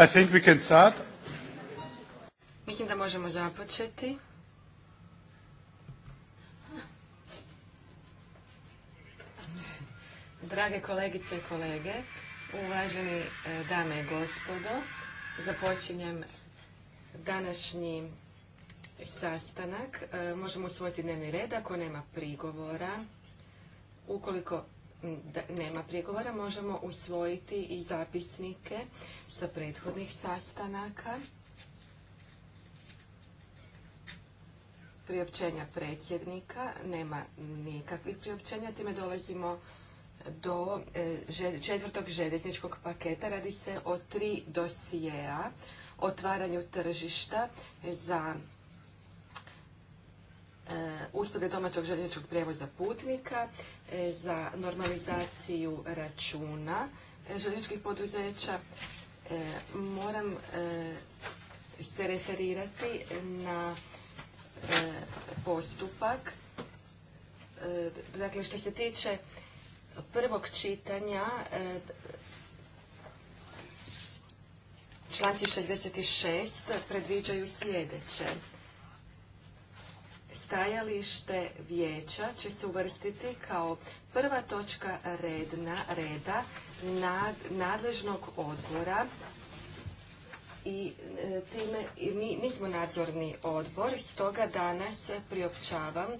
I think we can start. Mislim da možemo započeti. Drage kolegice i kolege, uvaženi e, dame i gospodo, započinjem današnji sastanak. E, možemo usvojiti dnevni red ako nema prigovora. Ukoliko nema prijegovora, možemo usvojiti i zapisnike sa prethodnih sastanaka. Priopćenja predsjednika, nema nikakvih priopćenja, time dolazimo do e, četvrtog željezničkog paketa. Radi se o tri dosijeja, otvaranju tržišta za E, usluge domaćog željezničkog prijevoza putnika, e, za normalizaciju računa željezničkih poduzeća. E, moram se referirati na postupak. Dakle, što se tiče prvog čitanja, članci 66 predviđaju sljedeće Stajalište vijeća će se uvrstiti kao prva točka redna, reda nad, nadležnog odbora i e, time mi smo nadzorni odbor, stoga danas priopćavam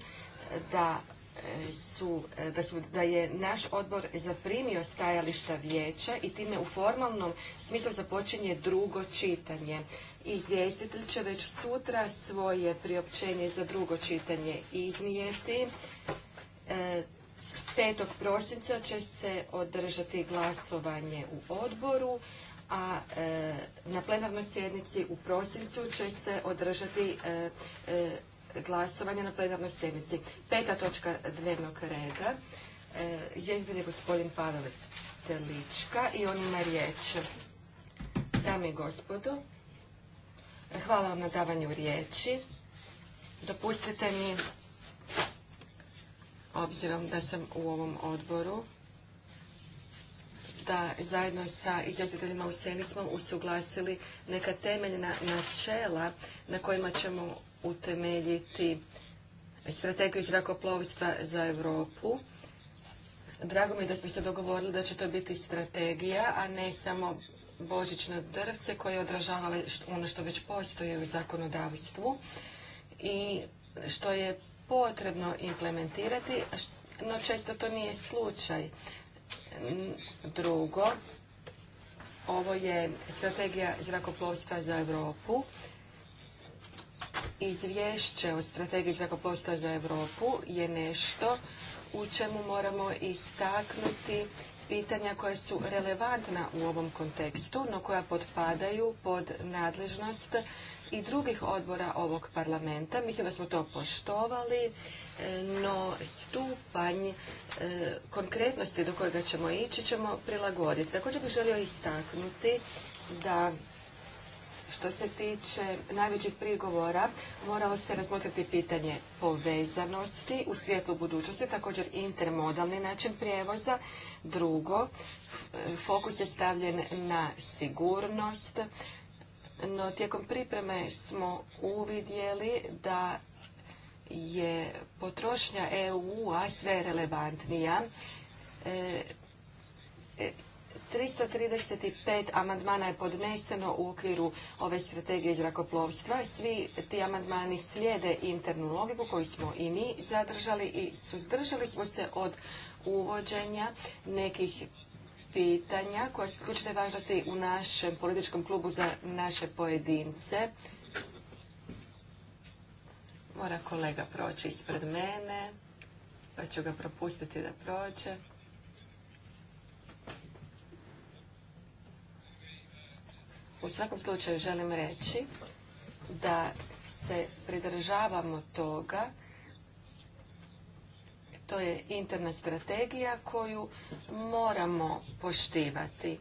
da e, su, e, da, da je naš odbor zaprimio stajališta vijeća i time u formalnom smislu započinje drugo čitanje. Izvjestitelj će već sutra svoje priopćenje za drugo čitanje iznijeti. 5. E, prosinca će se održati glasovanje u odboru, a e, na plenarnoj sjednici u prosincu će se održati e, glasovanje na plenarnoj sjednici. Peta točka dnevnog reda. Izvjestitelj je gospodin Pavel Telička i on ima riječ. Dame i gospodo, Hvala vam na davanju riječi. Dopustite mi, obzirom da sam u ovom odboru, da zajedno sa izvjestiteljima u Sjeni smo usuglasili neka temeljna načela na kojima ćemo utemeljiti strategiju zrakoplovstva za Europu. Drago mi je da smo se dogovorili da će to biti strategija, a ne samo božićne drvce koje odražava ono što već postoji u zakonodavstvu i što je potrebno implementirati, no često to nije slučaj. Drugo, ovo je strategija zrakoplovstva za Europu. Izvješće o strategiji zrakoplovstva za Europu je nešto u čemu moramo istaknuti pitanja koja su relevantna u ovom kontekstu, no koja potpadaju pod nadležnost i drugih odbora ovog parlamenta. Mislim da smo to poštovali, e, no stupanj e, konkretnosti do kojega ćemo ići ćemo prilagoditi. Također bih želio istaknuti da što se tiče najvećih prigovora, moralo se razmotriti pitanje povezanosti u svijetu budućnosti, također intermodalni način prijevoza. Drugo, fokus je stavljen na sigurnost, no tijekom pripreme smo uvidjeli da je potrošnja EU-a sve relevantnija. E, e 335 amandmana je podneseno u okviru ove strategije zrakoplovstva. Svi ti amandmani slijede internu logiku koju smo i mi zadržali i suzdržali smo se od uvođenja nekih pitanja koja su ključne važnosti u našem političkom klubu za naše pojedince. Mora kolega proći ispred mene, pa ću ga propustiti da prođe. U svakom slučaju želim reći da se pridržavamo toga. To je interna strategija koju moramo poštivati.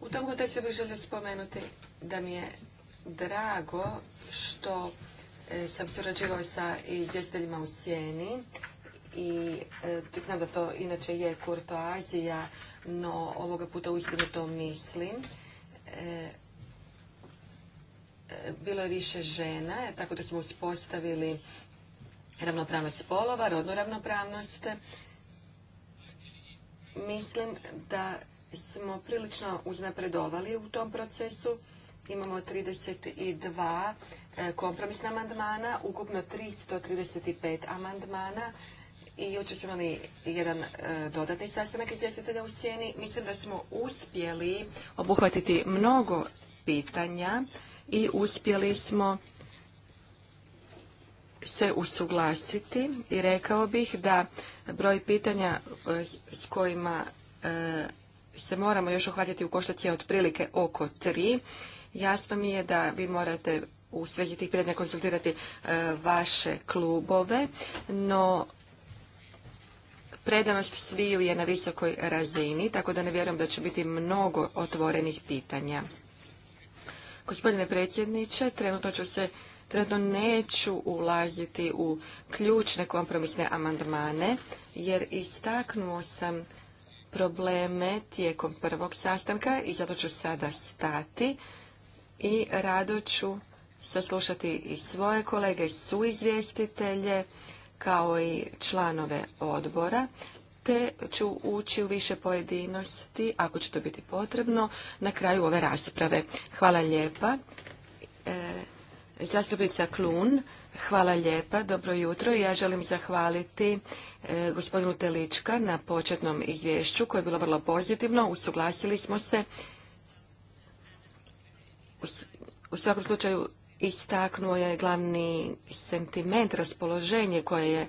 U tom kontekstu bih želio spomenuti da mi je drago što e, sam surađivao sa izvjestiteljima u Sjeni i e, znam da to inače je kurtoazija, no ovoga puta uistinu to mislim. E, e, bilo je više žena, tako da smo uspostavili ravnopravnost spolova, rodnu ravnopravnost. Mislim da smo prilično uznapredovali u tom procesu. Imamo 32 e, kompromisna amandmana, ukupno 335 amandmana i jučer smo imali jedan e, dodatni sastanak izvjestitelja u sjeni. Mislim da smo uspjeli obuhvatiti mnogo pitanja i uspjeli smo se usuglasiti i rekao bih da broj pitanja e, s kojima e, se moramo još uhvatiti u koštac je otprilike oko tri. Jasno mi je da vi morate u svezi tih pitanja konsultirati vaše klubove, no Predanost sviju je na visokoj razini, tako da ne vjerujem da će biti mnogo otvorenih pitanja. Gospodine predsjedniče, trenutno ću se Trenutno neću ulaziti u ključne kompromisne amandmane, jer istaknuo sam probleme tijekom prvog sastanka i zato ću sada stati i rado ću saslušati i svoje kolege, suizvjestitelje kao i članove odbora, te ću ući u više pojedinosti, ako će to biti potrebno, na kraju ove rasprave. Hvala lijepa. E, zastupnica Klun, hvala lijepa, dobro jutro. Ja želim zahvaliti e, gospodinu Telička na početnom izvješću koje je bilo vrlo pozitivno. Usuglasili smo se. U svakom slučaju istaknuo je glavni sentiment, raspoloženje koje je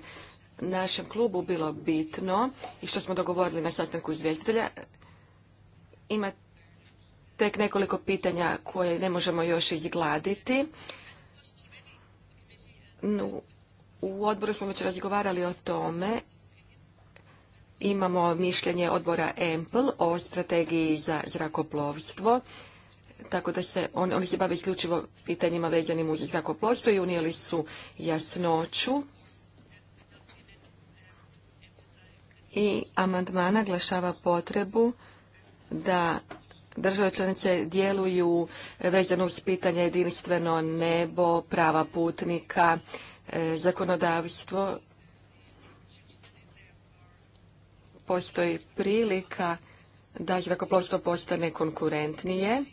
našem klubu bilo bitno i što smo dogovorili na sastanku izvjestitelja. Ima tek nekoliko pitanja koje ne možemo još izgladiti. U odboru smo već razgovarali o tome. Imamo mišljenje odbora EMPL o strategiji za zrakoplovstvo tako da se on, oni se bave isključivo pitanjima vezanim uz zrakoplovstvo i unijeli su jasnoću i amandman naglašava potrebu da države članice djeluju vezano uz pitanje jedinstveno nebo, prava putnika, e, zakonodavstvo. Postoji prilika da zrakoplovstvo postane konkurentnije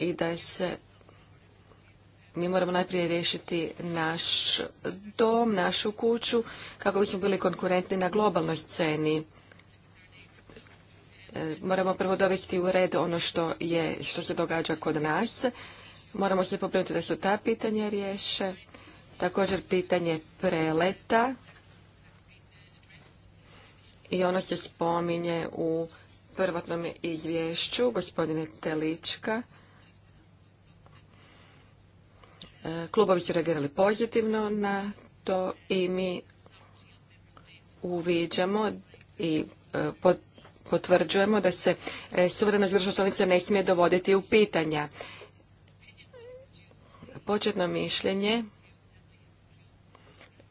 i da se mi moramo najprije riješiti naš dom, našu kuću, kako bismo bili konkurentni na globalnoj sceni. E, moramo prvo dovesti u red ono što, je, što se događa kod nas. Moramo se pobrinuti da su ta pitanja riješe. Također pitanje preleta. I ono se spominje u prvotnom izvješću gospodine Telička. Klubovi su reagirali pozitivno na to i mi uviđamo i e, potvrđujemo da se e, suverenost država članica ne smije dovoditi u pitanja. Početno mišljenje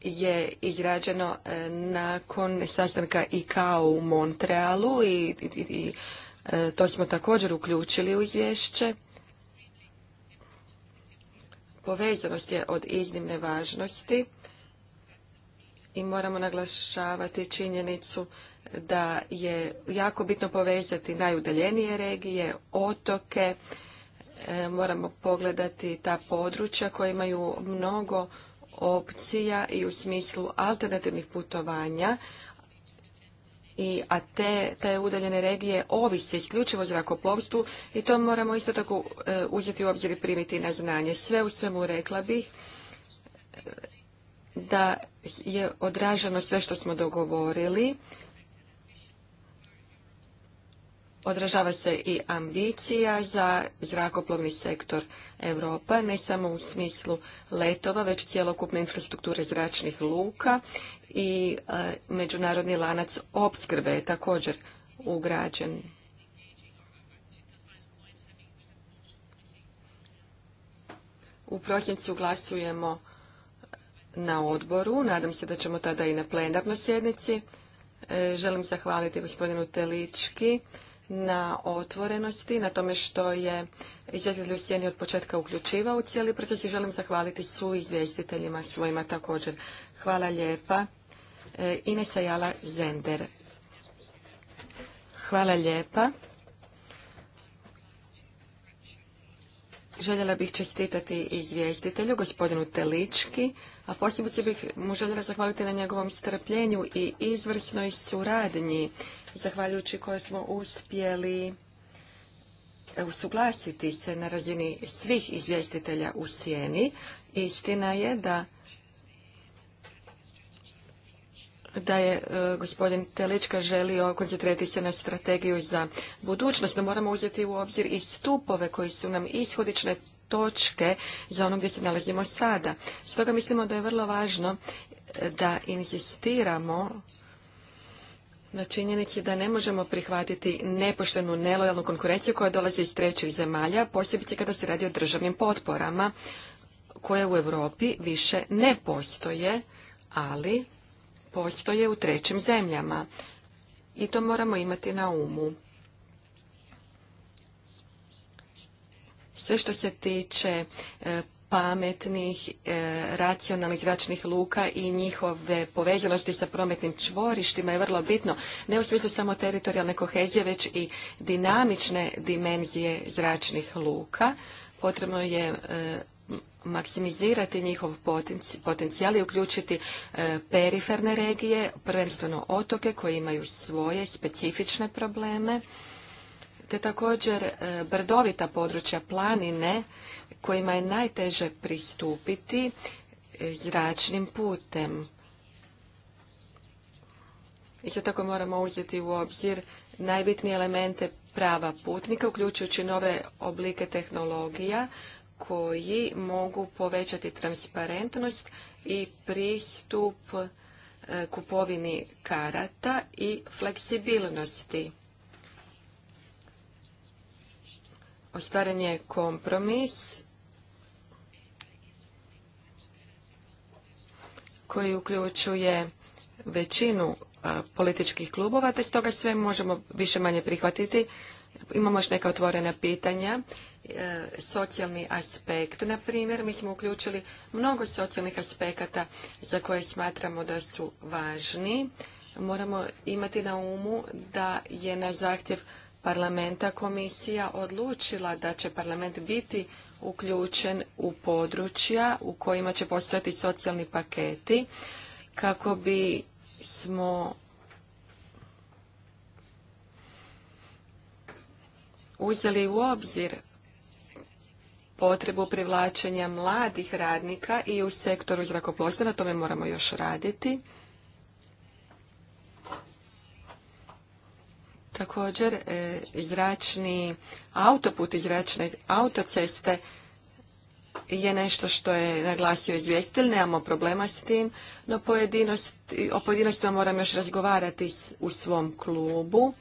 je izrađeno e, nakon sastanka ICAO u Montrealu i to smo također uključili u izvješće. Povezanost je od iznimne važnosti i moramo naglašavati činjenicu da je jako bitno povezati najudaljenije regije, otoke, e, moramo pogledati ta područja koja imaju mnogo opcija i u smislu alternativnih putovanja, i, a te, udaljene regije ovise isključivo zrakoplovstvu i to moramo isto tako e, uzeti u obzir i primiti na znanje. Sve u svemu rekla bih e, da je odraženo sve što smo dogovorili. Odražava se i ambicija za zrakoplovni sektor Europa, ne samo u smislu letova, već cjelokupne infrastrukture zračnih luka i e, međunarodni lanac opskrbe je također ugrađen. U prosincu glasujemo na odboru, nadam se da ćemo tada i na plenarnoj sjednici. E, želim zahvaliti gospodinu Telički na otvorenosti, na tome što je izvjestitelj u sjeni od početka uključivao u cijeli proces i želim zahvaliti su izvjestiteljima svojima također. Hvala lijepa. E, Inesa Jala Zender. Hvala lijepa. Željela bih čestitati izvjestitelju, gospodinu Telički, a posebice bih mu željela zahvaliti na njegovom strpljenju i izvrsnoj suradnji, zahvaljujući kojoj smo uspjeli e, usuglasiti se na razini svih izvjestitelja u sjeni. Istina je da da je e, gospodin Telička želio koncentrati se na strategiju za budućnost, da moramo uzeti u obzir i stupove koji su nam ishodične točke za ono gdje se nalazimo sada. Stoga mislimo da je vrlo važno e, da insistiramo na činjenici da ne možemo prihvatiti nepoštenu, nelojalnu konkurenciju koja dolazi iz trećih zemalja, posebice kada se radi o državnim potporama koje u Europi više ne postoje, ali postoje u trećim zemljama. I to moramo imati na umu. Sve što se tiče e, pametnih, e, racionalnih zračnih luka i njihove povezanosti sa prometnim čvorištima je vrlo bitno. Ne u smislu samo teritorijalne kohezije, već i dinamične dimenzije zračnih luka. Potrebno je e, maksimizirati njihov potencijal i uključiti e, periferne regije, prvenstveno otoke koji imaju svoje specifične probleme, te također e, brdovita područja planine kojima je najteže pristupiti e, zračnim putem. Isto tako moramo uzeti u obzir najbitnije elemente prava putnika, uključujući nove oblike tehnologija koji mogu povećati transparentnost i pristup e, kupovini karata i fleksibilnosti. Ostvaren je kompromis koji uključuje većinu e, političkih klubova, te stoga sve možemo više manje prihvatiti. Imamo još neka otvorena pitanja E, socijalni aspekt. Na primjer, mi smo uključili mnogo socijalnih aspekata za koje smatramo da su važni. Moramo imati na umu da je na zahtjev parlamenta komisija odlučila da će parlament biti uključen u područja u kojima će postojati socijalni paketi kako bi smo uzeli u obzir potrebu privlačenja mladih radnika i u sektoru zrakoplovstva, na tome moramo još raditi. Također, e, zračni autoput i zračne autoceste je nešto što je naglasio izvjestitelj, nemamo problema s tim, no o pojedinostima moram još razgovarati u svom klubu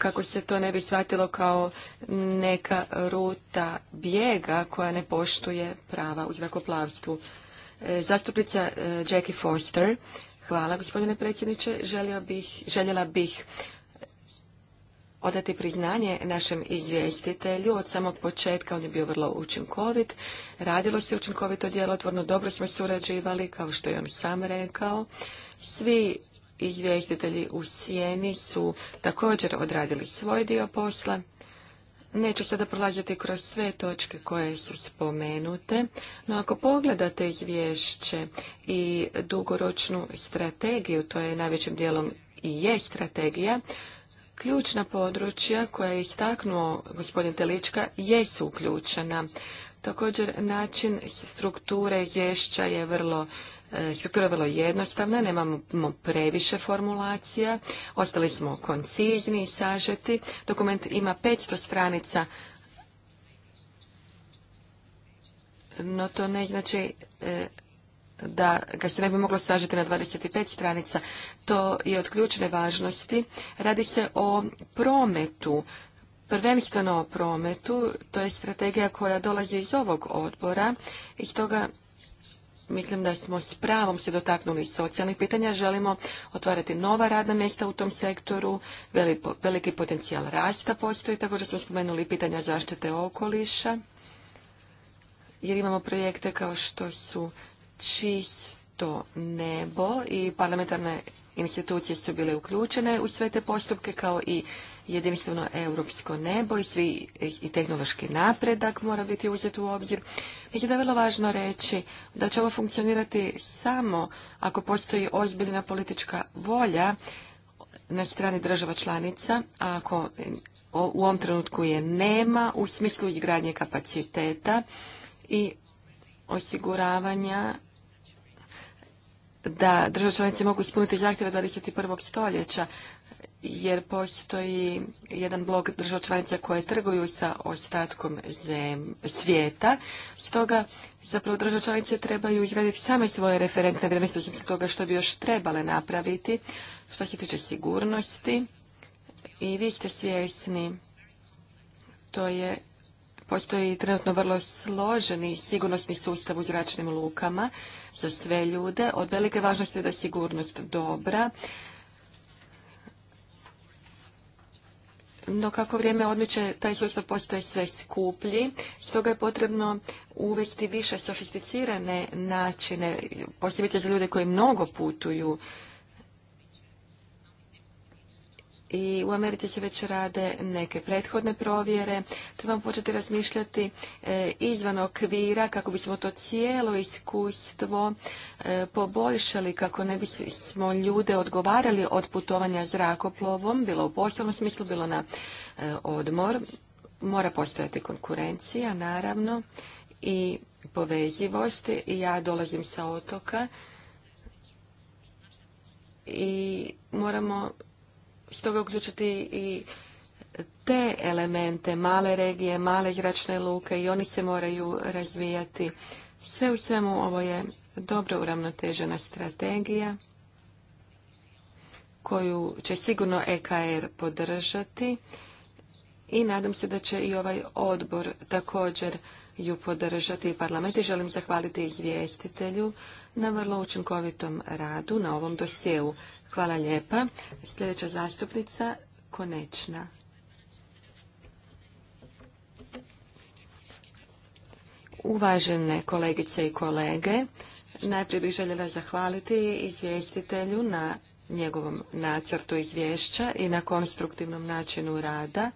kako se to ne bi shvatilo kao neka ruta bijega koja ne poštuje prava u zrakoplavstvu. E, zastupnica e, Jackie Forster, hvala gospodine predsjedniče, bih, željela bih odati priznanje našem izvjestitelju. Od samog početka on je bio vrlo učinkovit. Radilo se učinkovito djelotvorno, dobro smo surađivali, kao što je on sam rekao. Svi izvjestitelji u sjeni su također odradili svoj dio posla. Neću sada prolaziti kroz sve točke koje su spomenute, no ako pogledate izvješće i dugoročnu strategiju, to je najvećim dijelom i je strategija, ključna područja koja je istaknuo gospodin Telička jesu uključena. Također način strukture izvješća je vrlo E, struktura je vrlo jednostavna, nemamo previše formulacija, ostali smo koncizni i sažeti. Dokument ima 500 stranica, no to ne znači e, da ga se ne bi moglo sažeti na 25 stranica. To je od ključne važnosti. Radi se o prometu, prvenstveno o prometu. To je strategija koja dolazi iz ovog odbora i stoga Mislim da smo s pravom se dotaknuli socijalnih pitanja. Želimo otvarati nova radna mjesta u tom sektoru. Veliki potencijal rasta postoji. Također smo spomenuli pitanja zaštite okoliša. Jer imamo projekte kao što su čisto nebo i parlamentarne institucije su bile uključene u sve te postupke kao i jedinstveno europsko nebo i, svi, i tehnološki napredak mora biti uzet u obzir. Mislim da je vrlo važno reći da će ovo funkcionirati samo ako postoji ozbiljna politička volja na strani država članica, a ako u ovom trenutku je nema u smislu izgradnje kapaciteta i osiguravanja da države članice mogu ispuniti zahtjeve 21. stoljeća jer postoji jedan blog država članica koje trguju sa ostatkom svijeta. Stoga zapravo države članice trebaju izraditi same svoje referentne vrijednosti toga što bi još trebale napraviti što se tiče sigurnosti. I vi ste svjesni, to je Postoji trenutno vrlo složeni sigurnosni sustav u zračnim lukama za sve ljude. Od velike važnosti je da je sigurnost dobra, No kako vrijeme odmiče, taj sustav postaje sve skuplji, stoga je potrebno uvesti više sofisticirane načine, posebice za ljude koji mnogo putuju i u Americi se već rade neke prethodne provjere. Trebamo početi razmišljati e, izvan okvira kako bismo to cijelo iskustvo e, poboljšali, kako ne bismo ljude odgovarali od putovanja zrakoplovom, bilo u poslovnom smislu, bilo na e, odmor. Mora postojati konkurencija, naravno, i povezivost. Ja dolazim sa otoka i moramo stoga uključiti i te elemente, male regije, male zračne luke i oni se moraju razvijati. Sve u svemu ovo je dobro uravnotežena strategija koju će sigurno EKR podržati i nadam se da će i ovaj odbor također ju podržati i parlament i želim zahvaliti izvjestitelju na vrlo učinkovitom radu na ovom dosjeu. Hvala lijepa. Sljedeća zastupnica, Konečna. Uvažene kolegice i kolege, najprije bih željela zahvaliti izvjestitelju na njegovom nacrtu izvješća i na konstruktivnom načinu rada.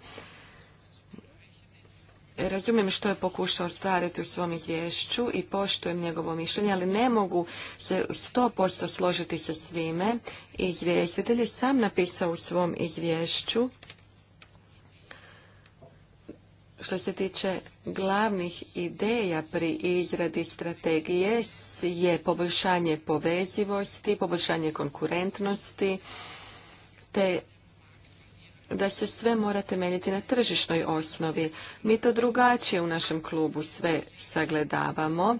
Razumijem što je pokušao ostvariti u svom izvješću i poštujem njegovo mišljenje, ali ne mogu se sto posto složiti sa svime. Izvjestitelj je sam napisao u svom izvješću što se tiče glavnih ideja pri izradi strategije je poboljšanje povezivosti, poboljšanje konkurentnosti te da se sve mora temeljiti na tržišnoj osnovi. Mi to drugačije u našem klubu sve sagledavamo.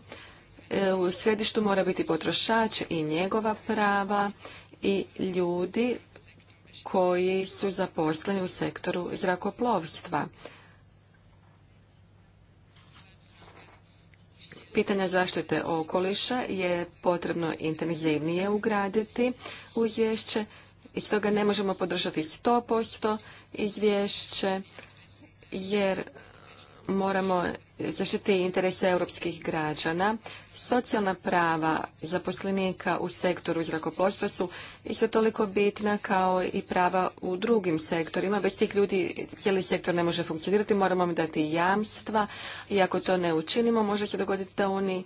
E, u središtu mora biti potrošač i njegova prava i ljudi koji su zaposleni u sektoru zrakoplovstva. Pitanja zaštite okoliša je potrebno intenzivnije ugraditi u izvješće i stoga ne možemo podržati 100% izvješće jer moramo zaštiti interese europskih građana. Socijalna prava zaposlenika u sektoru zrakoplovstva su isto toliko bitna kao i prava u drugim sektorima. Bez tih ljudi cijeli sektor ne može funkcionirati, moramo im dati jamstva i ako to ne učinimo može se dogoditi da oni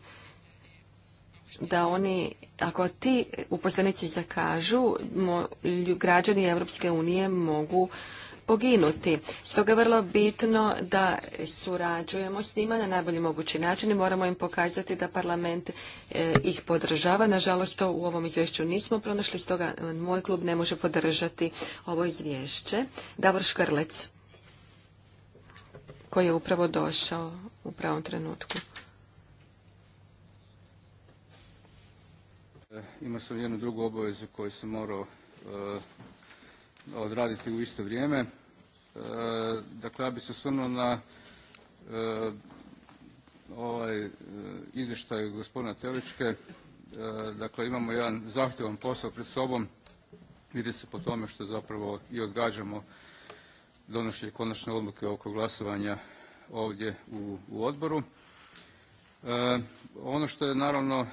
da oni, ako ti uposlenici zakažu, građani Europske unije mogu poginuti. Stoga je vrlo bitno da surađujemo s njima na najbolji mogući način i moramo im pokazati da parlament e, ih podržava. Nažalost, to u ovom izvješću nismo pronašli, stoga e, moj klub ne može podržati ovo izvješće. Davor Škrlec, koji je upravo došao u pravom trenutku. E, imao sam jednu drugu obavezu koju sam morao e, odraditi u isto vrijeme. E, dakle, ja bih se osvrnuo na ovaj izvještaj gospodina Teličke. Dakle, imamo jedan zahtjevan posao pred sobom. Vidi se po tome što zapravo i odgađamo donošenje konačne odluke oko glasovanja ovdje u, odboru. ono što je naravno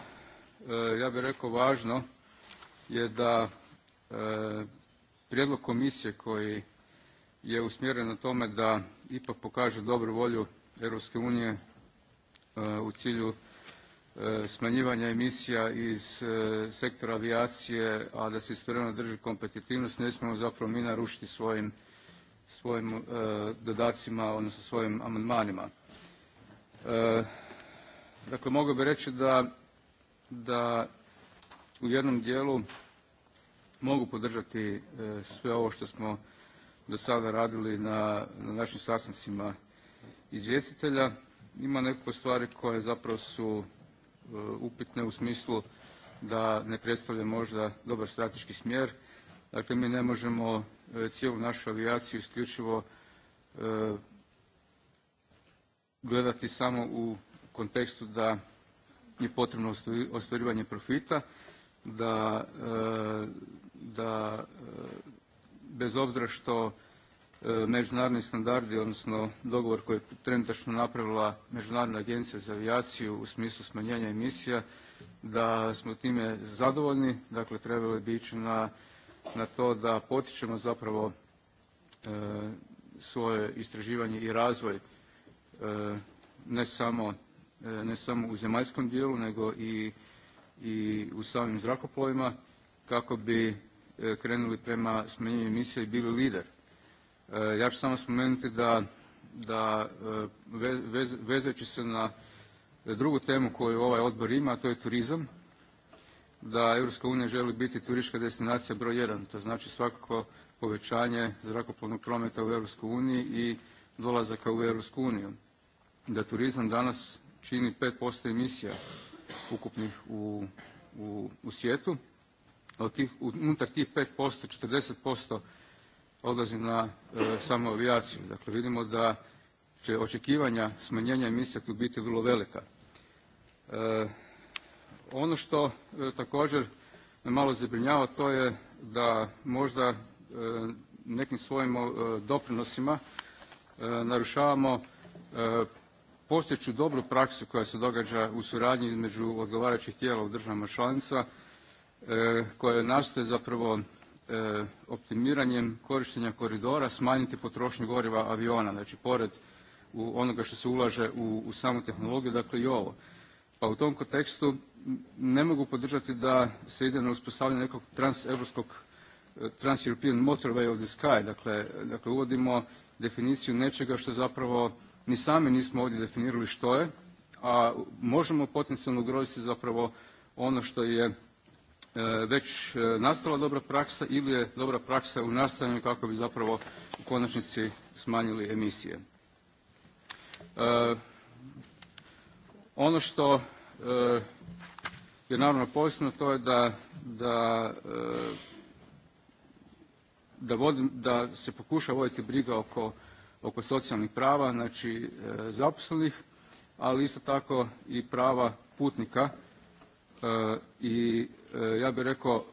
E, ja bih rekao važno je da e, prijedlog komisije koji je usmjeren na tome da ipak pokaže dobru volju Europske unije e, u cilju smanjivanja emisija iz sektora avijacije, a da se istovremeno drži kompetitivnost, ne smijemo zapravo mi narušiti svojim, dodacima, odnosno svojim amandmanima. Dakle, mogao bih reći da da u jednom dijelu mogu podržati e, sve ovo što smo do sada radili na, našim sastancima izvjestitelja. Ima neko stvari koje zapravo su e, upitne u smislu da ne predstavlja možda dobar strateški smjer. Dakle, mi ne možemo e, cijelu našu avijaciju isključivo gledati samo u kontekstu da je potrebno ostvarivanje profita, da, e, da e, bez obzira što e, međunarodni standardi, odnosno dogovor koji je trenutačno napravila Međunarodna agencija za avijaciju u smislu smanjenja emisija, da smo time zadovoljni, dakle trebali bi ići na, na to da potičemo zapravo svoje istraživanje i razvoj ne samo E, ne samo u zemaljskom dijelu nego i, u samim zrakoplovima kako bi e, krenuli prema smanjenju emisije i bili lider. E, ja ću samo spomenuti da, da vezajući se na drugu temu koju ovaj odbor ima, a to je turizam, da EU unija želi biti turistička destinacija broj jedan. To znači svakako povećanje zrakoplovnog prometa u EU uniji i dolazaka u Europsku uniju. Da turizam danas čini 5% emisija ukupnih u, u, u svijetu. Od tih, unutar tih 5%, 40% odlazi na e, samo avijaciju. Dakle, vidimo da će očekivanja smanjenja emisija tu biti vrlo velika. E, ono što e, također me malo zabrinjava to je da možda nekim svojim doprinosima narušavamo postojeću dobru praksu koja se događa u suradnji između odgovarajućih tijela u državama članica e, koje nastoje zapravo e, optimiranjem korištenja koridora smanjiti potrošnju goriva aviona. Znači, pored onoga što se ulaže u, samu tehnologiju, dakle i ovo. Pa u tom kontekstu ne mogu podržati da se ide na uspostavljanje nekog transeuropskog e, Trans-European Motorway of the Sky, dakle, dakle uvodimo definiciju nečega što zapravo ni sami nismo ovdje definirali što je, a možemo potencijalno ugroziti zapravo ono što je e, već e, nastala dobra praksa ili je dobra praksa u nastajanju kako bi zapravo u konačnici smanjili emisije. E, ono što je naravno posebno to je da, da, da se pokuša voditi briga oko oko socijalnih prava, znači e, zaposlenih, ali isto tako i prava putnika e, i e, ja bih rekao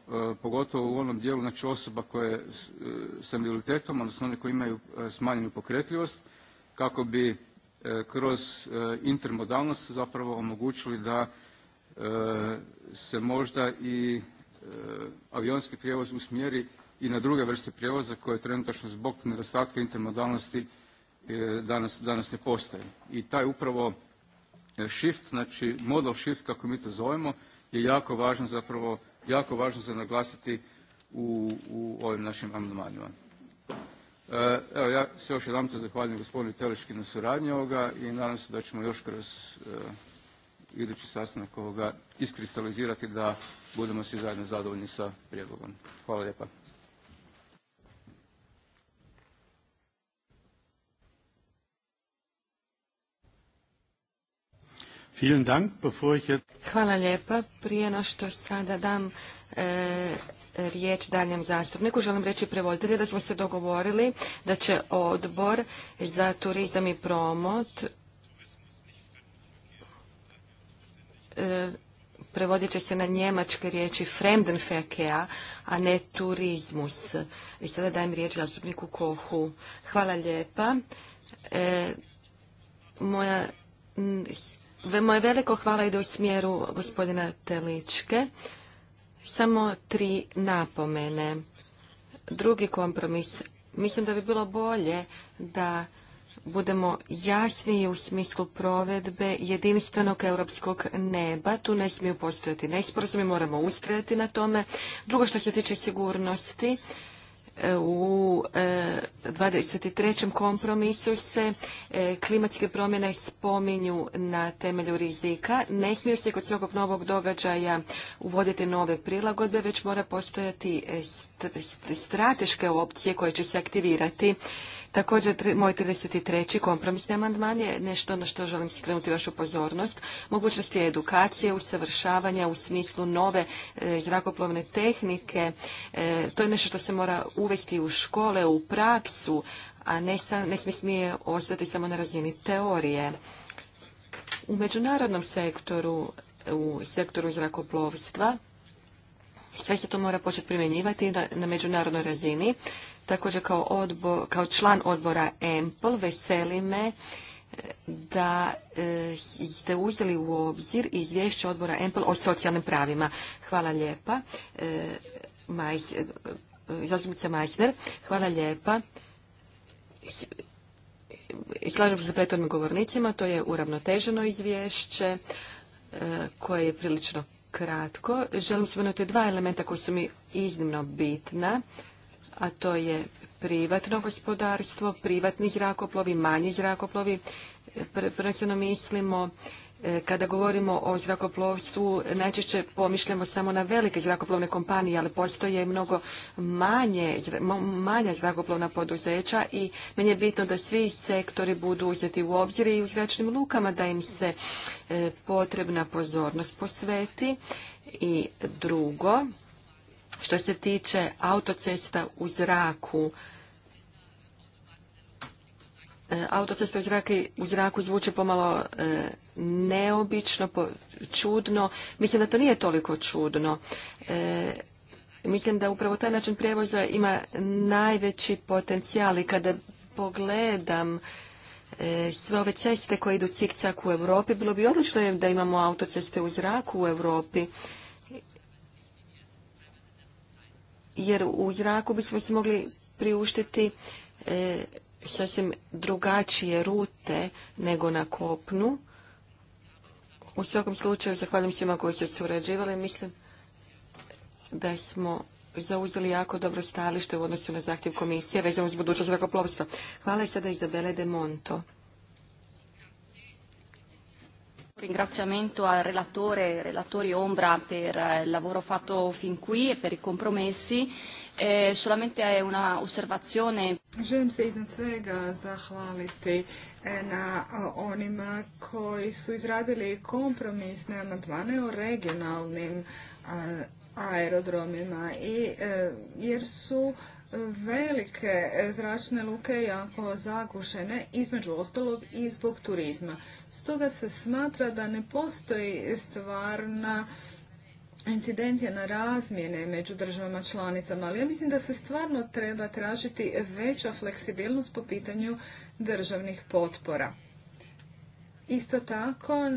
pogotovo u onom dijelu znači osoba koje sa invaliditetom, odnosno one koji imaju smanjenu pokretljivost kako bi kroz intermodalnost zapravo omogućili da se možda i avionski prijevoz usmjeri i na druge vrste prijevoza koje trenutačno zbog nedostatka intermodalnosti E, danas, ne postoje. I taj upravo e, shift, znači model shift kako mi to zovemo, je jako važan zapravo, jako važno za naglasiti u, u ovim našim amandmanima. E, evo, ja se još jedan zahvaljujem gospodinu Teleški na suradnji ovoga i nadam se da ćemo još kroz idući sastanak ovoga iskristalizirati da budemo svi zajedno zadovoljni sa prijedlogom. Hvala lijepa. Hvala lijepa. Prije no što sada dam e, riječ daljem zastupniku, želim reći prevoditelje da smo se dogovorili da će odbor za turizam i promot e, prevodit će se na njemačke riječi Fremdenverkehr, a ne turizmus. I sada dajem riječ zastupniku Kohu. Hvala lijepa. E, moja moje veliko hvala ide u smjeru gospodina Teličke. Samo tri napomene. Drugi kompromis. Mislim da bi bilo bolje da budemo jasniji u smislu provedbe jedinstvenog europskog neba. Tu ne smiju postojati nesporazumi, moramo ustrajati na tome. Drugo što se tiče sigurnosti, u 23. E, kompromisu se e, klimatske promjene spominju na temelju rizika. Ne smiju se kod svakog novog događaja uvoditi nove prilagodbe, već mora postojati e, strateške opcije koje će se aktivirati Također, moj 33. kompromisni amandman je nešto na što želim skrenuti vašu pozornost. Mogućnosti je edukacije, usavršavanja u smislu nove e, zrakoplovne tehnike. E, to je nešto što se mora uvesti u škole, u praksu, a ne, ne smije ostati samo na razini teorije. U međunarodnom sektoru, u sektoru zrakoplovstva, sve se to mora početi primjenjivati na, međunarodnoj razini. Također kao, kao član odbora EMPL veseli me e, da e, ste uzeli u obzir izvješće odbora EMPL o socijalnim pravima. Hvala lijepa. E, Majsner, e, hvala lijepa. Slažem se sa prethodnim govornicima, to je uravnoteženo izvješće koje je prilično kratko. Želim spomenuti dva elementa koja su mi iznimno bitna, a to je privatno gospodarstvo, privatni zrakoplovi, manji zrakoplovi. Prvenstveno mislimo E, kada govorimo o zrakoplovstvu, najčešće pomišljamo samo na velike zrakoplovne kompanije, ali postoje i mnogo manje, manja zrakoplovna poduzeća i meni je bitno da svi sektori budu uzeti u obzir i u zračnim lukama da im se e, potrebna pozornost posveti. I drugo, što se tiče autocesta u zraku, e, autocesta u, u zraku zvuči pomalo neobično, čudno. Mislim da to nije toliko čudno. E, mislim da upravo taj način prijevoza ima najveći potencijal i kada pogledam e, sve ove ceste koje idu cikcak u Europi, bilo bi odlično da imamo autoceste u zraku u Europi. Jer u zraku bismo se mogli priuštiti e, sasvim drugačije rute nego na kopnu. U svakom slučaju, zahvaljujem svima koji su surađivali. Mislim da smo zauzeli jako dobro stalište u odnosu na zahtjev komisije vezano uz budućnost zrakoplovstva. Hvala i sada Izabele de Monto. Ringraziamento al relatore, relatori Ombra per il lavoro fatto fin qui e per i compromessi. E solamente è una osservazione. Želim se iznad svega zahvaliti na onima koji su izradili kompromisne amandmane o regionalnim aerodromima i e, jer su velike zračne luke jako zagušene, između ostalog i zbog turizma. Stoga se smatra da ne postoji stvarna incidencija na razmjene među državama članicama, ali ja mislim da se stvarno treba tražiti veća fleksibilnost po pitanju državnih potpora. Isto tako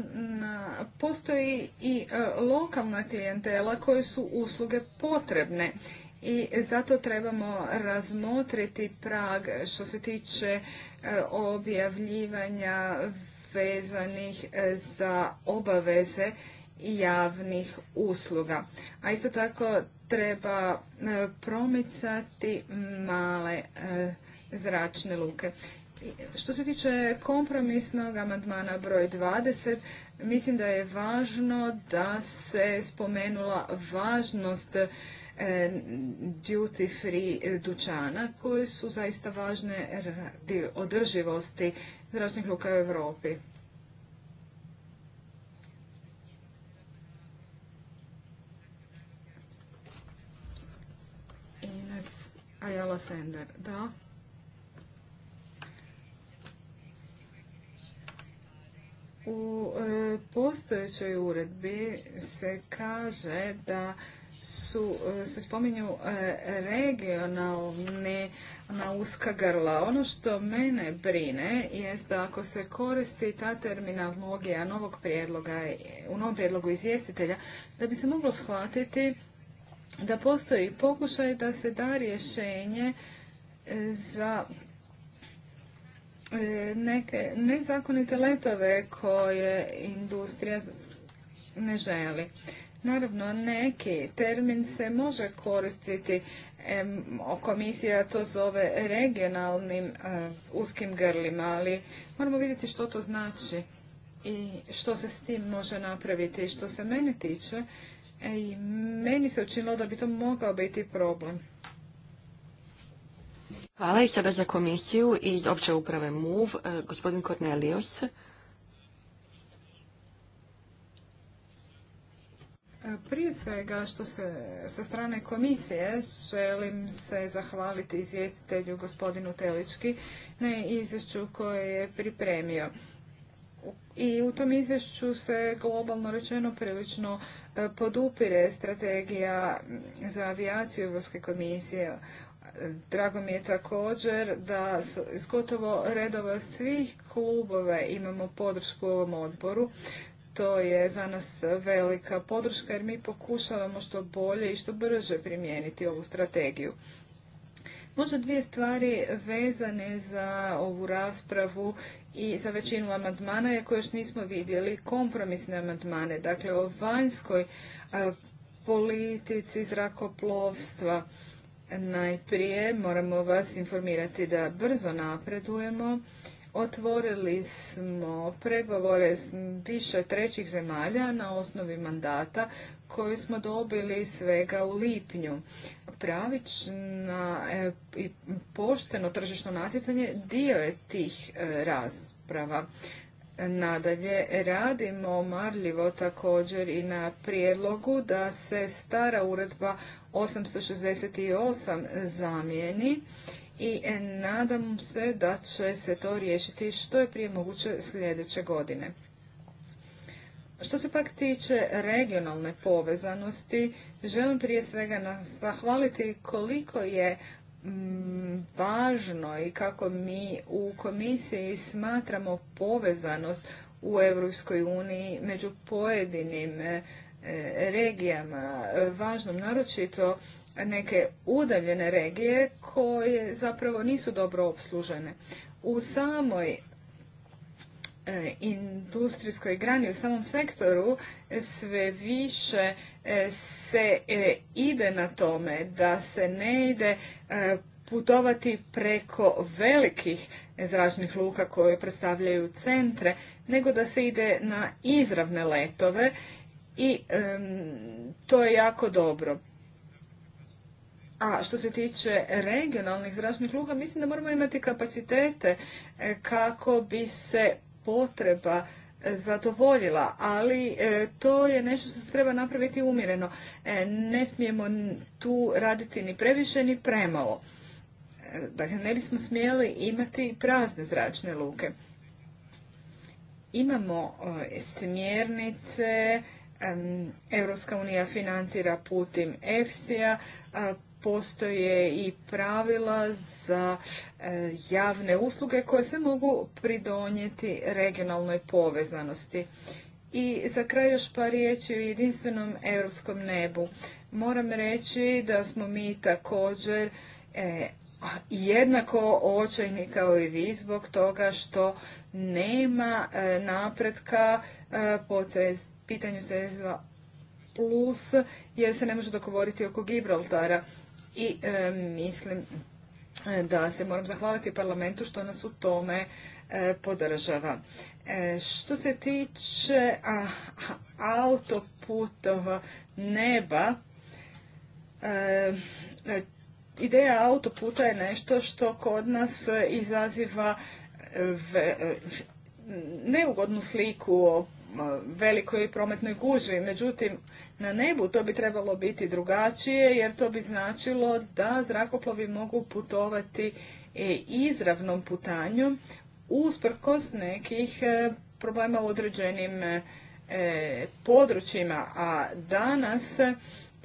postoji i e, lokalna klijentela koje su usluge potrebne i zato trebamo razmotriti prag što se tiče e, objavljivanja vezanih e, za obaveze javnih usluga. A isto tako treba e, promicati male e, zračne luke. Što se tiče kompromisnog amandmana broj 20, mislim da je važno da se spomenula važnost e, duty free dućana koje su zaista važne radi održivosti zračnih luka u Europi. Sender, da. U e, postojećoj uredbi se kaže da su, e, se spominju e, regionalne na uska grla. Ono što mene brine je da ako se koristi ta terminologija novog prijedloga, u novom prijedlogu izvjestitelja, da bi se moglo shvatiti da postoji pokušaj da se da rješenje e, za e, neke nezakonite letove koje industrija ne želi. Naravno, neki termin se može koristiti, komisija to zove regionalnim e, uskim grlima, ali moramo vidjeti što to znači i što se s tim može napraviti. I što se mene tiče, i meni se učinilo da bi to mogao biti problem. Hvala i sada za komisiju iz opće uprave MUV, e, gospodin Kornelijos e, Prije svega što se sa strane komisije želim se zahvaliti izvjestitelju gospodinu Telički na izvješću koje je pripremio i u tom izvješću se globalno rečeno prilično e, podupire strategija mm, za avijaciju Evropske komisije. E, drago mi je također da iz gotovo redova svih klubove imamo podršku u ovom odboru. To je za nas velika podrška jer mi pokušavamo što bolje i što brže primijeniti ovu strategiju. Možda dvije stvari vezane za ovu raspravu i za većinu amandmana, iako još nismo vidjeli kompromisne amandmane, dakle o vanjskoj e, politici zrakoplovstva. Najprije moramo vas informirati da brzo napredujemo. Otvorili smo pregovore više trećih zemalja na osnovi mandata koju smo dobili svega u lipnju. Pravična e, i pošteno tržišno natjecanje dio je tih e, rasprava. Nadalje, radimo marljivo također i na prijedlogu da se stara uredba 868 zamijeni i e, nadam se da će se to riješiti što je prije moguće sljedeće godine. Što se pak tiče regionalne povezanosti, želim prije svega zahvaliti koliko je mm, važno i kako mi u komisiji smatramo povezanost u Europskoj uniji među pojedinim e, regijama, važnom naročito neke udaljene regije koje zapravo nisu dobro obslužene. U samoj E, industrijskoj grani u samom sektoru sve više e, se e, ide na tome da se ne ide putovati preko velikih zračnih luka koje predstavljaju centre, nego da se ide na izravne letove i to je jako dobro. A što se tiče regionalnih zračnih luka, mislim da moramo imati kapacitete kako bi se potreba zadovoljila, ali e, to je nešto što se treba napraviti umjereno. E, ne smijemo tu raditi ni previše ni premalo. E, dakle, ne bismo smjeli imati prazne zračne luke. Imamo smjernice, Europska unija financira putem EFSI-a, postoje i pravila za e, javne usluge koje se mogu pridonijeti regionalnoj povezanosti. I za kraj još par riječi o jedinstvenom europskom nebu. Moram reći da smo mi također e, jednako očajni kao i vi zbog toga što nema e, napretka po pitanju CZV+, plus jer se ne može dogovoriti oko Gibraltara i e, mislim e, da se moram zahvaliti parlamentu što nas u tome e, podržava. što se tiče a, autoputova neba, ideja autoputa je nešto što kod nas izaziva neugodnu sliku o E, velikoj prometnoj gužvi. Međutim, na nebu to bi trebalo biti drugačije jer to bi značilo da zrakoplovi mogu putovati e, izravnom putanjom usprkos nekih e, problema u određenim područjima, a danas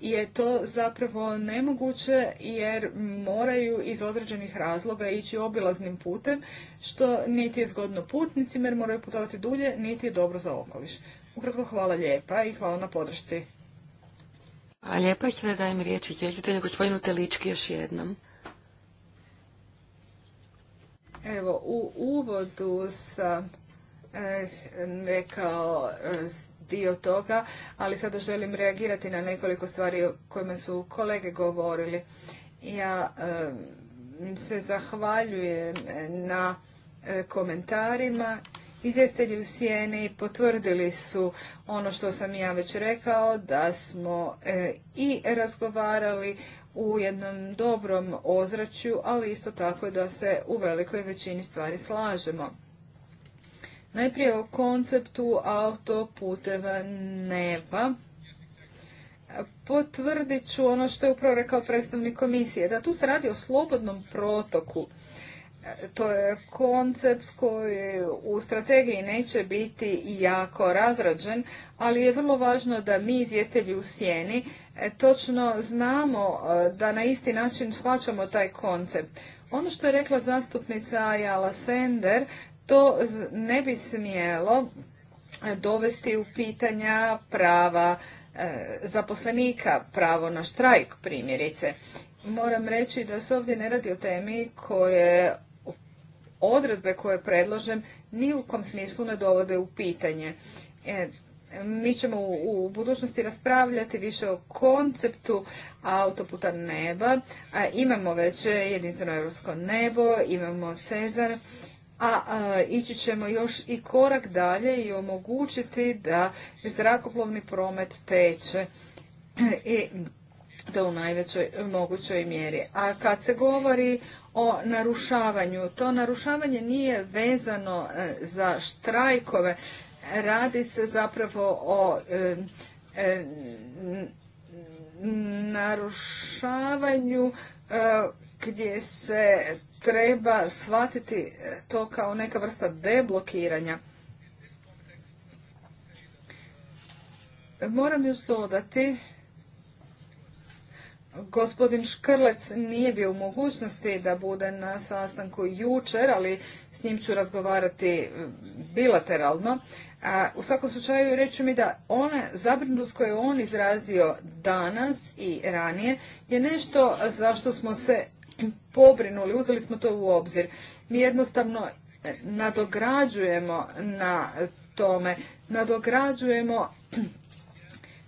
je to zapravo nemoguće jer moraju iz određenih razloga ići obilaznim putem što niti je zgodno putnicima jer moraju putovati dulje niti je dobro za okoliš. Ukratko hvala lijepa i hvala na podršci. Hvala lijepa i sve dajem riječ izvjestitelju gospodinu Telički još jednom. Evo, u uvodu sam eh, eh, dio toga, ali sada želim reagirati na nekoliko stvari o kojima su kolege govorili. Ja se zahvaljujem na e, komentarima. Izvjestelji u Sijeni potvrdili su ono što sam ja već rekao, da smo e, i razgovarali u jednom dobrom ozračju, ali isto tako da se u velikoj većini stvari slažemo. Najprije o konceptu autoputeva neba. Potvrdit ću ono što je upravo rekao predstavnik komisije, da tu se radi o slobodnom protoku. To je koncept koji u strategiji neće biti jako razrađen, ali je vrlo važno da mi izvjetelji u sjeni e, točno znamo e, da na isti način shvaćamo taj koncept. Ono što je rekla zastupnica Jala Sender to ne bi smjelo eh, dovesti u pitanja prava eh, zaposlenika, pravo na štrajk primjerice. Moram reći da se ovdje ne radi o temi koje odredbe koje predložem ni u kom smislu ne dovode u pitanje. E, mi ćemo u, budućnosti raspravljati više o konceptu autoputa neba. A, imamo već jedinstveno europsko nebo, imamo Cezar a, ići ćemo još i korak dalje i omogućiti da zrakoplovni promet teče i to u najvećoj mogućoj mjeri. A kad se govori o narušavanju, to narušavanje nije vezano e, za štrajkove, radi se zapravo o e, e, narušavanju gdje se treba shvatiti e, to kao neka vrsta deblokiranja. Moram još dodati, gospodin Škrlec nije bio u mogućnosti da bude na sastanku jučer, ali s njim ću razgovarati bilateralno. u svakom slučaju reći mi da ona zabrinutost koju je on izrazio danas i ranije je nešto što smo se pobrinuli, uzeli smo to u obzir. Mi jednostavno e, nadograđujemo na tome, nadograđujemo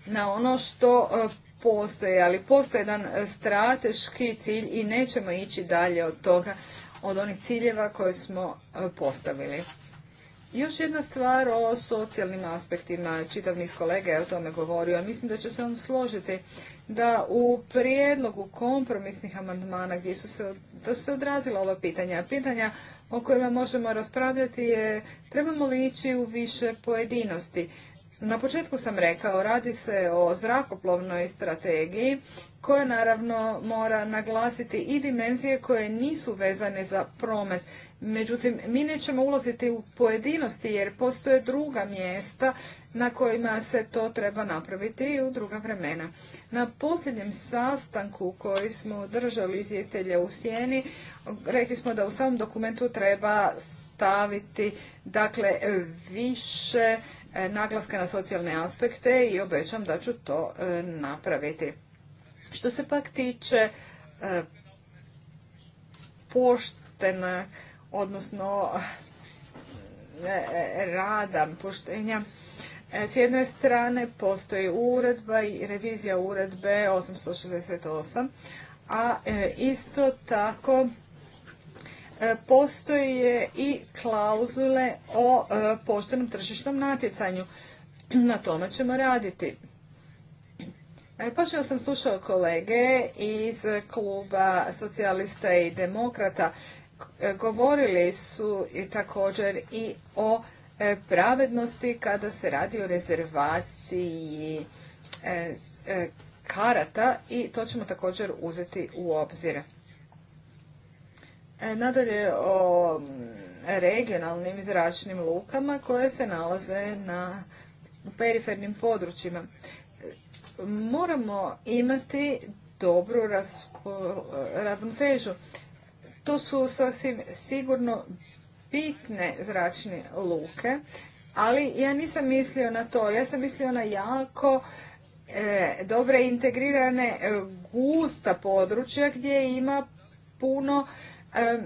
na ono što e, postoje, ali postoji jedan strateški cilj i nećemo ići dalje od toga, od onih ciljeva koje smo e, postavili. Još jedna stvar o socijalnim aspektima. Čitav niz kolega je o tome govorio. a Mislim da će se on složiti da u prijedlogu kompromisnih amandmana gdje su se, da su se odrazila ova pitanja, pitanja o kojima možemo raspravljati je trebamo li ići u više pojedinosti. Na početku sam rekao, radi se o zrakoplovnoj strategiji koja naravno mora naglasiti i dimenzije koje nisu vezane za promet Međutim, mi nećemo ulaziti u pojedinosti jer postoje druga mjesta na kojima se to treba napraviti i u druga vremena. Na posljednjem sastanku koji smo držali izvjestelje u Sjeni, rekli smo da u samom dokumentu treba staviti dakle, više e, naglaska na socijalne aspekte i obećam da ću to e, napraviti. Što se pak tiče e, poštena odnosno e, e, rada, poštenja. E, s jedne strane postoji uredba i revizija uredbe 868, a isto tako postoje i klauzule o poštenom tržišnom natjecanju. Na tome ćemo raditi. Počeo sam slušao kolege iz kluba socijalista i demokrata E, govorili su i također i o e, pravednosti kada se radi o rezervaciji e, karata i to ćemo također uzeti u obzir. Nadalje o regionalnim zračnim lukama koje se nalaze na perifernim područjima. Moramo imati dobru ravnotežu tu su sasvim sigurno bitne zračne luke, ali ja nisam mislio na to. Ja sam mislio na jako e, dobre integrirane e, gusta područja gdje ima puno e,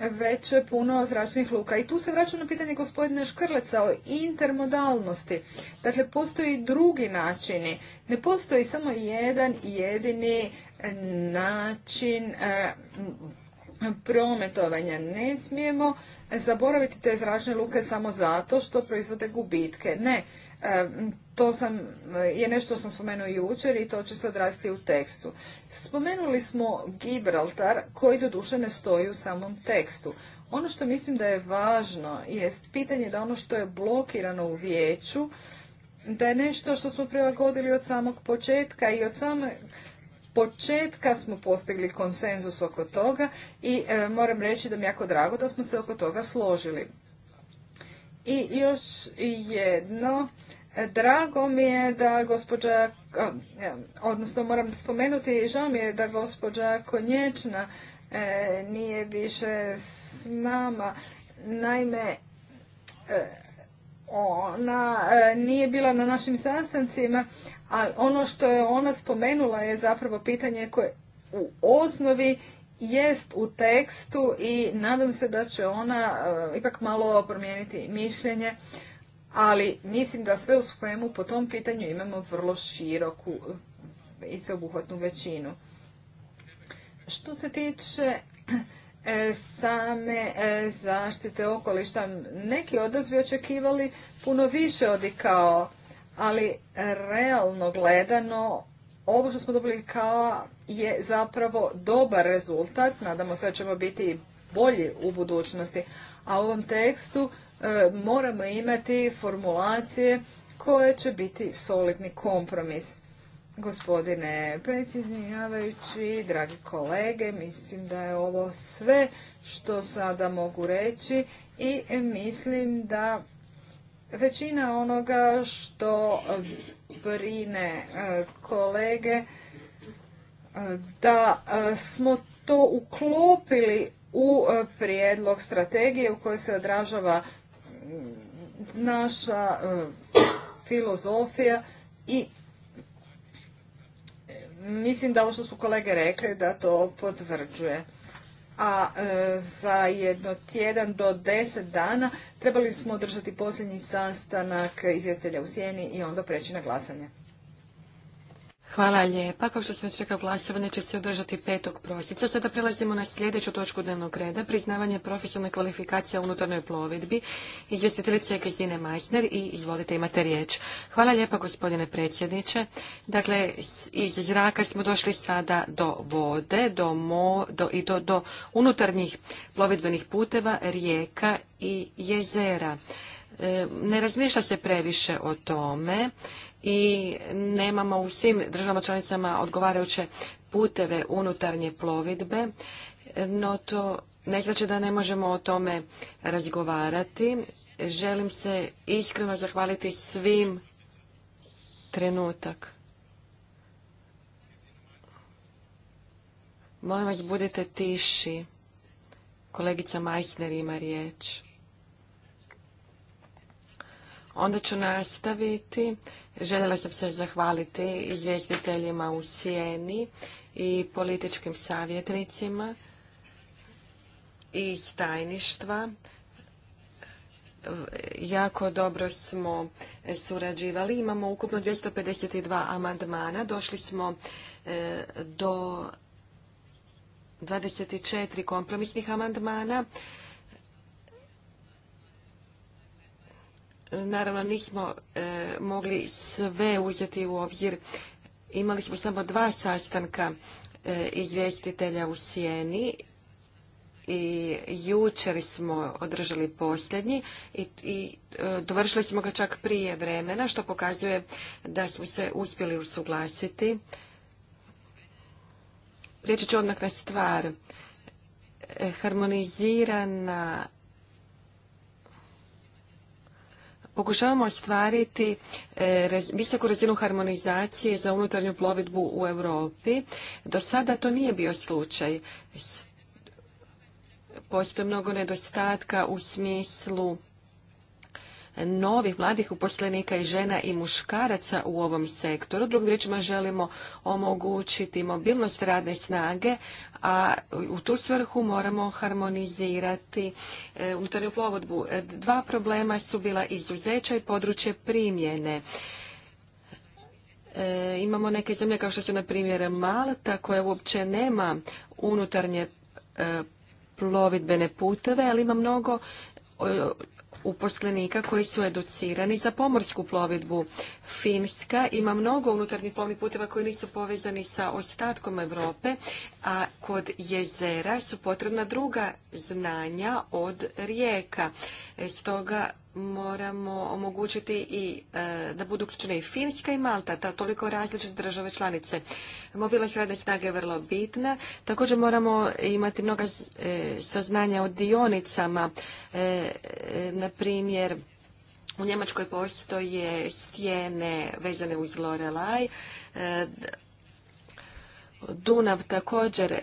već puno zračnih luka. I tu se vraćamo na pitanje gospodine Škrleca o intermodalnosti. Dakle, postoji drugi načini. Ne postoji samo jedan jedini način e, prometovanja. Ne smijemo zaboraviti te zračne luke samo zato što proizvode gubitke. Ne, e, to sam, je nešto što sam spomenuo jučer i to će se odrasti u tekstu. Spomenuli smo Gibraltar koji doduše ne stoji u samom tekstu. Ono što mislim da je važno jest pitanje da ono što je blokirano u vijeću, da je nešto što smo prilagodili od samog početka i od samog početka smo postigli konsenzus oko toga i e, moram reći da mi je jako drago da smo se oko toga složili. I još jedno, e, drago mi je da gospođa, e, odnosno moram spomenuti, žao mi je da gospođa Konječna nije više s nama. Naime, ona e, nije bila na našim sastancima, ali ono što je ona spomenula je zapravo pitanje koje u osnovi jest u tekstu i nadam se da će ona e, ipak malo promijeniti mišljenje, ali mislim da sve u svemu po tom pitanju imamo vrlo široku i sveobuhvatnu većinu. Što se tiče E, same e, zaštite okoliša. Neki od očekivali puno više od kao, ali realno gledano ovo što smo dobili kao je zapravo dobar rezultat. Nadamo se da ćemo biti bolji u budućnosti. A u ovom tekstu e, moramo imati formulacije koje će biti solidni kompromis. Gospodine predsjednjavajući, dragi kolege, mislim da je ovo sve što sada mogu reći i mislim da većina onoga što brine e, kolege e, da e, smo to uklopili u prijedlog strategije u kojoj se odražava naša filozofija i Mislim da ovo što su kolege rekle da to potvrđuje. A e, za jedno tjedan do deset dana trebali smo održati posljednji sastanak Izvjestitelja u sjeni i onda preći na glasanje. Hvala lijepa. Kao što sam čekao glasovanje će se održati 5. prosinca. Sada prelazimo na sljedeću točku dnevnog reda, priznavanje profesionalne kvalifikacije u unutarnjoj plovidbi. Izvjestiteljica je Kristine Majsner i izvolite imate riječ. Hvala lijepa gospodine predsjedniče. Dakle, iz zraka smo došli sada do vode, do i do, do unutarnjih plovidbenih puteva, rijeka i jezera. E, ne razmišlja se previše o tome i nemamo u svim državama članicama odgovarajuće puteve unutarnje plovidbe, no to ne znači da ne možemo o tome razgovarati. Želim se iskreno zahvaliti svim trenutak. Molim vas, budite tiši. Kolegica Majsner ima riječ. Onda ću nastaviti. Željela sam se zahvaliti izvjestiteljima u Sijeni i političkim savjetnicima iz tajništva. Jako dobro smo surađivali. Imamo ukupno 252 amandmana. Došli smo e, do 24 kompromisnih amandmana. Naravno, nismo e, mogli sve uzeti u obzir. Imali smo samo dva sastanka e, izvjestitelja u sjeni i jučer smo održali posljednji i, e, dovršili smo ga čak prije vremena, što pokazuje da smo se uspjeli usuglasiti. Prijeći ću odmah na stvar. Harmonizirana pokušavamo ostvariti e, visoku razinu harmonizacije za unutarnju plovidbu u Europi. Do sada to nije bio slučaj. Postoje mnogo nedostatka u smislu novih mladih uposlenika i žena i muškaraca u ovom sektoru. Drugim riječima želimo omogućiti mobilnost radne snage, a u tu svrhu moramo harmonizirati e, unutarnju plovodbu. E, dva problema su bila izuzeća i područje primjene. E, imamo neke zemlje kao što su na primjer Malta koja uopće nema unutarnje plovidbene puteve, ali ima mnogo uposlenika koji su educirani za pomorsku plovidbu. Finska ima mnogo unutarnjih plovnih puteva koji nisu povezani sa ostatkom Europe, a kod jezera su potrebna druga znanja od rijeka. E, stoga moramo omogućiti i e, da budu uključene i Finska i Malta, ta toliko različite države članice. Mobilnost radne snage je vrlo bitna. Također moramo imati mnoga e, saznanja o dionicama, e, na primjer u Njemačkoj postoje stjene vezane uz Lorelaj, Dunav također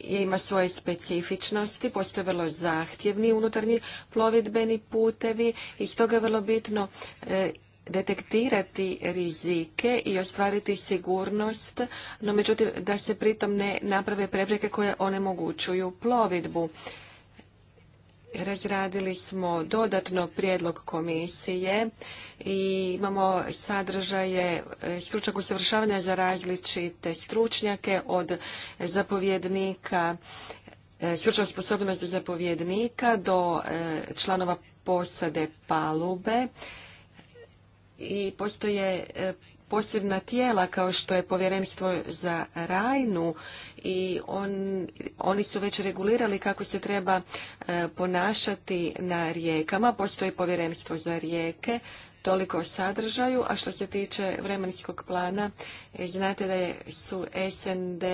ima svoje specifičnosti, postoje vrlo zahtjevni unutarnji plovidbeni putevi i stoga je vrlo bitno e, detektirati rizike i ostvariti sigurnost, no međutim da se pritom ne naprave prepreke koje onemogućuju plovidbu razradili smo dodatno prijedlog komisije i imamo sadržaje e, stručnog usavršavanja za različite stručnjake od zapovjednika e, stručna sposobnost zapovjednika do e, članova posade palube i postoje posebna tijela kao što je povjerenstvo za Rajnu i oni su već regulirali kako se treba e, ponašati na rijekama. Postoji povjerenstvo za rijeke, toliko o sadržaju. A što se tiče vremenskog plana, e, znate da je, su SND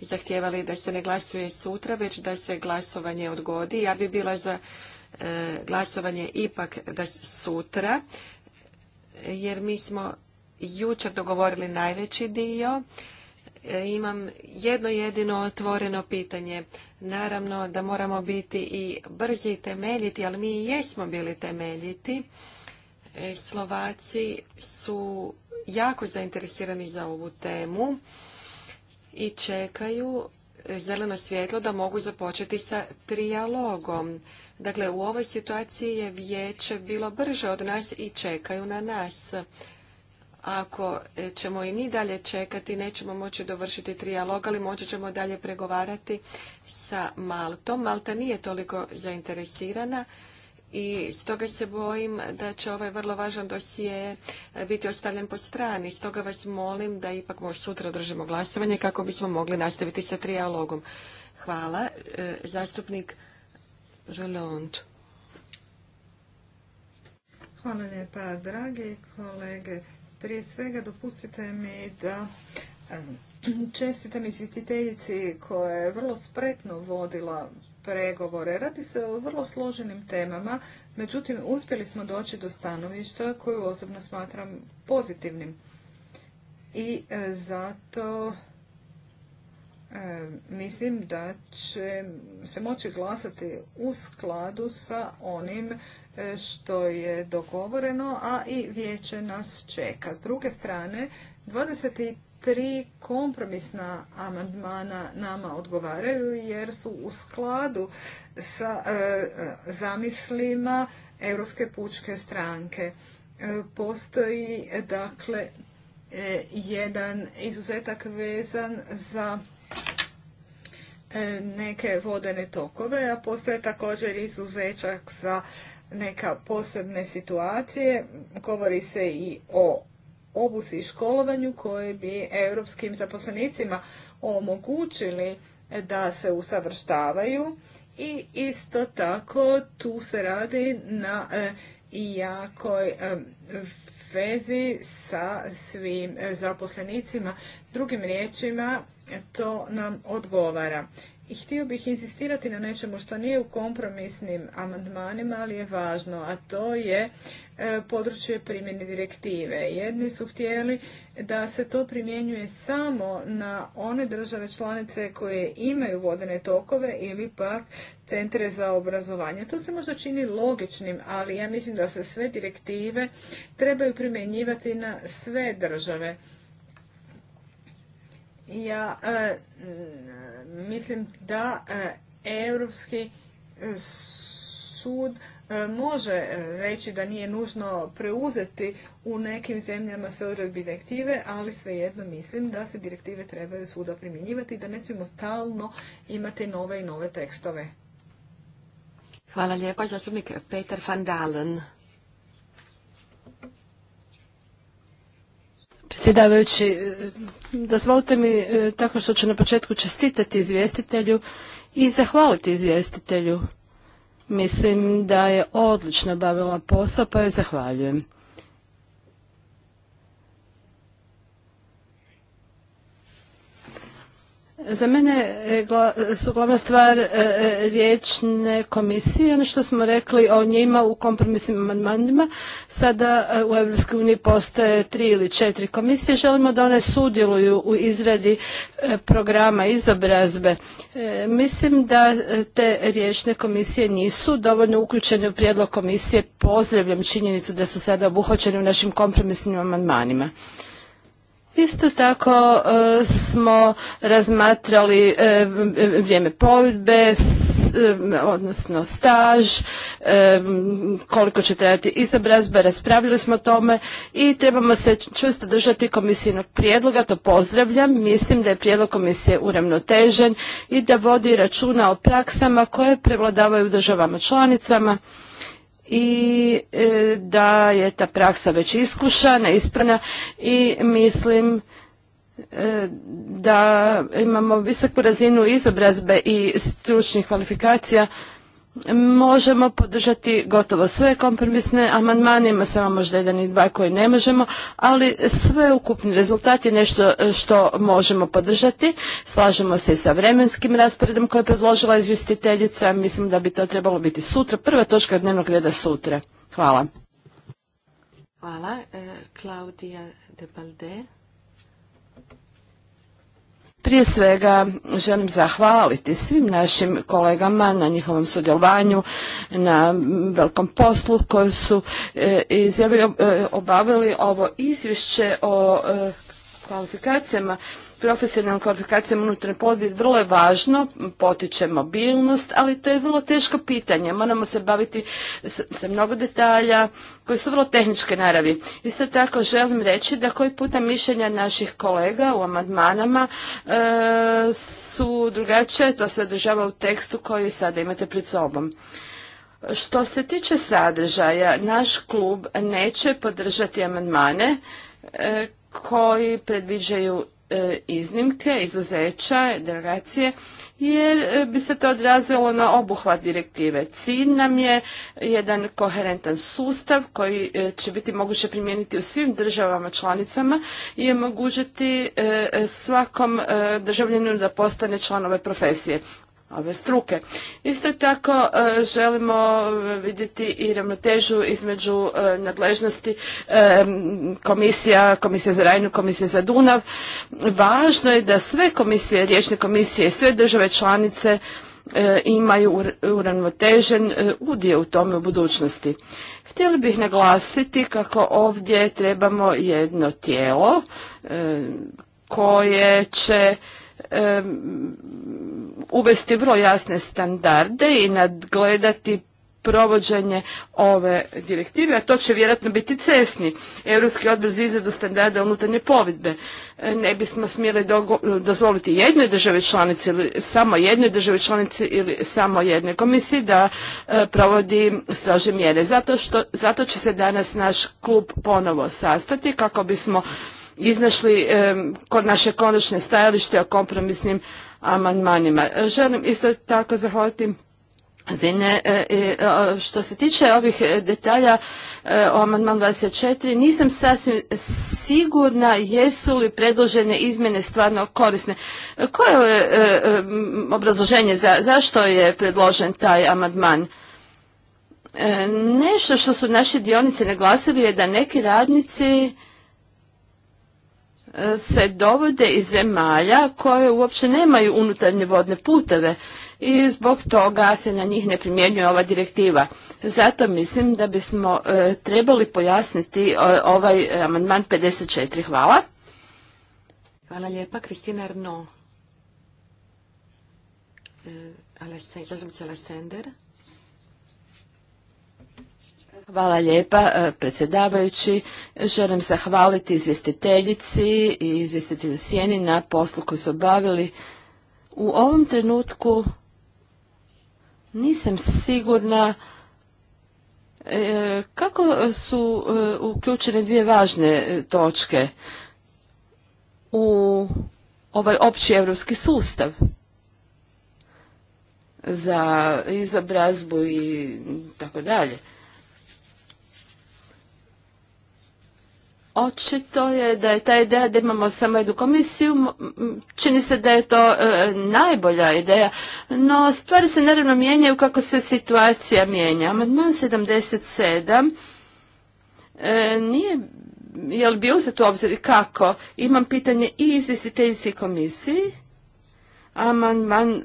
zahtjevali da se ne glasuje sutra, već da se glasovanje odgodi. Ja bi bila za e, glasovanje ipak da sutra, jer mi smo jučer dogovorili najveći dio. E, imam jedno jedino otvoreno pitanje. Naravno da moramo biti i brzi i temeljiti, ali mi i jesmo bili temeljiti. E, Slovaci su jako zainteresirani za ovu temu i čekaju zeleno svjetlo da mogu započeti sa trijalogom. Dakle, u ovoj situaciji je vijeće bilo brže od nas i čekaju na nas. Ako e, ćemo i mi dalje čekati, nećemo moći dovršiti trijalog, ali moći ćemo dalje pregovarati sa Maltom. Malta nije toliko zainteresirana i stoga se bojim da će ovaj vrlo važan dosije e, biti ostavljen po strani. Stoga vas molim da ipak sutra održimo glasovanje kako bismo mogli nastaviti sa trijalogom. Hvala. E, zastupnik Rolond. Hvala lijepa, drage kolege. Prije svega dopustite mi da čestitam izvjestiteljici koja je vrlo spretno vodila pregovore. Radi se o vrlo složenim temama, međutim uspjeli smo doći do stanovišta koju osobno smatram pozitivnim. I e, zato E, mislim da će se moći glasati u skladu sa onim e, što je dogovoreno, a i vijeće nas čeka. S druge strane, 23 kompromisna amandmana nama odgovaraju jer su u skladu sa e, zamislima Europske pučke stranke. postoji dakle jedan izuzetak vezan za E, neke vodene tokove, a postoje također izuzećak za neka posebne situacije. Govori se i o obusi i školovanju koje bi europskim zaposlenicima omogućili da se usavrštavaju i isto tako tu se radi na e, jakoj e, vezi sa svim zaposlenicima. Drugim riječima, to nam odgovara. I htio bih insistirati na nečemu što nije u kompromisnim amandmanima, ali je važno, a to je e, područje primjene direktive. Jedni su htjeli da se to primjenjuje samo na one države članice koje imaju vodene tokove ili pak centre za obrazovanje. To se možda čini logičnim, ali ja mislim da se sve direktive trebaju primjenjivati na sve države ja e, mislim da e, Europski e, sud može reći da nije nužno preuzeti u nekim zemljama sve odredbe direktive, ali svejedno mislim da se direktive trebaju svuda primjenjivati i da ne smijemo stalno imati nove i nove tekstove. Hvala lijepa, zastupnik Peter van Dalen. Predsjedavajući, e, dozvolite mi e, tako što ću na početku čestitati izvjestitelju i zahvaliti izvjestitelju. Mislim da je odlično bavila posao, pa joj zahvaljujem. Za mene e, su glavna stvar e, e, riječne komisije, ono što smo rekli o njima u kompromisnim amandmanima. Sada u EU postoje tri ili četiri komisije. Želimo da one sudjeluju u izradi programa izobrazbe. Mislim da te riječne komisije nisu dovoljno uključene u prijedlog komisije. Pozdravljam činjenicu da su sada obuhvaćene u našim kompromisnim amandmanima. Isto tako e, smo razmatrali e, vrijeme povjedbe, e, odnosno staž, koliko će trajati izobrazba, raspravili smo o tome i trebamo se čusto držati komisijnog prijedloga, to pozdravljam. Mislim da je prijedlog komisije uravnotežen i da vodi računa o praksama koje prevladavaju državama članicama i e, da je ta praksa već iskušana, isprana i mislim e, da imamo visoku razinu izobrazbe i stručnih kvalifikacija možemo podržati gotovo sve kompromisne amandmane, ima samo možda jedan i dva koje ne možemo, ali sve ukupni rezultat je nešto e, što možemo podržati. Slažemo se i sa vremenskim rasporedom koje je predložila izvjestiteljica, mislim da bi to trebalo biti sutra, prva točka dnevnog reda sutra. Hvala. Hvala. Klaudija e, Debalde. Prije svega želim zahvaliti svim našim kolegama na njihovom sudjelovanju, na velikom poslu koji su e, izjavili, e, obavili ovo izvješće o e, kvalifikacijama profesionalnim kvalifikacijama unutarnje plovidbe vrlo je važno, potiče mobilnost, ali to je vrlo teško pitanje. Moramo se baviti sa mnogo detalja koji su vrlo tehničke naravi. Isto tako želim reći da koji puta mišljenja naših kolega u amadmanama e, su drugačije, to se održava u tekstu koji sada imate pred sobom. Što se tiče sadržaja, naš klub neće podržati amandmane e, koji predviđaju E, iznimke, izuzeća, delegacije, jer e, bi se to odrazilo na obuhvat direktive. Cilj nam je jedan koherentan sustav koji e, će biti moguće primijeniti u svim državama članicama i omogućiti svakom državljaninu da postane članove profesije ove struke. Isto tako e, želimo e, vidjeti i ravnotežu između e, nadležnosti komisija, komisija za Rajnu, komisija za Dunav. Važno je da sve komisije, riječne komisije, sve države članice imaju uravnotežen udio u tome u budućnosti. Htjeli bih naglasiti kako ovdje trebamo jedno tijelo koje će uvesti vrlo jasne standarde i nadgledati provođenje ove direktive, a to će vjerojatno biti cesni. Europski odbor za izradu standarda unutarnje povidbe. E, ne bismo smjeli dozvoliti jednoj državi članici ili samo jednoj državi članici ili samo jednoj komisiji da e, provodi strože mjere. Zato, zato će se danas naš klub ponovo sastati kako bismo iznašli kod naše konačne stajalište o kompromisnim amandmanima. Želim isto tako zahvaliti Zine, e, e, što se tiče ovih e, detalja o amandman 24, nisam sasvim sigurna jesu li predložene izmjene stvarno korisne. Koje je obrazloženje za, zašto je predložen taj amandman? Nešto što su naše dionice naglasili je da neki radnici se dovode iz zemalja koje uopće nemaju unutarnje vodne puteve i zbog toga se na njih ne primjenjuje ova direktiva. Zato mislim da bismo trebali pojasniti ovaj amandman 54. Hvala. Hvala lijepa. Kristina Arno. Hvala lijepa e, predsjedavajući. Želim zahvaliti izvjestiteljici i izvjestitelju Sjeni na poslu koju su obavili. U ovom trenutku nisam sigurna e, kako su e, uključene dvije važne točke u ovaj opći europski sustav za izobrazbu i tako dalje. Očito je da je ta ideja da imamo samo jednu komisiju, čini se da je to e, najbolja ideja, no stvari se naravno mijenjaju kako se situacija mijenja. Amandman 77 e, nije, jel bi uzet u obzir kako? Imam pitanje i izvjestiteljici komisiji, amandman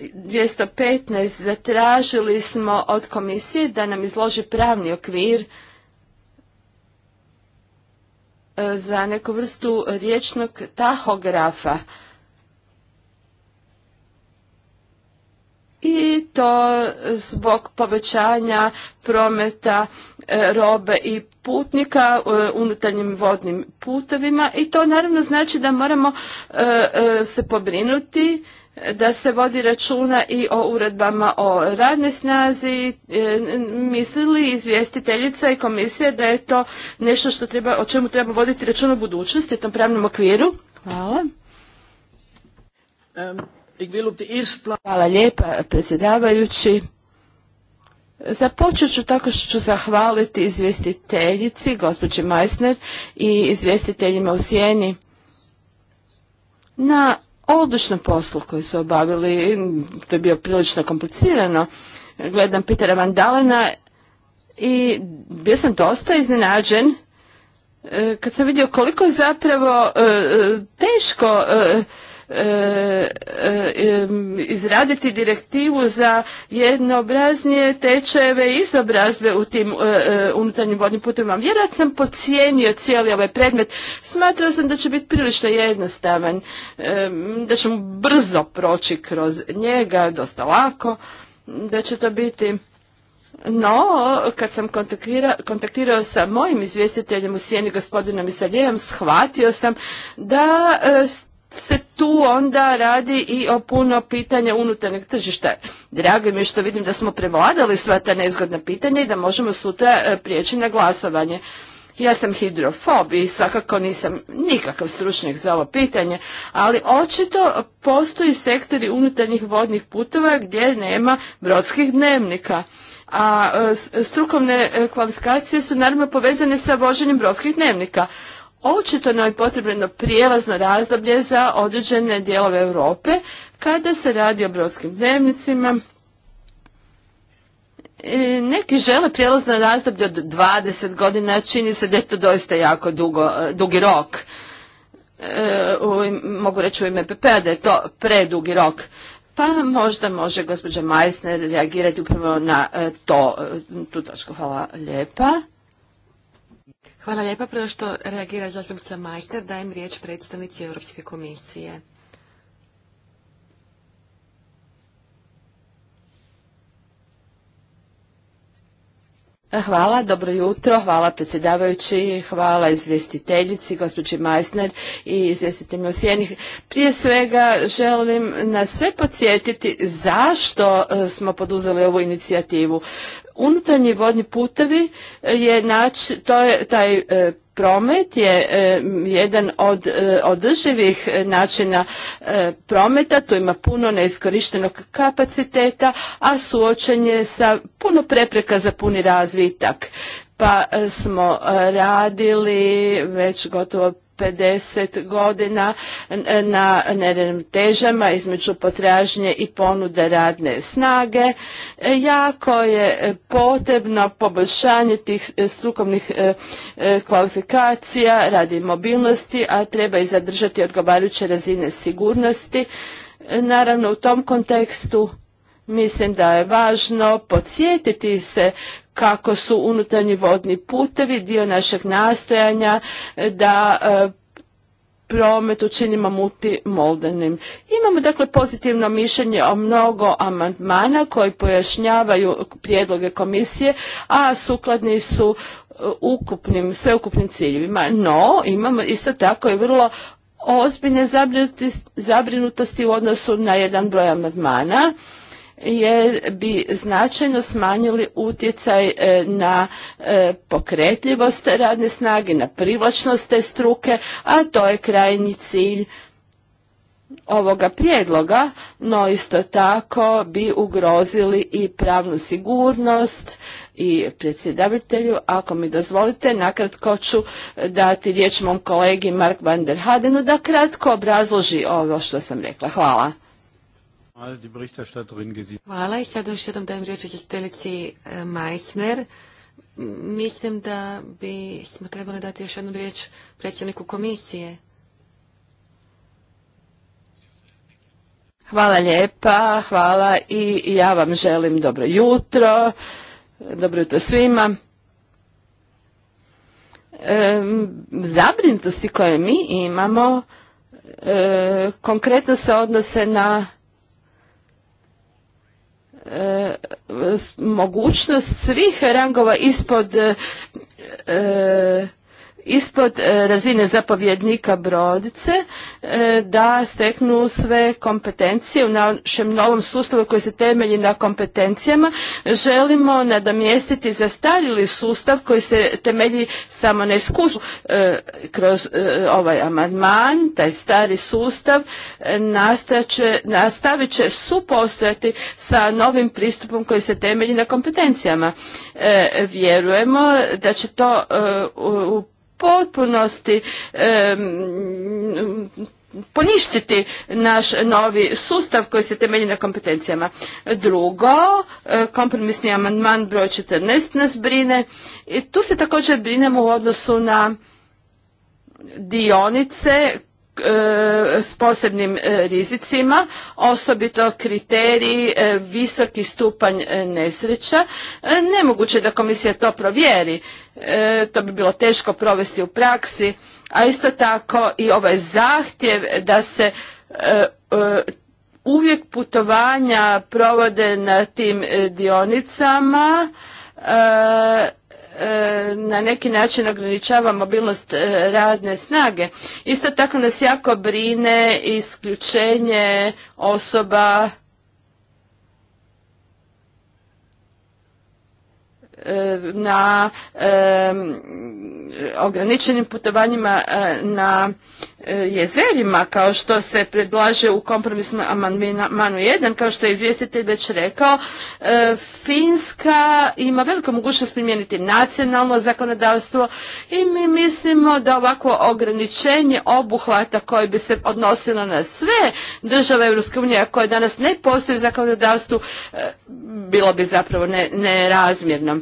215 e, zatražili smo od komisije da nam izloži pravni okvir E, za neku vrstu riječnog tahografa. I to zbog povećanja prometa e, robe i putnika e, unutarnjim vodnim putovima i to naravno znači da moramo se pobrinuti da se vodi računa i o uredbama o radnoj snazi. E, Mislili izvjestiteljica i komisija da je to nešto što treba, o čemu treba voditi račun u budućnosti, tom pravnom okviru? Hvala. Hvala lijepa, predsjedavajući. Započet ću tako što ću zahvaliti izvjestiteljici, gospođi Meissner i izvjestiteljima u Sjeni na odličnom poslu koji su obavili, to je bio prilično komplicirano. Gledam Pitera Van Dalena i bio sam dosta iznenađen e, kad sam vidio koliko je zapravo e, e, teško E, e, izraditi direktivu za jednoobraznije tečajeve i izobrazbe u tim e, unutarnjim vodnim putima. Vjerojatno sam pocijenio cijeli ovaj predmet. Smatrao sam da će biti prilično jednostavan, da ćemo brzo proći kroz njega, dosta lako, da će to biti no, kad sam kontaktirao, kontaktirao sa mojim izvjestiteljem u sjeni gospodinom Isalijevom, shvatio sam da se tu onda radi i o puno pitanja unutarnjeg tržišta. Drago mi je što vidim da smo prevladali sva ta nezgodna pitanja i da možemo sutra e, prijeći na glasovanje. Ja sam hidrofob i svakako nisam nikakav stručnjak za ovo pitanje, ali očito postoji sektori unutarnjih vodnih putova gdje nema brodskih dnevnika. A e, strukovne e, kvalifikacije su naravno povezane sa voženjem brodskih dnevnika očito nam je potrebno prijelazno razdoblje za određene dijelove Europe kada se radi o brodskim dnevnicima. E, neki žele prijelazno razdoblje od 20 godina, čini se da je to doista jako dugo, e, dugi rok. E, mogu reći u ime PP-a da je to predugi rok. Pa možda može gospođa Majsner reagirati upravo na to, tu točku. Hvala lijepa. Hvala lijepa. Prvo što reagira zastupnica Majsner, dajem riječ predstavnici Europske komisije. Hvala, dobro jutro, hvala predsjedavajući, hvala izvjestiteljici, gospođi Majsner i izvjestiteljima Sjenih. Prije svega želim nas sve podsjetiti zašto e, smo poduzeli ovu inicijativu. Unutarnji vodni putevi e, je nač, to je taj e, promet je e, jedan od održivih načina prometa, tu ima puno neiskorištenog kapaciteta, a je sa puno prepreka za puni razvitak pa smo radili već gotovo 50 godina na težama između potražnje i ponude radne snage. Jako je potrebno poboljšanje tih strukovnih e, e, kvalifikacija radi mobilnosti, a treba i zadržati odgovarajuće razine sigurnosti. Naravno, u tom kontekstu mislim da je važno podsjetiti se kako su unutarnji vodni putevi dio našeg nastojanja e, da e, promet učinimo multimoldanim. Imamo dakle pozitivno mišljenje o mnogo amandmana koji pojašnjavaju prijedloge komisije, a sukladni su e, ukupnim, sveukupnim ciljevima. No, imamo isto tako i vrlo ozbiljne zabrinutosti u odnosu na jedan broj amandmana jer bi značajno smanjili utjecaj e, na e, pokretljivost radne snage, na privlačnost te struke, a to je krajnji cilj ovoga prijedloga, no isto tako bi ugrozili i pravnu sigurnost i predsjedavitelju. Ako mi dozvolite, nakratko ću e, dati riječ mom kolegi Mark van der Hadenu da kratko obrazloži ovo što sam rekla. Hvala. Hvala i sada još jednom dajem riječ izvjestiteljici e, Majsner. Mislim da bi smo trebali dati još jednu riječ predsjedniku komisije. Hvala lijepa, hvala i ja vam želim dobro jutro, dobro jutro svima. E, zabrinutosti koje mi imamo e, konkretno se odnose na E, mogućnost svih rangova ispod e, e ispod e, razine zapovjednika brodice e, da steknu sve kompetencije u našem novom sustavu koji se temelji na kompetencijama. Želimo nadomjestiti zastarili sustav koji se temelji samo na iskustvu. E, kroz ovaj amandman, taj stari sustav nastavit će supostojati sa novim pristupom koji se temelji na kompetencijama. Vjerujemo da će to u potpunosti poništiti naš novi sustav koji se temelji na kompetencijama. Drugo, e, kompromisni amandman broj 14 nas brine. I tu se također brinemo u odnosu na dionice E, s posebnim e, rizicima, osobito kriteriji e, visoki stupanj nesreća. Nemoguće da komisija to provjeri, to bi bilo teško provesti u praksi, a isto tako i ovaj zahtjev da se uvijek putovanja provode na tim dionicama, E, na neki način ograničava mobilnost e, radne snage. Isto tako nas jako brine isključenje osoba e, na ograničenim putovanjima na E, jezerima, kao što se predlaže u kompromisnom amandmanu 1, kao što je izvjestitelj već rekao, e, Finska ima veliku mogućnost primijeniti nacionalno zakonodavstvo i mi mislimo da ovako ograničenje obuhvata koje bi se odnosilo na sve države Europske unije koje danas ne postoje u zakonodavstvu, e, bilo bi zapravo nerazmjerno.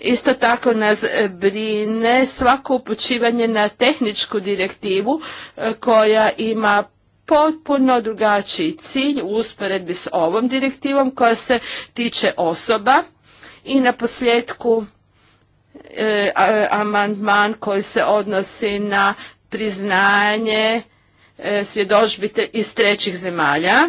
Isto tako nas e, brine svako upućivanje na tehničku direktivu e, koja ima potpuno drugačiji cilj u usporedbi s ovom direktivom koja se tiče osoba i na posljedku e, amandman koji se odnosi na priznanje e, svjedožbite iz trećih zemalja.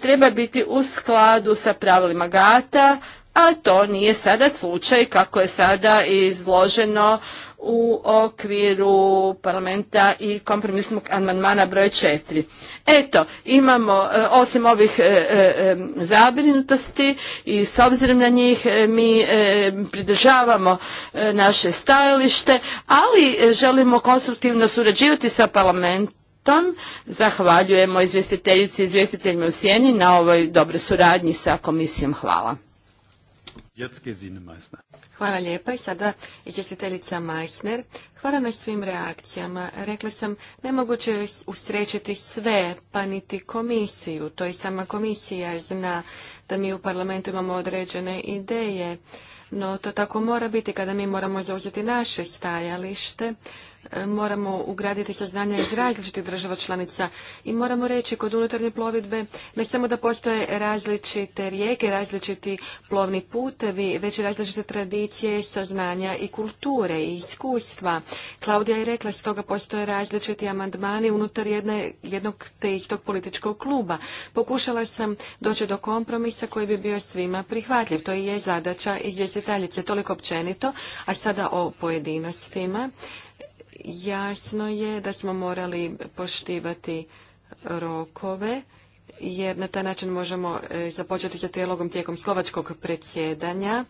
treba biti u skladu sa pravilima GATA, a to nije sada slučaj kako je sada izloženo u okviru parlamenta i kompromisnog amandmana broj četiri. Eto, imamo, e, osim ovih e, e, zabrinutosti i s obzirom na njih mi pridržavamo naše stajalište, ali želimo konstruktivno surađivati sa parlamentom. Zahvaljujemo izvjestiteljici i izvjestiteljima u Sjeni na ovoj dobroj suradnji sa komisijom. Hvala. Hvala lijepa i sada izvjestiteljica Meissner. Hvala na svim reakcijama. Rekla sam, nemoguće je sve, pa niti komisiju. To i sama komisija zna da mi u parlamentu imamo određene ideje. No, to tako mora biti kada mi moramo zauzeti naše stajalište. E, moramo ugraditi saznanja iz različitih država članica i moramo reći kod unutarnje plovidbe ne samo da postoje različite rijeke, različiti plovni putevi, već i različite tradicije, saznanja i kulture i iskustva. Klaudija je rekla, stoga postoje različiti amandmani unutar jedne, jednog te istog političkog kluba. Pokušala sam doći do kompromisa koji bi bio svima prihvatljiv. To i je zadaća izvjestiteljice, toliko općenito, a sada o pojedinostima. Jasno je da smo morali poštivati rokove, jer na taj način možemo e, započeti sa trijelogom tijekom slovačkog predsjedanja.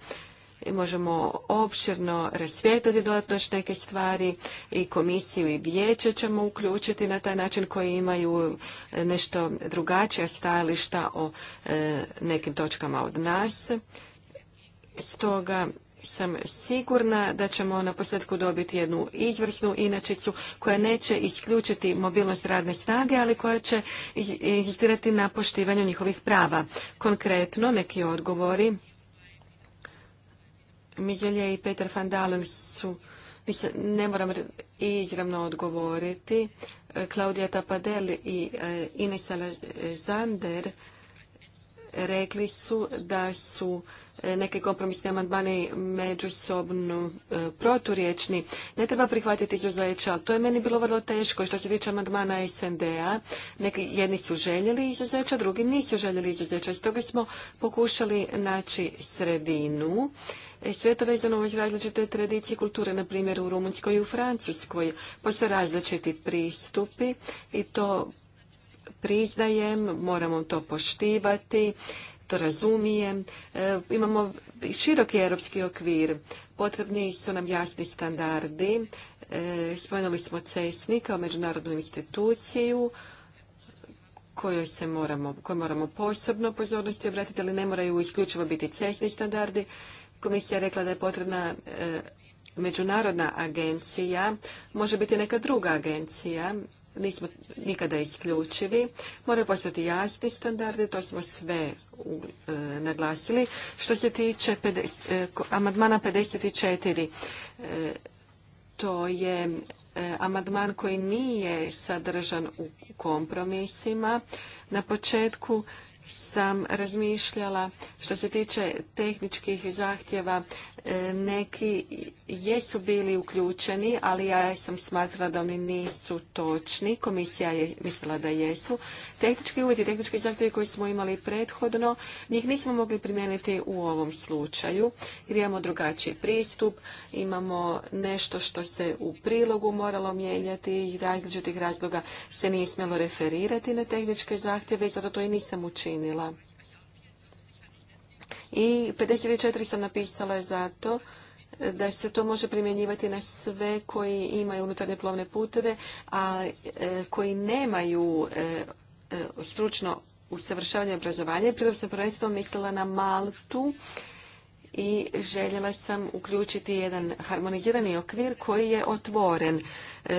I možemo opširno rasvijetati dodatno još neke stvari i komisiju i vijeće ćemo uključiti na taj način koji imaju e, nešto drugačija stajališta o e, nekim točkama od nas. Stoga sam sigurna da ćemo na posljedku dobiti jednu izvrsnu inačicu koja neće isključiti mobilnost radne snage, ali koja će inzistirati na poštivanju njihovih prava. Konkretno, neki odgovori. Mijelje i Peter van Dalen su, ne moram izravno odgovoriti, Klaudija Tapadel i e, Ines Zander rekli su da su neke kompromisni amandmani međusobno e, proturječni. Ne treba prihvatiti izuzeća. To je meni bilo vrlo teško što se tiče amandmana SND-a. Neki jedni su željeli izuzeća, drugi nisu željeli izuzeća. Stoga smo pokušali naći sredinu. E, sve to vezano uz različite tradicije kulture, na primjer u Rumunjskoj i u Francuskoj. Postoje različiti pristupi i to priznajem, moramo to poštivati razumijem. E, imamo široki europski okvir. Potrebni su nam jasni standardi. E, spomenuli smo CESNI kao međunarodnu instituciju kojoj se moramo, moramo posebno pozornosti obratiti, ali ne moraju isključivo biti cesni standardi. Komisija je rekla da je potrebna e, međunarodna agencija, može biti neka druga agencija, nismo nikada isključivi. Moraju postati jasni standardi, to smo sve e, naglasili. Što se tiče e, amadmana 54, e, to je amadman koji nije sadržan u kompromisima. Na početku sam razmišljala što se tiče tehničkih zahtjeva E, neki jesu bili uključeni, ali ja sam smatrala da oni nisu točni. Komisija je mislila da jesu. Tehnički uvjeti, tehnički zahtjevi koji smo imali prethodno, njih nismo mogli primijeniti u ovom slučaju. Jer imamo drugačiji pristup, imamo nešto što se u prilogu moralo mijenjati i različitih razloga se nije smjelo referirati na tehničke zahtjeve i zato to i nisam učinila i 54 sam napisala zato da se to može primjenjivati na sve koji imaju unutarnje plovne puteve, a e, koji nemaju e, e, stručno usavršavanje i obrazovanje. tom sam prvenstvo mislila na Maltu i željela sam uključiti jedan harmonizirani okvir koji je otvoren.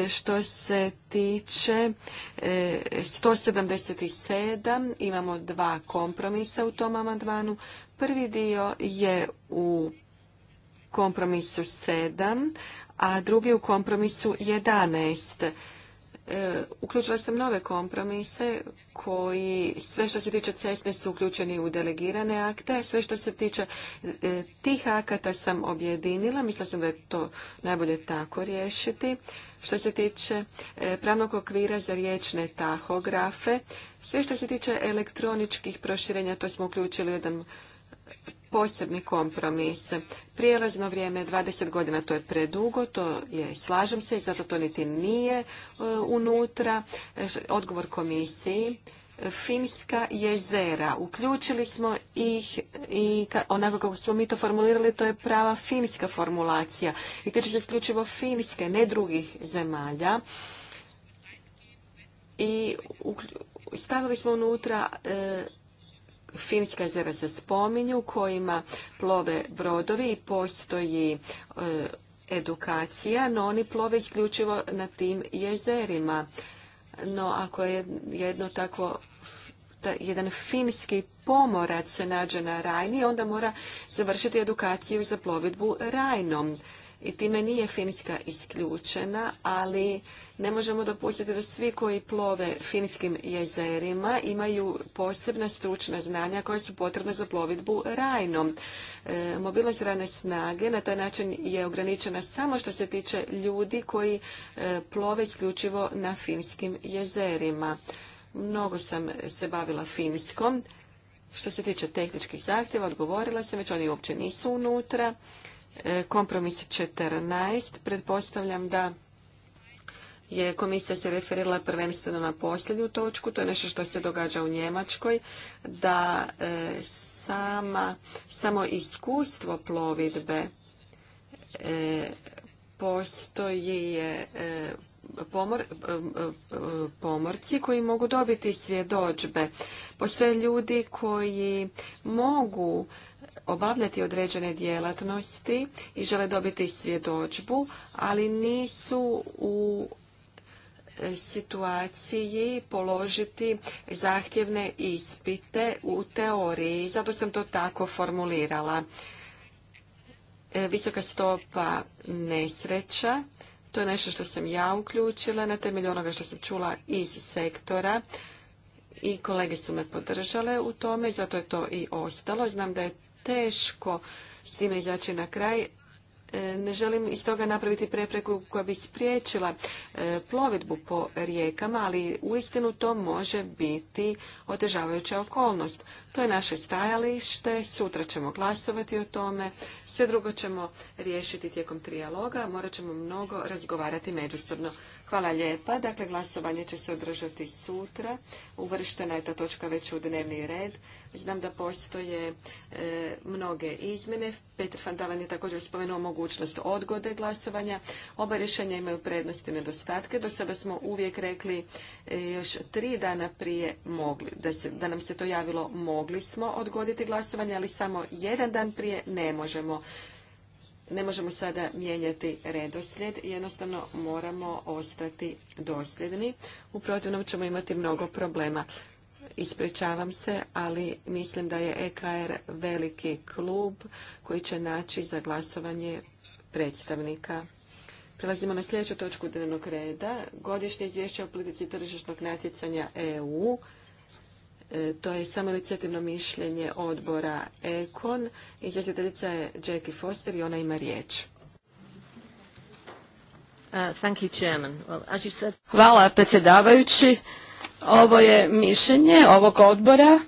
Što se tiče 177, imamo dva kompromisa u tom amandmanu. Prvi dio je u kompromisu 7, a drugi u kompromisu 11. E, uključila sam nove kompromise koji sve što se tiče cesne su uključeni u delegirane akte, sve što se tiče e, tih akata sam objedinila. Mislila sam da je to najbolje tako riješiti. Što se tiče e, pravnog okvira za riječne tahografe, sve što se tiče elektroničkih proširenja, to smo uključili u jedan posebni kompromis. Prijelazno vrijeme je 20 godina, to je predugo, to je, slažem se, i zato to niti nije e, unutra. E, odgovor komisiji. Finska jezera. Uključili smo ih i onako kako smo mi to formulirali, to je prava finska formulacija. I tiče se isključivo Finske, ne drugih zemalja. I stavili smo unutra e, Finska jezera se spominju, kojima plove brodovi i postoji e, edukacija, no oni plove isključivo na tim jezerima. No, ako je jedno takvo jedan finski pomorac se nađe na Rajni, onda mora završiti edukaciju za plovidbu Rajnom i time nije Finska isključena, ali ne možemo dopustiti da svi koji plove finskim jezerima imaju posebna stručna znanja koja su potrebna za plovidbu Rajnom. E, mobilnost rane snage na taj način je ograničena samo što se tiče ljudi koji e, plove isključivo na finskim jezerima. Mnogo sam se bavila finskom. Što se tiče tehničkih zahtjeva, odgovorila sam, već oni uopće nisu unutra. E, kompromis 14. Pretpostavljam da je komisija se referirala prvenstveno na posljednju točku, to je nešto što se događa u Njemačkoj, da e, sama, samo iskustvo plovidbe e, postoji pomorci koji mogu dobiti svjedočbe. Postoje ljudi koji mogu obavljati određene djelatnosti i žele dobiti svjedočbu, ali nisu u situaciji položiti zahtjevne ispite u teoriji. Zato sam to tako formulirala. E, visoka stopa nesreća. To je nešto što sam ja uključila na temelju onoga što sam čula iz sektora i kolege su me podržale u tome, zato je to i ostalo. Znam da je teško s time izaći na kraj. E, ne želim iz toga napraviti prepreku koja bi spriječila e, plovidbu po rijekama, ali uistinu to može biti otežavajuća okolnost. To je naše stajalište, sutra ćemo glasovati o tome, sve drugo ćemo riješiti tijekom trijaloga, morat ćemo mnogo razgovarati međusobno. Hvala lijepa. Dakle, glasovanje će se održati sutra. Uvrštena je ta točka već u dnevni red. Znam da postoje e, mnoge izmjene. Petr Fandalan je također spomenuo mogućnost odgode glasovanja. Oba rješenja imaju prednosti i nedostatke. Do sada smo uvijek rekli e, još tri dana prije mogli, da, se, da nam se to javilo mogli smo odgoditi glasovanje, ali samo jedan dan prije ne možemo ne možemo sada mijenjati redoslijed, jednostavno moramo ostati dosljedni. U protivnom ćemo imati mnogo problema. Ispričavam se, ali mislim da je EKR veliki klub koji će naći za glasovanje predstavnika. Prelazimo na sljedeću točku dnevnog reda. Godišnje izvješće o politici tržišnog natjecanja EU E, to je samo inicijativno mišljenje odbora Ekon. Izvjestiteljica je Jackie Foster i ona ima riječ. Uh, Hvala predsjedavajući. Ovo je mišljenje ovog odbora.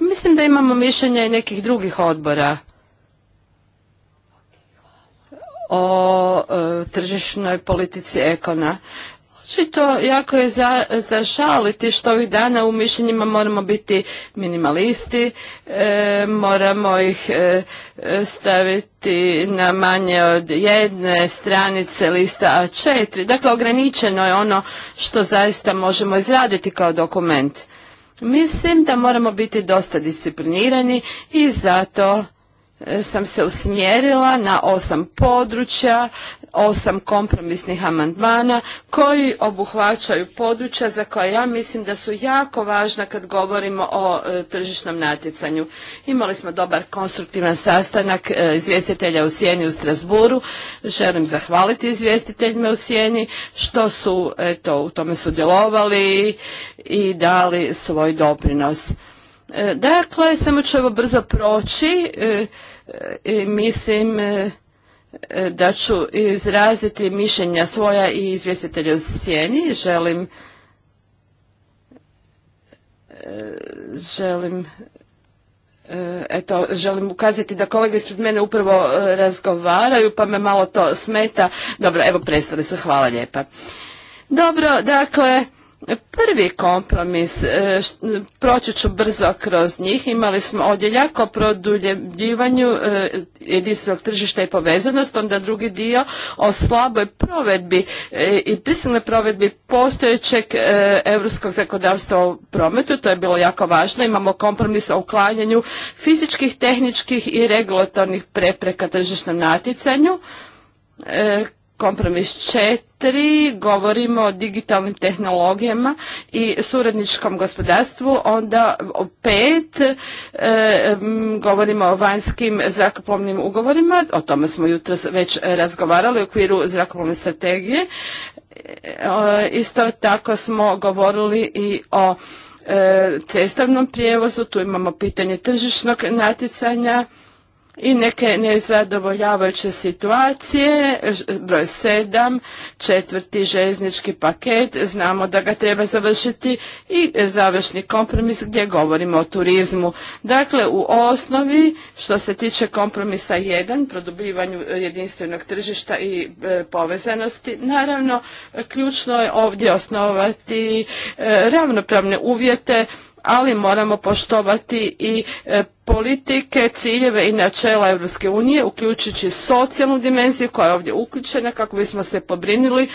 Mislim da imamo mišljenje i nekih drugih odbora o e, tržišnoj politici Ekona. Očito jako je za, zašaliti što ovih dana u mišljenjima moramo biti minimalisti, e, moramo ih e, staviti na manje od jedne stranice lista A4. Dakle, ograničeno je ono što zaista možemo izraditi kao dokument. Mislim da moramo biti dosta disciplinirani i zato e, sam se usmjerila na osam područja osam kompromisnih amandmana koji obuhvaćaju područja za koja ja mislim da su jako važna kad govorimo o e, tržišnom natjecanju. Imali smo dobar konstruktivan sastanak e, izvjestitelja u Sjeni u Strasburu. Želim zahvaliti izvjestiteljima u Sjeni što su u tome sudjelovali i dali svoj doprinos. E, dakle, samo ću ovo brzo proći. Mislim E, da ću izraziti mišljenja svoja i izvjestitelja u sjeni. Želim e, želim e, eto, želim ukazati da kolege ispred mene upravo razgovaraju, pa me malo to smeta. Dobro, evo prestali su, hvala lijepa. Dobro, dakle, prvi kompromis, e, proći ću brzo kroz njih, imali smo ovdje jako produljivanju e, jedinstvenog tržišta i povezanost, onda drugi dio o slaboj provedbi e, i prisilnoj provedbi postojećeg europskog zakonodavstva u prometu, to je bilo jako važno, imamo kompromis o uklanjanju fizičkih, tehničkih i regulatornih prepreka tržišnom natjecanju, kompromis četiri, govorimo o digitalnim tehnologijama i suradničkom gospodarstvu, onda o pet e, govorimo o vanjskim zrakoplovnim ugovorima, o tome smo jutro već razgovarali u okviru zrakoplovne strategije. E, isto tako smo govorili i o e, cestovnom prijevozu, tu imamo pitanje tržišnog natjecanja, i neke nezadovoljavajuće situacije, broj sedam, četvrti željeznički paket, znamo da ga treba završiti i završni kompromis gdje govorimo o turizmu. Dakle, u osnovi što se tiče kompromisa 1, produbljivanju jedinstvenog tržišta i e, povezanosti, naravno ključno je ovdje osnovati e, ravnopravne uvjete ali moramo poštovati i e, politike, ciljeve i načela Europske unije, uključujući socijalnu dimenziju koja je ovdje uključena kako bismo se pobrinili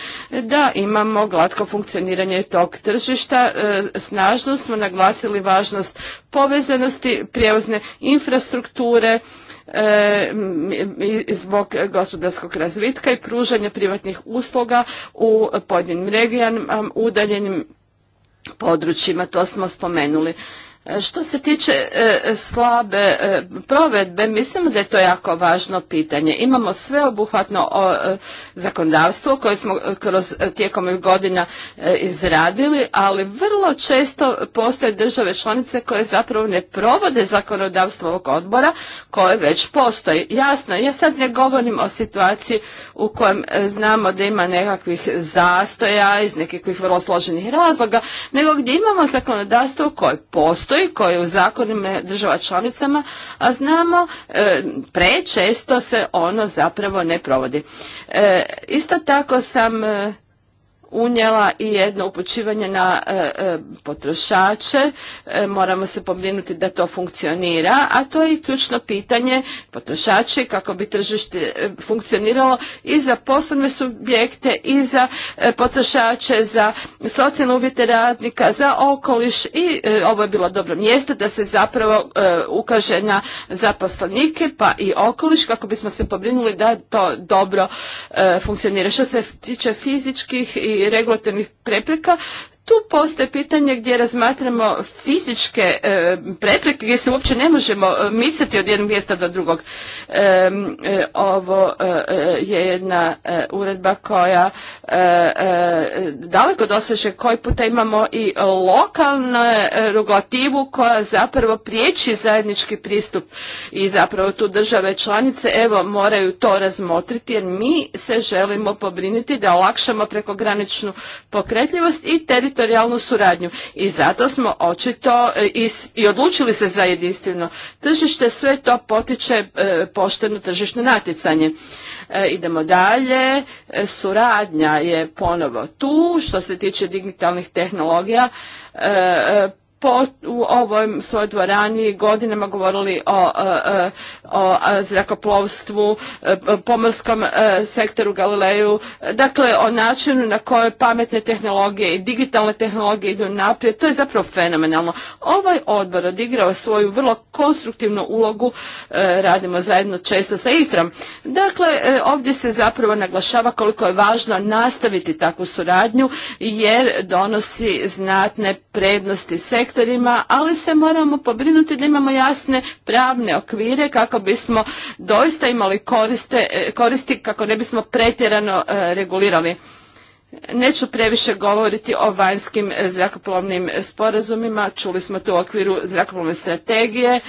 da imamo glatko funkcioniranje tog tržišta. E, snažno smo naglasili važnost povezanosti prijevozne infrastrukture, e, zbog gospodarskog razvitka i pružanja privatnih usluga u pojedinim regijama, udaljenim područjima, to smo spomenuli. Što se tiče e, slabe e, provedbe, mislimo da je to jako važno pitanje. Imamo sveobuhvatno e, zakonodavstvo koje smo kroz tijekom godina izradili, ali vrlo često postoje države članice koje zapravo ne provode zakonodavstvo ovog odbora koje već postoji. Jasno, ja sad ne govorim o situaciji u kojem znamo da ima nekakvih zastoja iz nekakvih vrlo složenih razloga, nego gdje imamo zakonodavstvo koje postoji postoji, koji u zakonima država članicama, a znamo e, prečesto se ono zapravo ne provodi. E, isto tako sam e, unijela i jedno upućivanje na e, e, potrošače. E, moramo se pobrinuti da to funkcionira, a to je i ključno pitanje potrošače, kako bi tržište funkcioniralo i za poslovne subjekte i za potrošače, za socijalne uvjete radnika, za okoliš i ovo je bilo dobro mjesto da se zapravo ukaže na zaposlenike pa i okoliš kako bismo se pobrinuli da to dobro funkcionira. Što se tiče fizičkih i regulatornih prepreka tu postoje pitanje gdje razmatramo fizičke e, prepreke gdje se uopće ne možemo e, micati od jednog mjesta do drugog. E, ovo je jedna uredba koja daleko doseže koji puta imamo i lokalnu regulativu koja zapravo priječi zajednički pristup i zapravo tu države članice evo moraju to razmotriti jer mi se želimo pobriniti da olakšamo prekograničnu pokretljivost i teritorijalnu teritorijalnu suradnju. I zato smo očito e, i, odlučili se za jedinstveno tržište, sve to potiče e, pošteno tržišno natjecanje. E, idemo dalje, suradnja je ponovo tu, što se tiče digitalnih tehnologija, po, u ovoj svojoj dvorani godinama govorili o, e, e, o, o, e, zrakoplovstvu, pomorskom sektoru Galileju, dakle o načinu na koje pametne tehnologije i digitalne tehnologije idu naprijed, to je zapravo fenomenalno. Ovaj odbor odigrao svoju vrlo konstruktivnu ulogu, radimo zajedno često sa IFRAM. Dakle, ovdje se zapravo naglašava koliko je važno nastaviti takvu suradnju jer donosi znatne prednosti sektora sektorima, ali se moramo pobrinuti da imamo jasne pravne okvire kako bismo doista imali e, koristi kako ne bismo pretjerano e, regulirali. Neću previše govoriti o vanjskim e, zrakoplovnim sporazumima, čuli smo to u okviru zrakoplovne strategije.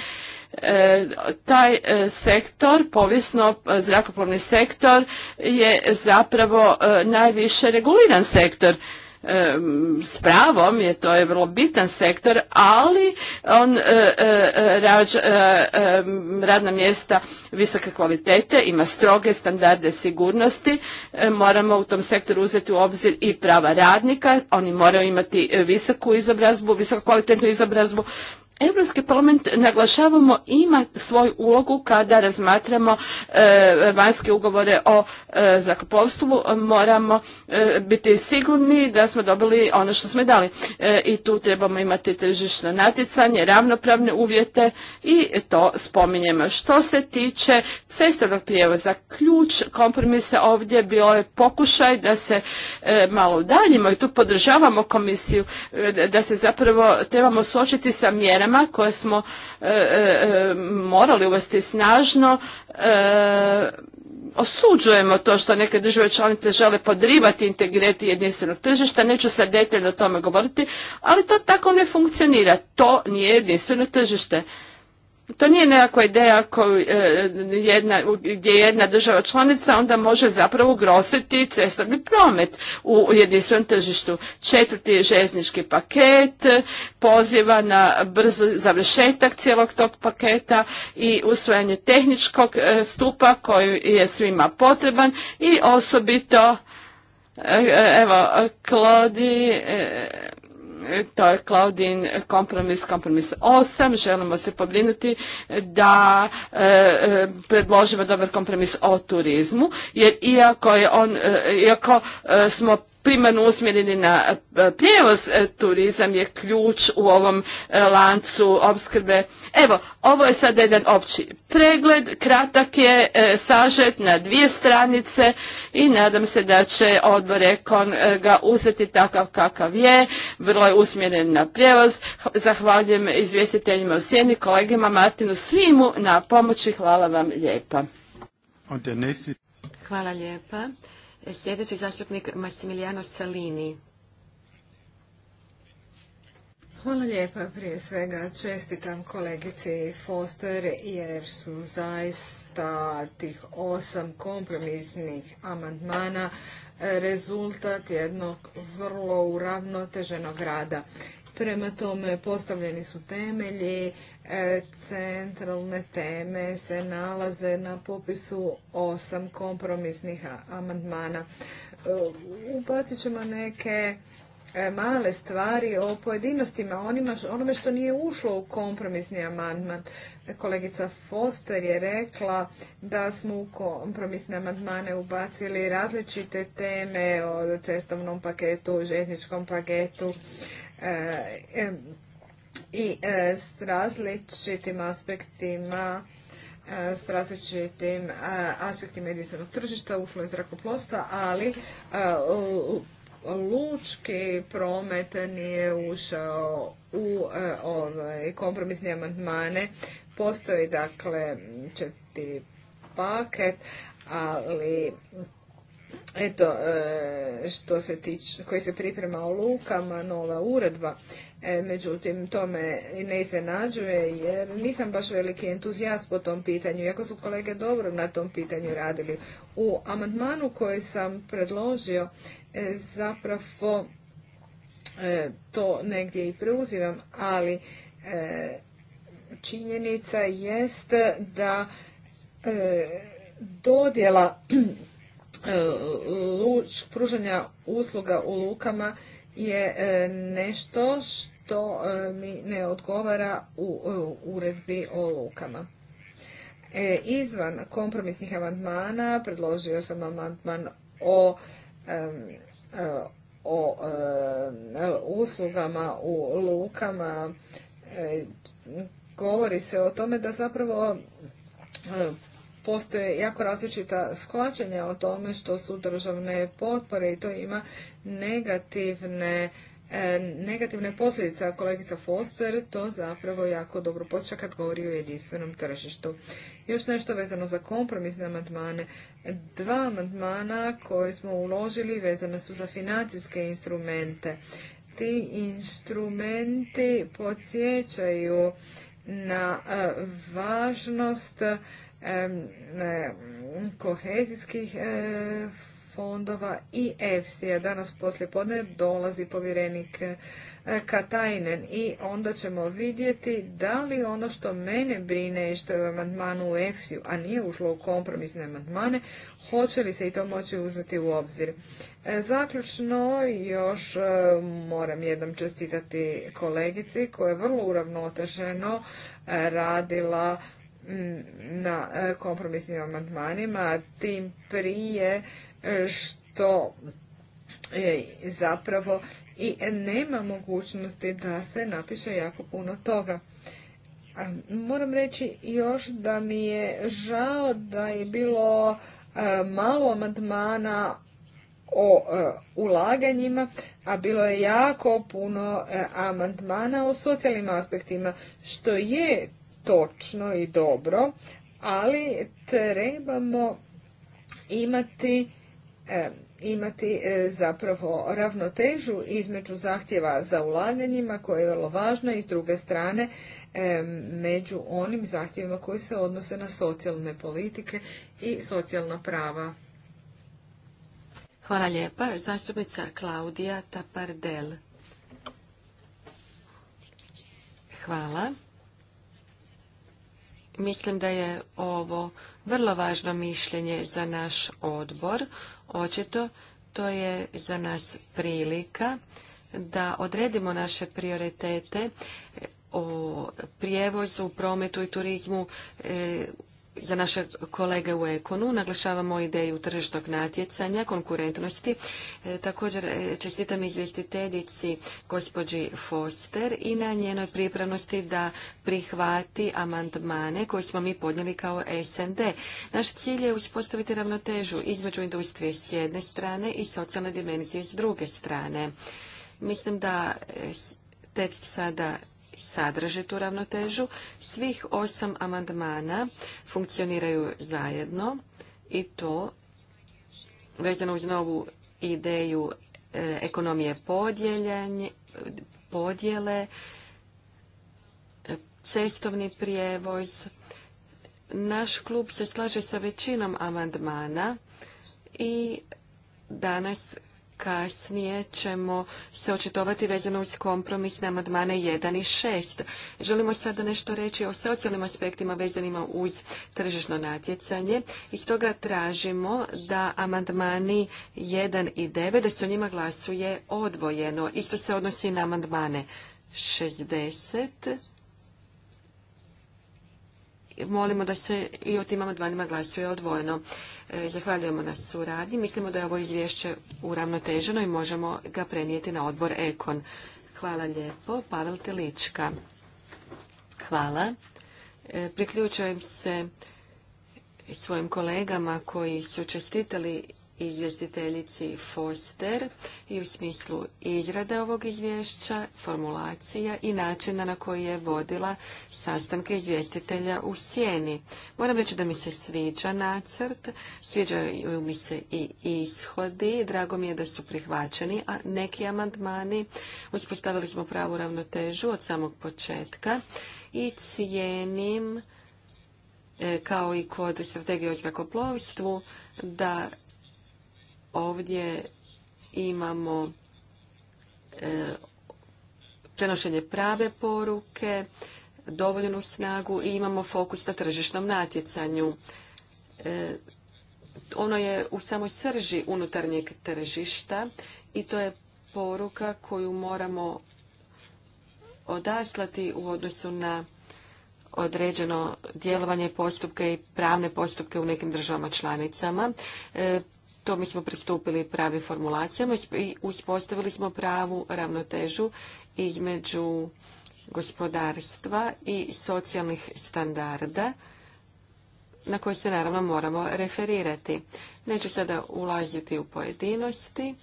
taj sektor, povijesno zrakoplovni sektor je zapravo najviše reguliran sektor s pravom je to je vrlo bitan sektor, ali on e, e, e, rađa radna mjesta visoke kvalitete, ima stroge standarde sigurnosti, moramo u tom sektoru uzeti u obzir i prava radnika, oni moraju imati visoku izobrazbu, visoko kvalitetnu izobrazbu, Europski parlament, naglašavamo, ima svoju ulogu kada razmatramo e, vanjske ugovore o e, Moramo e, biti sigurni da smo dobili ono što smo dali. E, I tu trebamo imati tržišno natjecanje, ravnopravne uvjete i to spominjemo. Što se tiče cestovnog prijevoza, ključ kompromisa ovdje bio je pokušaj da se malo udaljimo i tu podržavamo komisiju, da se zapravo trebamo suočiti sa mjerama koje smo e, e, morali uvesti snažno e, osuđujemo to što neke države članice žele podrivati integrirati jedinstvenog tržišta, neću sad detaljno o tome govoriti, ali to tako ne funkcionira. To nije jedinstveno tržište. To nije nekakva ideja koju, e, jedna, gdje jedna država članica onda može zapravo ugrositi cestovni promet u jedinstvenom tržištu. Četvrti željeznički paket poziva na brz završetak cijelog tog paketa i usvajanje tehničkog e, stupa koji je svima potreban i osobito e, evo Klodi to je Claudin kompromis, kompromis 8. Želimo se pobrinuti da e, e, predložimo dobar kompromis o turizmu, jer iako je on, e, iako e, smo primarno usmjereni na e, prijevoz, e, turizam je ključ u ovom e, lancu opskrbe. Evo, ovo je sad jedan opći pregled, kratak je, sažet na dvije stranice i nadam se da će odbor Ekon ga uzeti takav kakav je, vrlo je usmjeren na prijevoz. Zahvaljujem izvjestiteljima u Sjeni, kolegima Martinu, svimu na pomoći, hvala vam lijepa. Hvala lijepa. Sljedeći zastupnik Massimiliano Salini. Hvala lijepa. Prije svega čestitam kolegici Foster jer su zaista tih osam kompromisnih amandmana rezultat jednog vrlo uravnoteženog rada. Prema tome postavljeni su temelji E, centralne teme se nalaze na popisu osam kompromisnih amandmana. E, Ubacit ćemo neke e, male stvari o pojedinostima, onome što nije ušlo u kompromisni amandman. Kolegica Foster je rekla da smo u kompromisne amandmane ubacili različite teme o cestovnom paketu, žetničkom paketu, i e, s različitim aspektima e, s različitim e, aspektima jedinstvenog tržišta, ušlo je zrakoplovstva, ali lučki promet nije ušao u ovaj kompromisne amandmane. Postoji dakle četiri paket, ali Eto, e, što se tiče, koji se priprema o lukama, nova uredba. E, međutim, to me ne iznenađuje jer nisam baš veliki entuzijast po tom pitanju, iako su kolege dobro na tom pitanju radili. U amandmanu koji sam predložio e, zapravo to negdje i preuzivam, ali činjenica jest da dodjela luč, e, pružanja usluga u lukama je e, nešto što e, mi ne odgovara u uredbi o lukama. E, izvan kompromisnih amandmana predložio sam amandman o, o, uslugama u lukama. govori se o tome da zapravo postoje jako različita shvaćanja o tome što su državne potpore i to ima negativne e, negativne posljedice, a kolegica Foster to zapravo jako dobro posjeća kad govori o jedinstvenom tržištu. Još nešto vezano za kompromisne amandmane. Dva amandmana koje smo uložili vezane su za financijske instrumente. Ti instrumenti podsjećaju na e, važnost kohezijskih e, fondova i EFSI-a. Danas poslije podne dolazi povjerenik e, Katajnen i onda ćemo vidjeti da li ono što mene brine i što je u amandmanu u efsi a nije ušlo u kompromisne amandmane, hoće li se i to moći uzeti u obzir. E, zaključno još moram jednom čestitati kolegici koja je vrlo uravnoteženo radila Mm, na e, kompromisnim amandmanima, tim prije e, što zapravo i nema mogućnosti da se napiše jako puno toga. Moram reći još da mi je žao da je bilo e, malo amandmana o ulaganjima, a bilo je jako puno amandmana o socijalnim aspektima, što je točno i dobro, ali trebamo imati e, imati e, zapravo ravnotežu između zahtjeva za ulaganjima koja je vrlo važna i s druge strane e, među onim zahtjevima koji se odnose na socijalne politike i socijalna prava. Hvala lijepa. Zastupnica Klaudija Tapardel. Hvala. Mislim da je ovo vrlo važno mišljenje za naš odbor. Očito to je za nas prilika da odredimo naše prioritete o prijevozu, prometu i turizmu e, za naše kolege u Ekonu. Naglašavamo ideju tržišnog natjecanja, konkurentnosti. E, također e, čestitam izvjestiteljici gospođi Foster i na njenoj pripravnosti da prihvati amandmane koje smo mi podnijeli kao SND. Naš cilj je uspostaviti ravnotežu između industrije s jedne strane i socijalne dimenzije s druge strane. Mislim da e, tekst sada sadrži tu ravnotežu. Svih osam amandmana funkcioniraju zajedno i to vezano uz novu ideju e, ekonomije ekonomije podjele, cestovni prijevoz. Naš klub se slaže sa većinom amandmana i danas kasnije ćemo se očitovati vezano uz kompromis na amandmane 1 i 6. Želimo sada nešto reći o socijalnim aspektima vezanima uz tržišno natjecanje i toga tražimo da amandmani 1 i 9, da se o njima glasuje odvojeno. Isto se odnosi na amandmane 60 molimo da se i o tim amandmanima glasuje odvojeno. E, zahvaljujemo na suradnji. Mislimo da je ovo izvješće uravnoteženo i možemo ga prenijeti na odbor Ekon. Hvala lijepo. Pavel Telička. Hvala. E, priključujem se svojim kolegama koji su čestitali izvjestiteljici Foster i u smislu izrade ovog izvješća, formulacija i načina na koji je vodila sastanke izvjestitelja u sjeni. Moram reći da mi se sviđa nacrt, sviđaju mi se i ishodi, drago mi je da su prihvaćeni, a neki amandmani uspostavili smo pravu ravnotežu od samog početka i cijenim e, kao i kod strategije o zrakoplovstvu, da Ovdje imamo e, prenošenje prave poruke, dovoljnu snagu i imamo fokus na tržišnom natjecanju. E, ono je u samoj srži unutarnjeg tržišta i to je poruka koju moramo odaslati u odnosu na određeno djelovanje postupke i pravne postupke u nekim državama članicama. E, mi smo pristupili pravim formulacijama i uspostavili smo pravu ravnotežu između gospodarstva i socijalnih standarda na koje se naravno moramo referirati. Neću sada ulaziti u pojedinosti.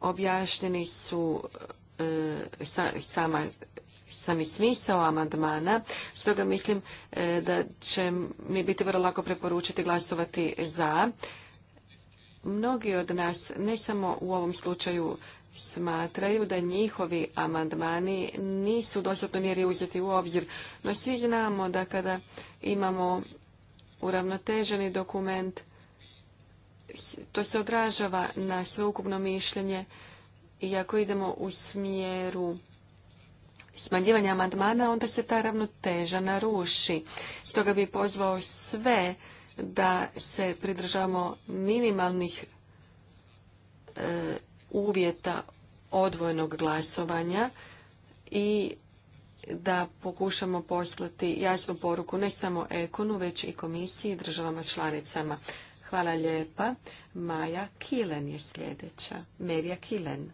Objašnjeni su e, sama sam i smisao amandmana, stoga mislim e, da će mi biti vrlo lako preporučiti glasovati za. Mnogi od nas, ne samo u ovom slučaju, smatraju da njihovi amandmani nisu u dostatnoj mjeri uzeti u obzir. No svi znamo da kada imamo uravnoteženi dokument, to se odražava na sveukupno mišljenje i ako idemo u smjeru smanjivanja amandmana, onda se ta ravnoteža naruši. Stoga bi pozvao sve da se pridržavamo minimalnih e, uvjeta odvojenog glasovanja i da pokušamo poslati jasnu poruku ne samo Ekonu, već i komisiji i državama članicama. Hvala lijepa. Maja Kilen je sljedeća. Merija Kilen.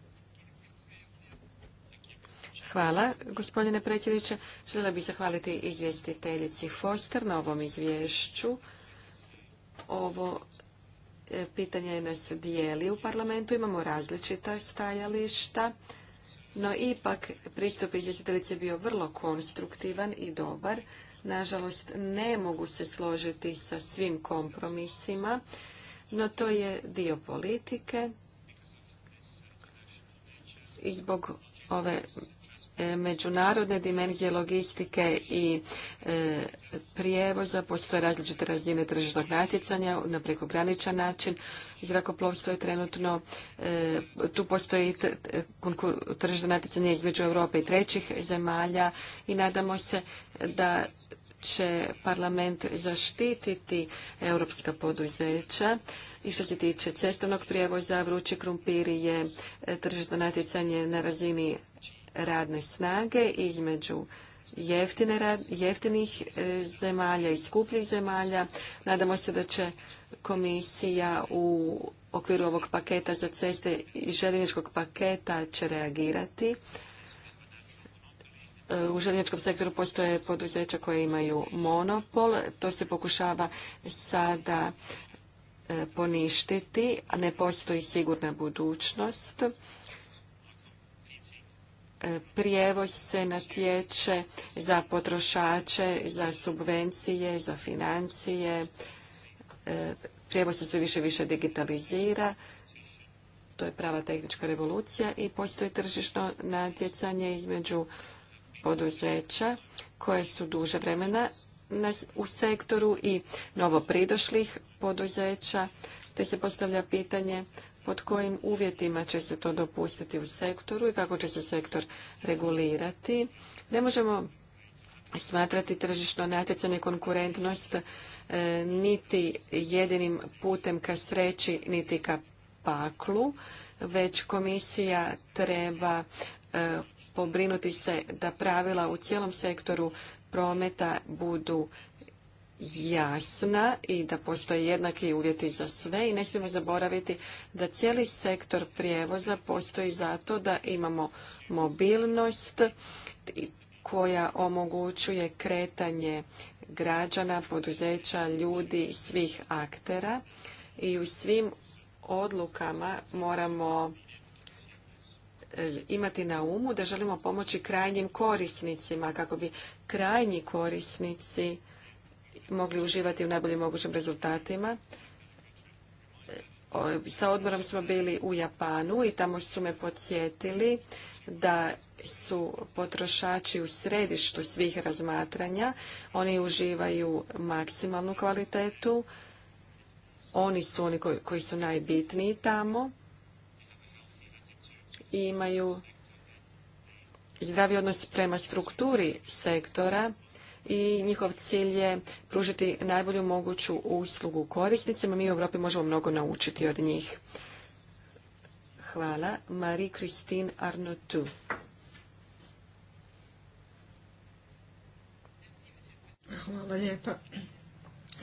Hvala, gospodine predsjedniče. Željela bih zahvaliti izvjestiteljici Foster na ovom izvješću. Ovo e, pitanje nas dijeli u parlamentu, imamo različita stajališta, no ipak pristup izvjestiteljice je bio vrlo konstruktivan i dobar. Nažalost, ne mogu se složiti sa svim kompromisima, no to je dio politike i zbog ove E, međunarodne dimenzije logistike i e, prijevoza, postoje različite razine tržišnog natjecanja na prekograničan način. Zrakoplovstvo je trenutno, e, tu postoji tržišno natjecanje između Europe i trećih zemalja i nadamo se da će parlament zaštititi europska poduzeća. I što se tiče cestovnog prijevoza, vrući krumpiri je tržišno natjecanje na razini radne snage između jeftinih e, zemalja i skupljih zemalja. Nadamo se da će komisija u okviru ovog paketa za ceste i željezničkog paketa će reagirati. E, u željezničkom sektoru postoje poduzeća koje imaju monopol. To se pokušava sada e, poništiti. a Ne postoji sigurna budućnost. E, prijevoz se natječe za potrošače, za subvencije, za financije. E, prijevoz se sve više i više digitalizira. To je prava tehnička revolucija i postoji tržišno natjecanje između poduzeća koje su duže vremena u sektoru i novopridošlih poduzeća, te se postavlja pitanje pod kojim uvjetima će se to dopustiti u sektoru i kako će se sektor regulirati. Ne možemo smatrati tržišno natjecanje konkurentnost e, niti jedinim putem ka sreći, niti ka paklu, već komisija treba e, pobrinuti se da pravila u cijelom sektoru prometa budu jasna i da postoje jednaki uvjeti za sve i ne smijemo zaboraviti da cijeli sektor prijevoza postoji zato da imamo mobilnost koja omogućuje kretanje građana, poduzeća, ljudi, svih aktera i u svim odlukama moramo e, imati na umu da želimo pomoći krajnjim korisnicima kako bi krajnji korisnici mogli uživati u najboljim mogućim rezultatima. Sa odborom smo bili u Japanu i tamo su me podsjetili da su potrošači u središtu svih razmatranja. Oni uživaju maksimalnu kvalitetu. Oni su oni koji su najbitniji tamo i imaju zdravi odnos prema strukturi sektora i njihov cilj je pružiti najbolju moguću uslugu korisnicima. Mi u Europi možemo mnogo naučiti od njih. Hvala. Marie-Christine Arnotu. Hvala lijepa.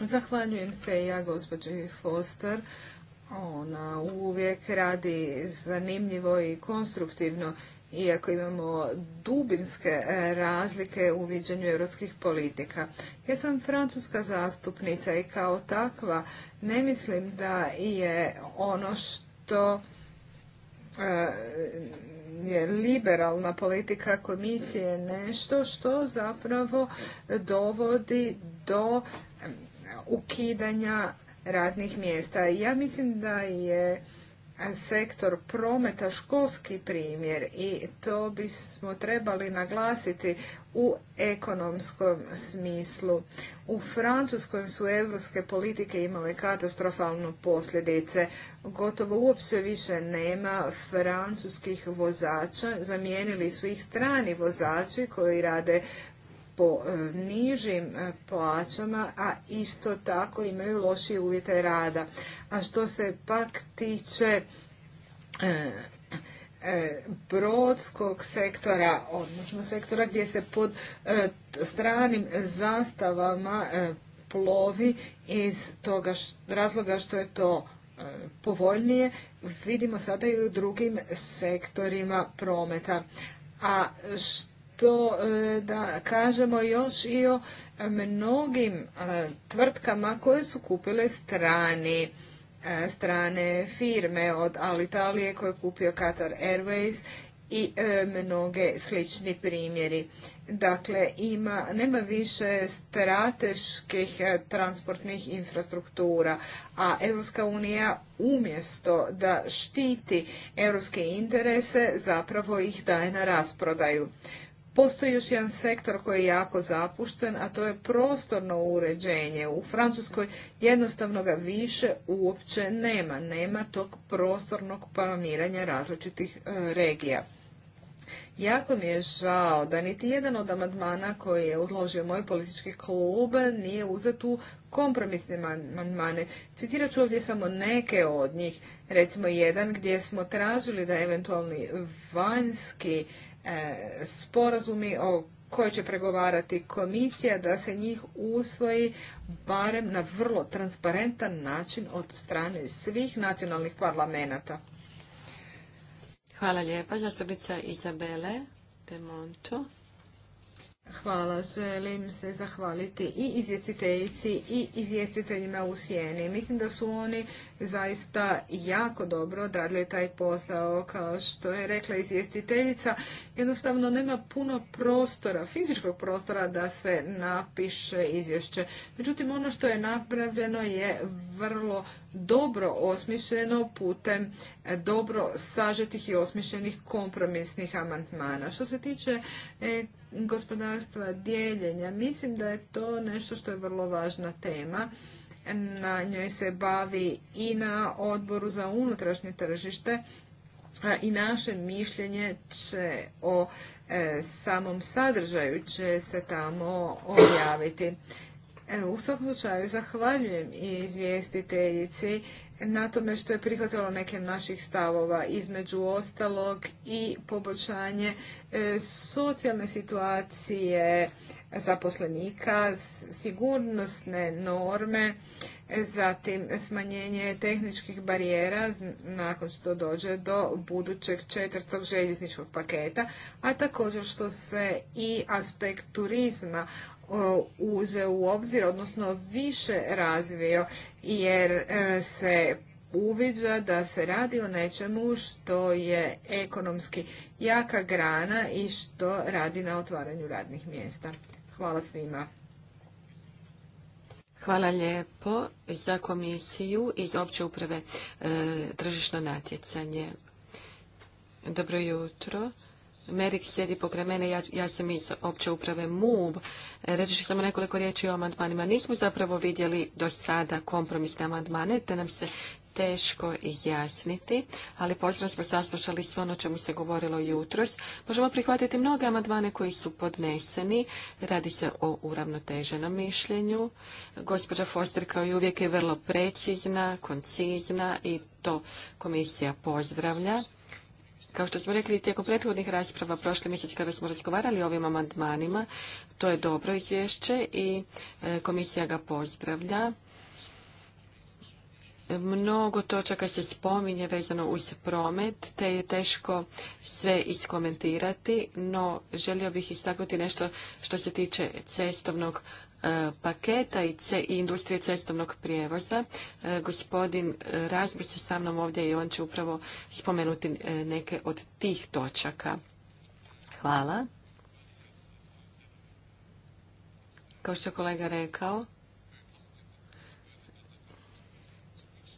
Zahvaljujem se ja gospođi Foster. Ona uvijek radi zanimljivo i konstruktivno iako imamo dubinske e, razlike u viđenju europskih politika. Ja sam francuska zastupnica i kao takva ne mislim da je ono što e, je liberalna politika komisije nešto što zapravo dovodi do ukidanja radnih mjesta. Ja mislim da je sektor prometa školski primjer i to bismo trebali naglasiti u ekonomskom smislu. U Francuskoj su evropske politike imale katastrofalno posljedice. Gotovo uopće više nema francuskih vozača, zamijenili su ih strani vozači koji rade po e, nižim e, plaćama, a isto tako imaju loši uvjete rada. A što se pak tiče e, brodskog sektora, odnosno sektora gdje se pod stranim zastavama plovi iz toga razloga što je to povoljnije, vidimo sada i u drugim sektorima prometa. A što to e, da kažemo još i o mnogim e, tvrtkama koje su kupile strani e, strane firme od Alitalije koje je kupio Qatar Airways i mnoge slični primjeri. Dakle, ima, nema više strateških transportnih infrastruktura, a Europska unija umjesto da štiti europske interese, zapravo ih daje na rasprodaju. Postoji još jedan sektor koji je jako zapušten, a to je prostorno uređenje. U Francuskoj jednostavno ga više uopće nema. Nema tog prostornog planiranja različitih e, regija. Jako mi je žao da niti jedan od amandmana koji je uložio moj politički klub nije uzet u kompromisne amandmane. Citirat ću ovdje samo neke od njih. Recimo jedan gdje smo tražili da eventualni vanjski E, sporazumi o koje će pregovarati komisija da se njih usvoji barem na vrlo transparentan način od strane svih nacionalnih parlamenta. Hvala lijepa, zastupnica Izabele de Monto. Hvala. Želim se zahvaliti i izvjestiteljici i izvjestiteljima u Sjeni. Mislim da su oni zaista jako dobro odradili taj posao. Kao što je rekla izvjestiteljica, jednostavno nema puno prostora, fizičkog prostora da se napiše izvješće. Međutim, ono što je napravljeno je vrlo dobro osmišljeno putem dobro sažetih i osmišljenih kompromisnih amandmana. Što se tiče e, gospodarstva dijeljenja. Mislim da je to nešto što je vrlo važna tema. Na njoj se bavi i na odboru za unutrašnje tržište i naše mišljenje će o e, samom sadržaju će se tamo objaviti. E, u svakom slučaju zahvaljujem i izvjestiteljici na tome što je prihvatilo neke naših stavova, između ostalog i poboljšanje e, socijalne situacije zaposlenika, sigurnosne norme, e, zatim smanjenje tehničkih barijera nakon što dođe do budućeg četvrtog željezničkog paketa, a također što se i aspekt turizma E, uzeo u obzir, odnosno više razvio, jer e, se uviđa da se radi o nečemu što je ekonomski jaka grana i što radi na otvaranju radnih mjesta. Hvala svima. Hvala lijepo za komisiju iz opće uprave e, tržišno natjecanje. Dobro jutro. Merik sjedi pokraj mene, ja, sam iz opće uprave MUB. E, reći ću samo nekoliko riječi o amandmanima. Nismo zapravo vidjeli do sada kompromisne amandmane, te nam se teško izjasniti, ali potrebno smo saslušali sve ono čemu se govorilo jutros. Možemo prihvatiti mnoge amandmane koji su podneseni. Radi se o uravnoteženom mišljenju. Gospođa Foster kao i uvijek je vrlo precizna, koncizna i to komisija pozdravlja. Kao što smo rekli tijekom prethodnih rasprava prošli mjesec kada smo razgovarali o ovim amandmanima, to je dobro izvješće i e, komisija ga pozdravlja. Mnogo točaka se spominje vezano uz promet, te je teško sve iskomentirati, no želio bih istaknuti nešto što se tiče cestovnog E, paketa i industrije cestovnog prijevoza. E, gospodin Razbi se sa mnom ovdje i on će upravo spomenuti e, neke od tih točaka. Hvala. Kao što je kolega rekao,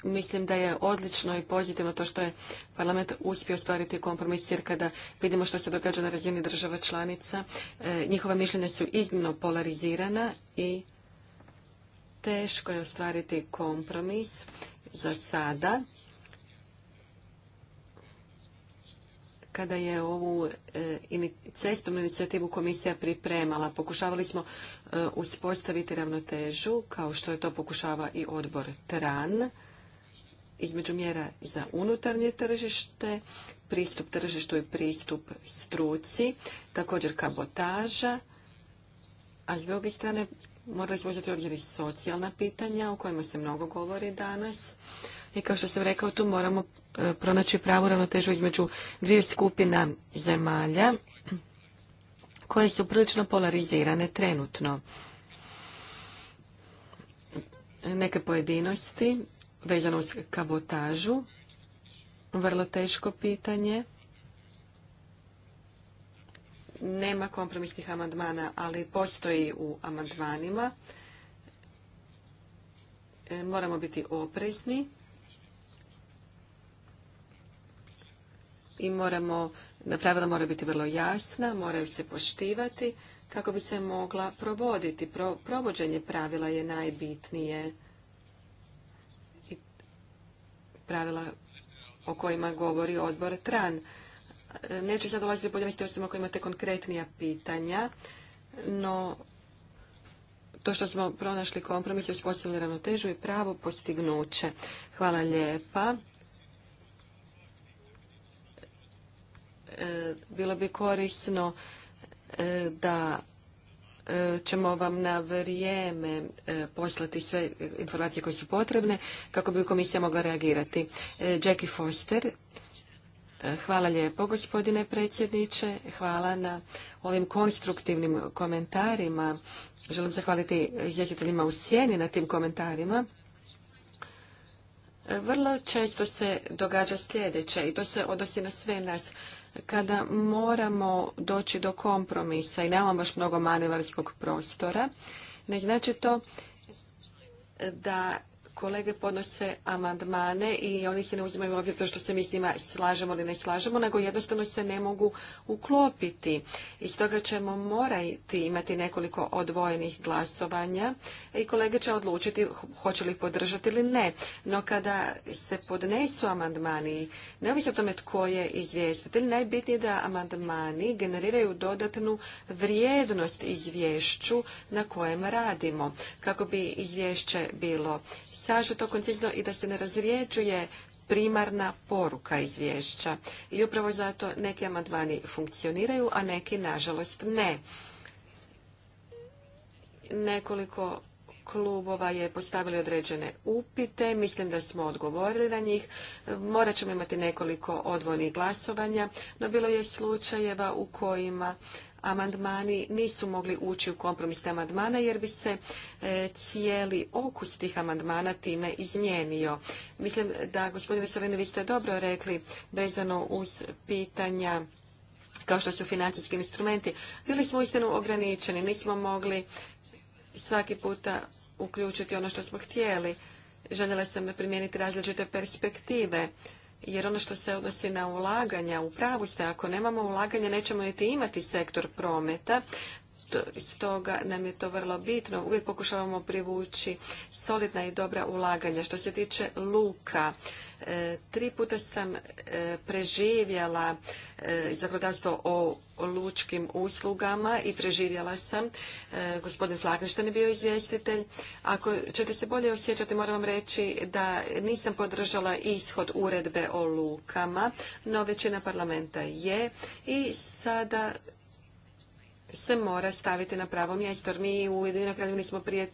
mislim da je odlično i pozitivno to što je parlament uspio ostvariti kompromis jer kada vidimo što se događa na razini država članica, e, njihova mišljenja su iznimno polarizirana i teško je ostvariti kompromis za sada. kada je ovu e, cestovnu inicijativu komisija pripremala. Pokušavali smo e, uspostaviti ravnotežu, kao što je to pokušava i odbor TRAN između mjera za unutarnje tržište, pristup tržištu i pristup struci, također kabotaža, a s druge strane morali smo uzeti obzir i socijalna pitanja o kojima se mnogo govori danas. I kao što sam rekao, tu moramo e, pronaći pravu ravnotežu između dvije skupina zemalja koje su prilično polarizirane trenutno. Neke pojedinosti vezano uz kabotažu. Vrlo teško pitanje. Nema kompromisnih amandmana, ali postoji u amandmanima. E, moramo biti oprezni. i moramo, pravila mora biti vrlo jasna, moraju se poštivati kako bi se mogla provoditi. provođenje pravila je najbitnije pravila o kojima govori odbor TRAN. Neću sad dolaziti u pojedinosti osim ako imate konkretnija pitanja, no to što smo pronašli kompromis i uspostavili ravnotežu i pravo postignuće. Hvala lijepa. E, bilo bi korisno e, da ćemo vam na vrijeme e, poslati sve informacije koje su potrebne kako bi komisija mogla reagirati. E, Jackie Foster, e, hvala lijepo gospodine predsjedniče, hvala na ovim konstruktivnim komentarima. Želim zahvaliti izvjestiteljima u sjeni na tim komentarima. Vrlo često se događa sljedeće i to se odnosi na sve nas kada moramo doći do kompromisa i nemamo baš mnogo manevarskog prostora, ne znači to da kolege podnose amandmane i oni se ne uzimaju u obzir što se mi s njima slažemo ili ne slažemo, nego jednostavno se ne mogu uklopiti. I stoga ćemo morati imati nekoliko odvojenih glasovanja i kolege će odlučiti hoće li ih podržati ili ne. No kada se podnesu amandmani, neovisno o tome tko je izvjestitelj, najbitnije je da amandmani generiraju dodatnu vrijednost izvješću na kojem radimo. Kako bi izvješće bilo to koncizno i da se ne razrijeđuje primarna poruka izvješća. I upravo zato neki amandmani funkcioniraju, a neki nažalost ne. Nekoliko klubova je postavili određene upite. Mislim da smo odgovorili na njih. Morat ćemo imati nekoliko odvojnih glasovanja, no bilo je slučajeva u kojima amandmani nisu mogli ući u te amandmana jer bi se e, cijeli okus tih amandmana time izmijenio. Mislim da, gospodine Veselini, vi ste dobro rekli vezano uz pitanja kao što su financijski instrumenti. Bili smo istinu ograničeni, nismo mogli svaki puta uključiti ono što smo htjeli. Željela sam primijeniti različite perspektive jer ono što se odnosi na ulaganja, u pravu ste, ako nemamo ulaganja nećemo niti imati sektor prometa, stoga nam je to vrlo bitno. Uvijek pokušavamo privući solidna i dobra ulaganja. Što se tiče luka, e, tri puta sam e, preživjela e, zakonodavstvo o lučkim uslugama i preživjela sam. Gospodin Flakenštan je bio izvjestitelj. Ako ćete se bolje osjećati, moram vam reći da nisam podržala ishod uredbe o lukama, no većina parlamenta je i sada se mora staviti na pravo mjesto. mi u Ujedinjenoj kraljevini smo prije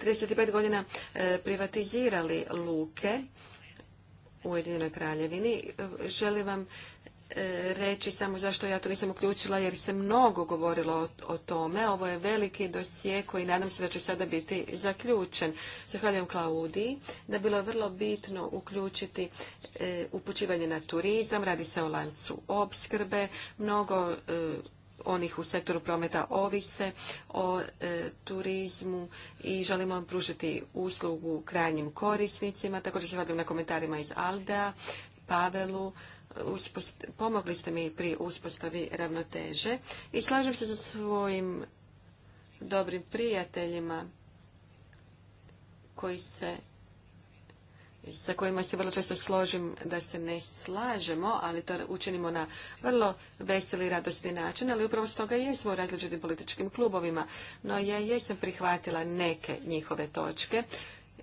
35 godina e, privatizirali luke u Ujedinjenoj kraljevini. Želim vam e, reći samo zašto ja to nisam uključila jer se mnogo govorilo o, tome. Ovo je veliki dosje koji nadam se da će sada biti zaključen. Zahvaljujem Klaudiji da bilo je vrlo bitno uključiti e, upućivanje na turizam, radi se o lancu opskrbe, mnogo onih u sektoru prometa ovise o e, turizmu i želimo vam pružiti uslugu krajnjim korisnicima. Također zahvaljujem na komentarima iz Aldea, Pavelu, pomogli ste mi pri uspostavi ravnoteže i slažem se sa svojim dobrim prijateljima koji se sa kojima se vrlo često složim da se ne slažemo, ali to učinimo na vrlo veseli i radosni način, ali upravo stoga jesmo u različitim političkim klubovima. No ja jesam prihvatila neke njihove točke.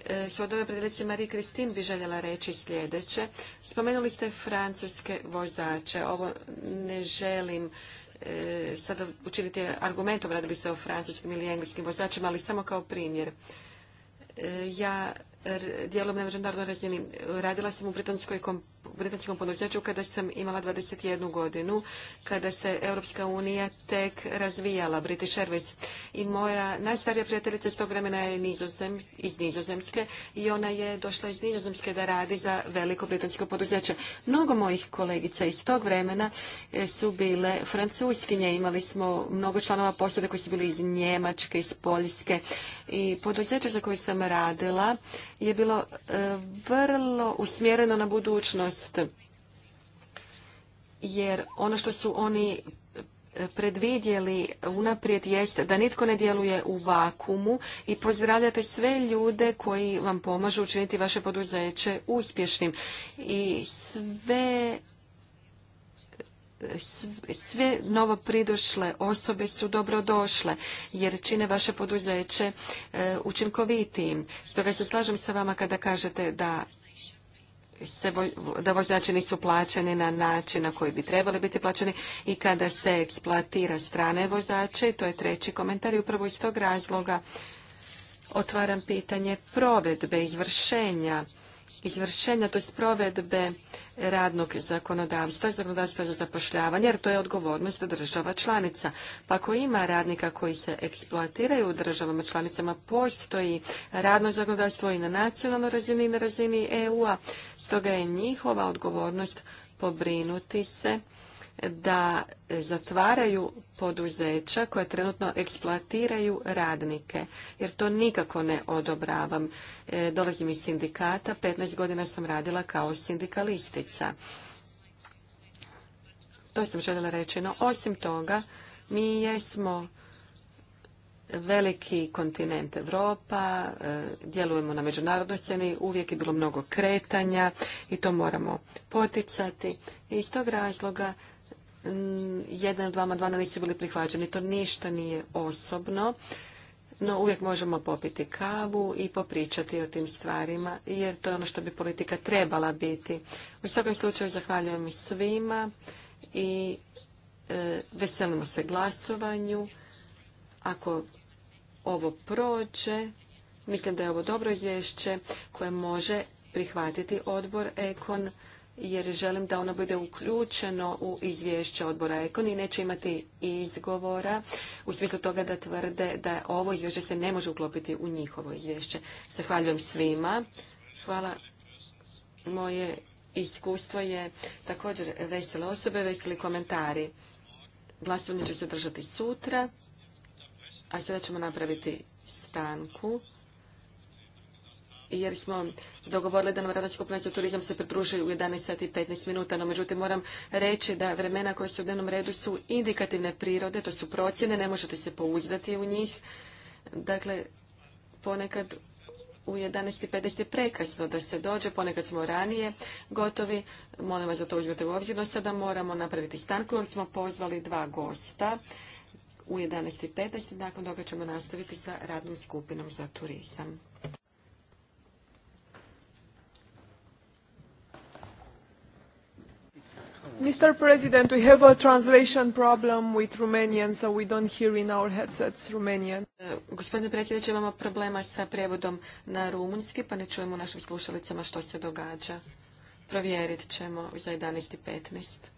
E, s odove Marie kristin bi željela reći sljedeće. Spomenuli ste francuske vozače. Ovo ne želim e, sada učiniti argumentom, radili se o francuskim ili engleskim vozačima, ali samo kao primjer. E, ja dijelom na međunarodnoj razini. Radila sam u britanskom, britanskom poduzeću kada sam imala 21 godinu, kada se Europska unija tek razvijala, British Airways. I moja najstarija prijateljica iz tog vremena je iz Nizozemske i ona je došla iz Nizozemske da radi za veliko britansko poduzeće. Mnogo mojih kolegica iz tog vremena e, su bile francuskinje, imali smo mnogo članova posljeda koji su bili iz Njemačke, iz Poljske i poduzeće za koje sam radila je bilo e, vrlo usmjereno na budućnost. Jer ono što su oni e, predvidjeli unaprijed jeste da nitko ne djeluje u vakumu i pozdravljate sve ljude koji vam pomažu učiniti vaše poduzeće uspješnim. I sve sve novo pridošle osobe su dobrodošle jer čine vaše poduzeće e, učinkovitijim. Stoga se slažem sa vama kada kažete da se da vozači nisu plaćeni na način na koji bi trebali biti plaćeni i kada se eksploatira strane vozače. To je treći komentar i upravo iz tog razloga otvaram pitanje provedbe, izvršenja izvršenja, to je provedbe radnog zakonodavstva i zakonodavstva za zapošljavanje, jer to je odgovornost država članica. Pa ako ima radnika koji se eksploatiraju u državama članicama, postoji radno zakonodavstvo i na nacionalnoj razini i na razini EU-a, stoga je njihova odgovornost pobrinuti se da zatvaraju poduzeća koja trenutno eksploatiraju radnike, jer to nikako ne odobravam. E, dolazim iz sindikata, 15 godina sam radila kao sindikalistica. To sam željela reći, no osim toga mi jesmo veliki kontinent Europa, e, djelujemo na međunarodnoj sceni, uvijek je bilo mnogo kretanja i to moramo poticati. I iz tog razloga Mm, jedan od dva amandmana nisu bili prihvaćeni. To ništa nije osobno, no uvijek možemo popiti kavu i popričati o tim stvarima, jer to je ono što bi politika trebala biti. U svakom slučaju zahvaljujem svima i e, veselimo se glasovanju. Ako ovo prođe, mislim da je ovo dobro izvješće koje može prihvatiti odbor Ekon jer želim da ono bude uključeno u izvješće odbora Ekon i neće imati izgovora u smislu toga da tvrde da ovo izvješće se ne može uklopiti u njihovo izvješće. Zahvaljujem svima. Hvala. Moje iskustvo je također vesele osobe, veseli komentari. Glasovanje će se održati sutra, a sada ćemo napraviti stanku jer smo dogovorili da nam radničko za turizam se pridruži u 11 sati i 15 minuta, no međutim moram reći da vremena koje su u dnevnom redu su indikativne prirode, to su procjene, ne možete se pouzdati u njih. Dakle, ponekad u 11.50 je prekasno da se dođe, ponekad smo ranije gotovi, molim vas da to uzmete u obzir, no sada moramo napraviti stanku, jer smo pozvali dva gosta u 11.15, nakon toga ćemo nastaviti sa radnom skupinom za turizam. Mr. President, we have a translation problem with Romanian, so we don't hear in our headsets Romanian. E, gospodine predsjedniče, imamo problema sa prijevodom na rumunjski, pa ne čujemo našim slušalicama što se događa. Provjerit ćemo za 11.15.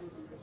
Hvala što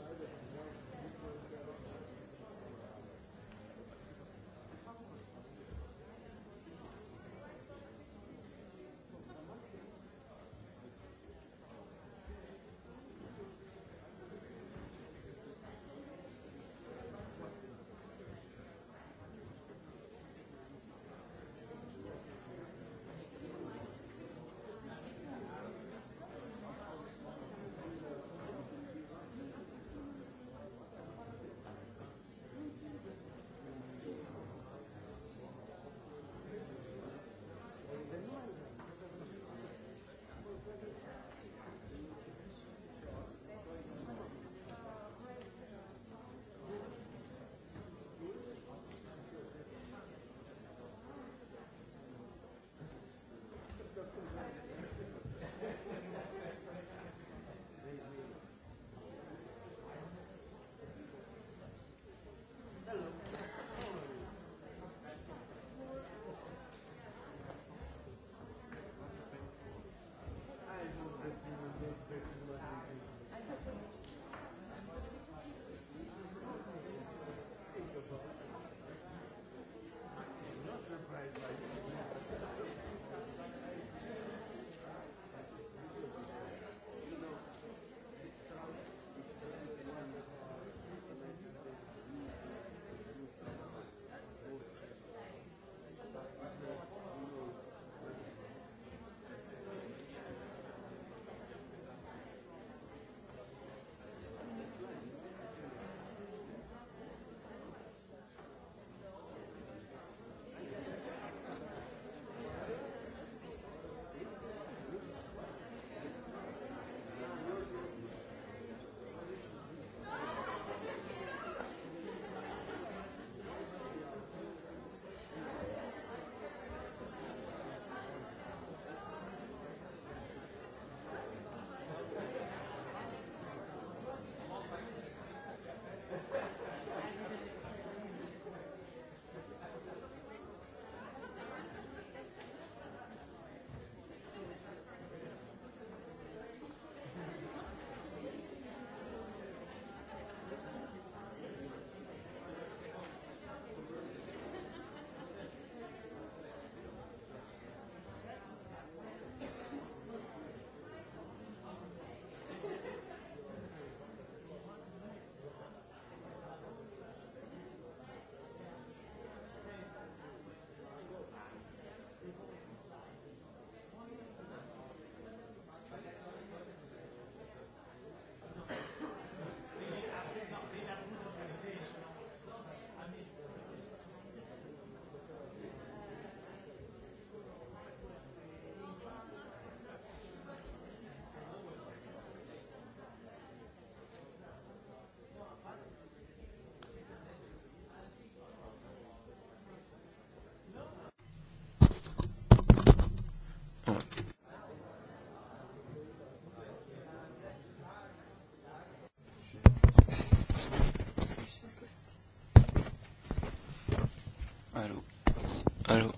Allô,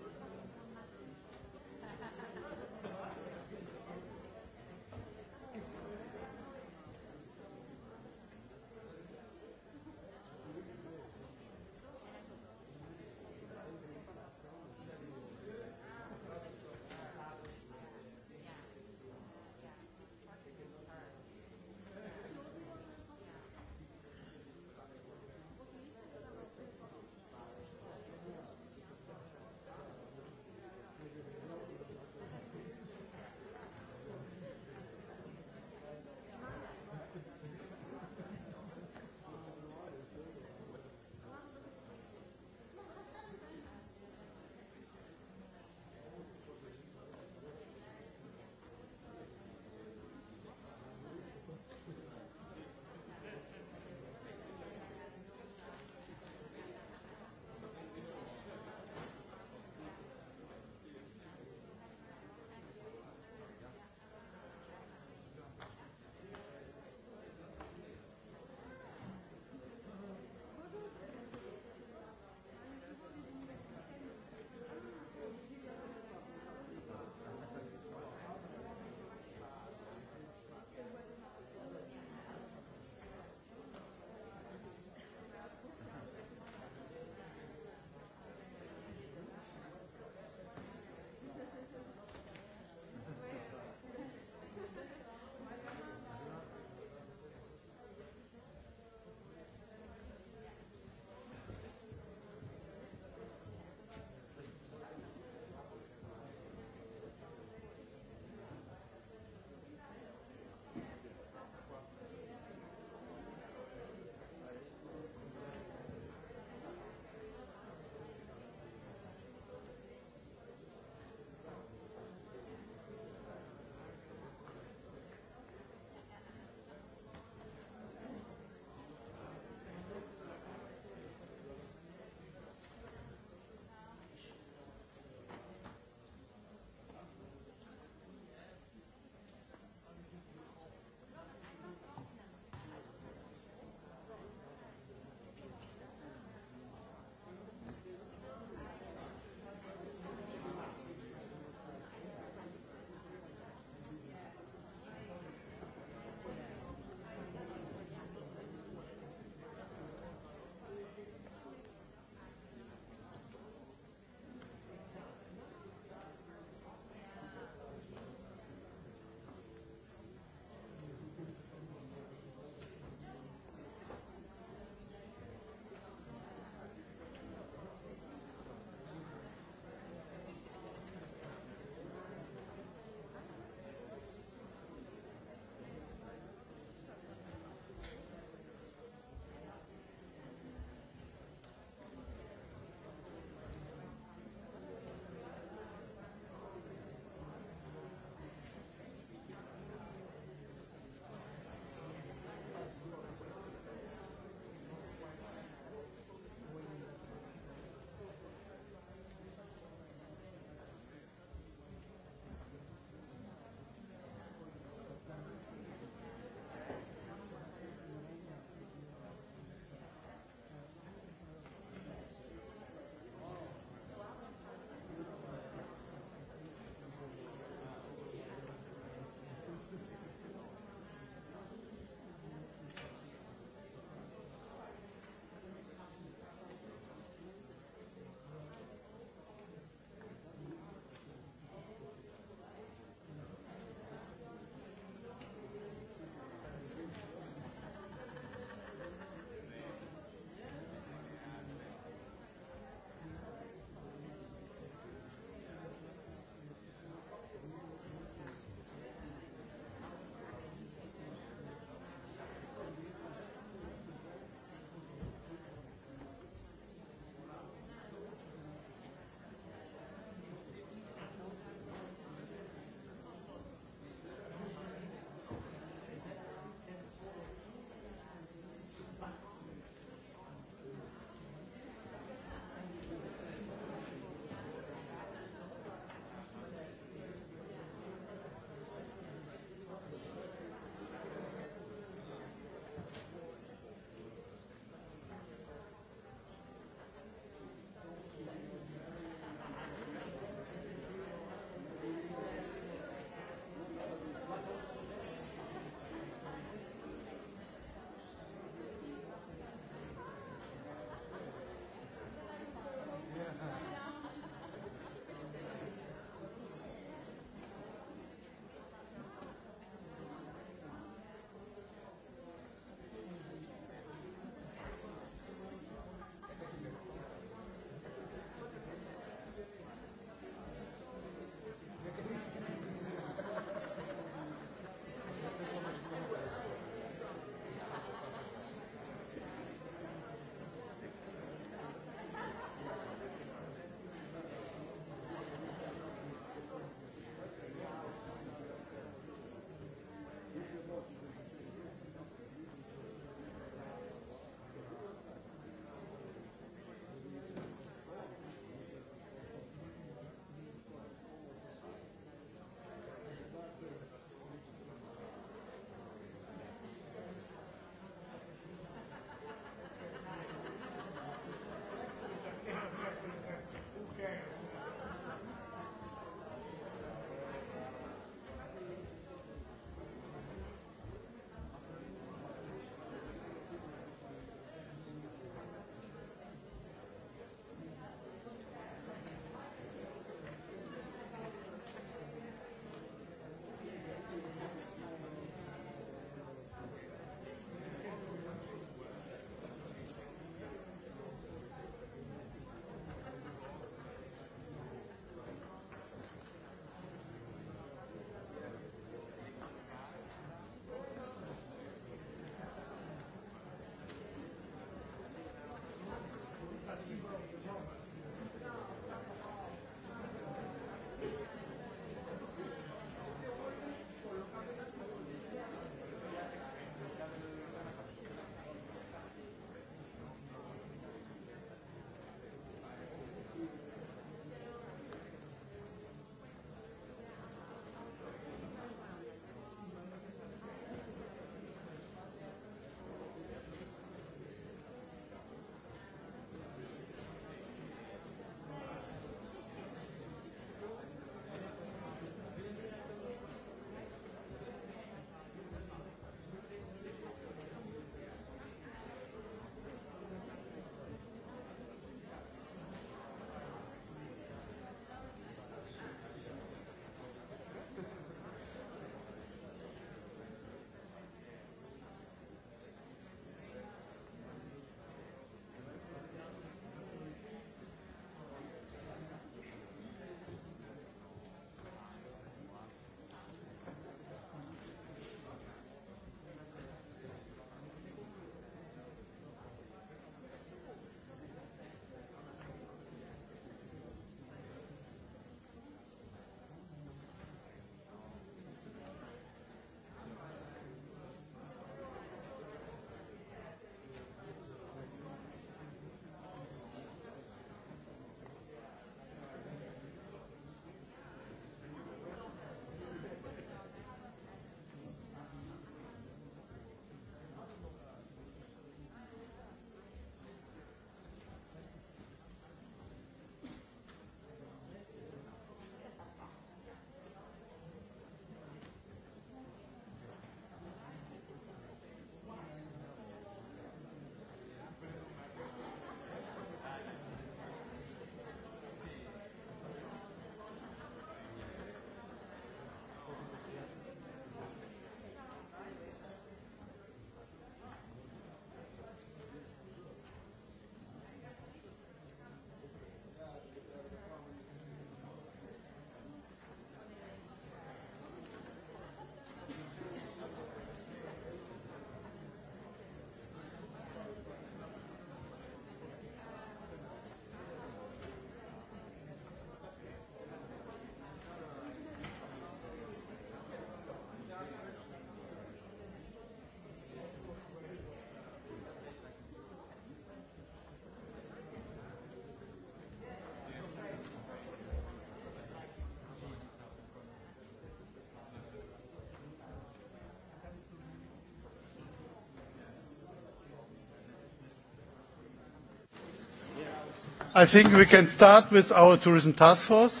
I think we can start with our tourism task force.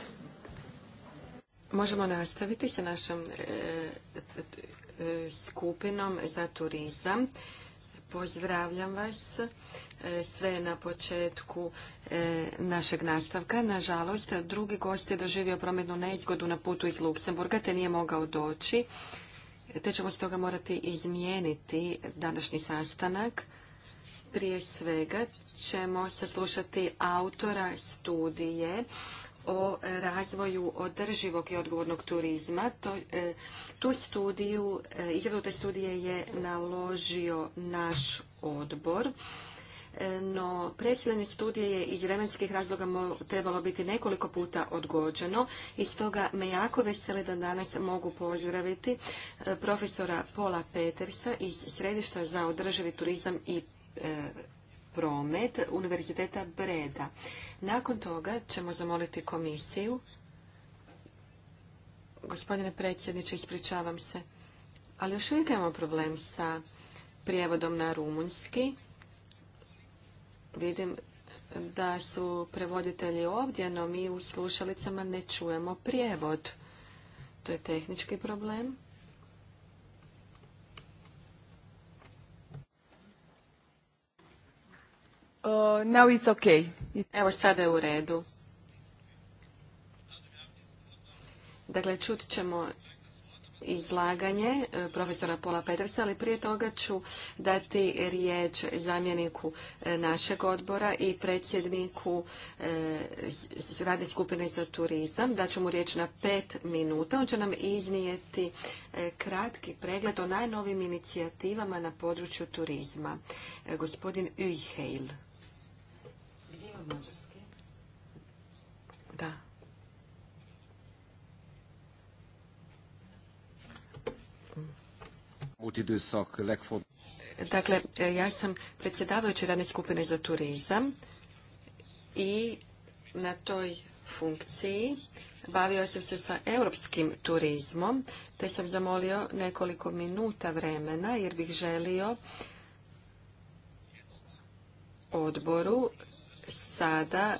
Možemo nastaviti sa našom e, e, skupinom za turizam. Pozdravljam vas e, sve na početku našeg nastavka. Nažalost, drugi gost je doživio prometnu neizgodu na putu iz Luksemburga, te nije mogao doći. Te ćemo toga morati izmijeniti današnji sastanak. Prije svega ćemo saslušati autora studije o razvoju održivog i odgovornog turizma. To, e, tu studiju, e, izradu te studije je naložio naš odbor. E, no, predsjedanje studije je iz vremenskih razloga trebalo biti nekoliko puta odgođeno i stoga me jako veseli da danas mogu pozdraviti profesora Pola Petersa iz Središta za održivi turizam i promet Univerziteta Breda. Nakon toga ćemo zamoliti komisiju. Gospodine predsjedniče, ispričavam se, ali još uvijek imamo problem sa prijevodom na rumunski. Vidim da su prevoditelji ovdje, no mi u slušalicama ne čujemo prijevod. To je tehnički problem. Uh, Evo sada je u redu. Dakle, čut ćemo izlaganje uh, profesora Pola Petersa, ali prije toga ću dati riječ zamjeniku uh, našeg odbora i predsjedniku radne skupine za turizam. Daću mu riječ na pet minuta. On će nam iznijeti kratki pregled o najnovim inicijativama na području turizma. Gospodin Ujheil. Da. Dakle, e, ja sam predsjedavajući radne skupine za turizam i na toj funkciji bavio sam se sa europskim turizmom, te sam zamolio nekoliko minuta vremena jer bih želio odboru sada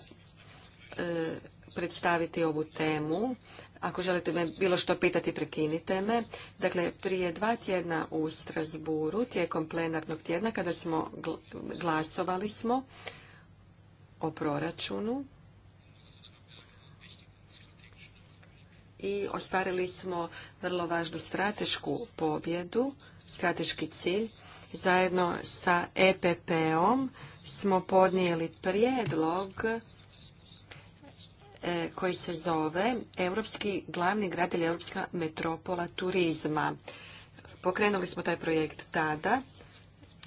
e, predstaviti ovu temu. Ako želite me bilo što pitati, prekinite me. Dakle, prije dva tjedna u Strasburu, tijekom plenarnog tjedna, kada smo glasovali smo o proračunu i ostvarili smo vrlo važnu stratešku pobjedu, strateški cilj, zajedno sa EPP-om, smo podnijeli prijedlog e, koji se zove Europski glavni grad ili Europska metropola turizma. Pokrenuli smo taj projekt tada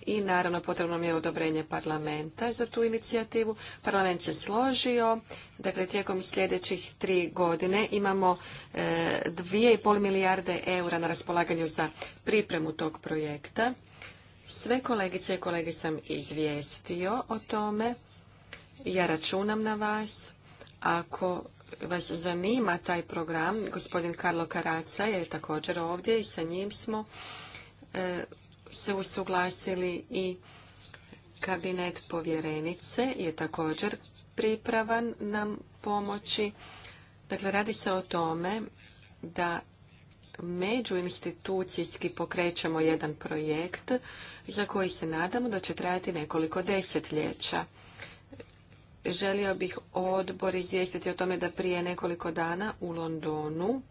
i naravno potrebno mi je odobrenje parlamenta za tu inicijativu. Parlament se složio, dakle tijekom sljedećih tri godine imamo e, dvije i pol milijarde eura na raspolaganju za pripremu tog projekta. Sve kolegice i kolege sam izvijestio o tome. Ja računam na vas. Ako vas zanima taj program, gospodin Karlo Karaca je također ovdje i sa njim smo e, se usuglasili i kabinet povjerenice je također pripravan nam pomoći. Dakle, radi se o tome da međuinstitucijski pokrećemo jedan projekt za koji se nadamo da će trajati nekoliko desetljeća. Želio bih odbor izvijestiti o tome da prije nekoliko dana u Londonu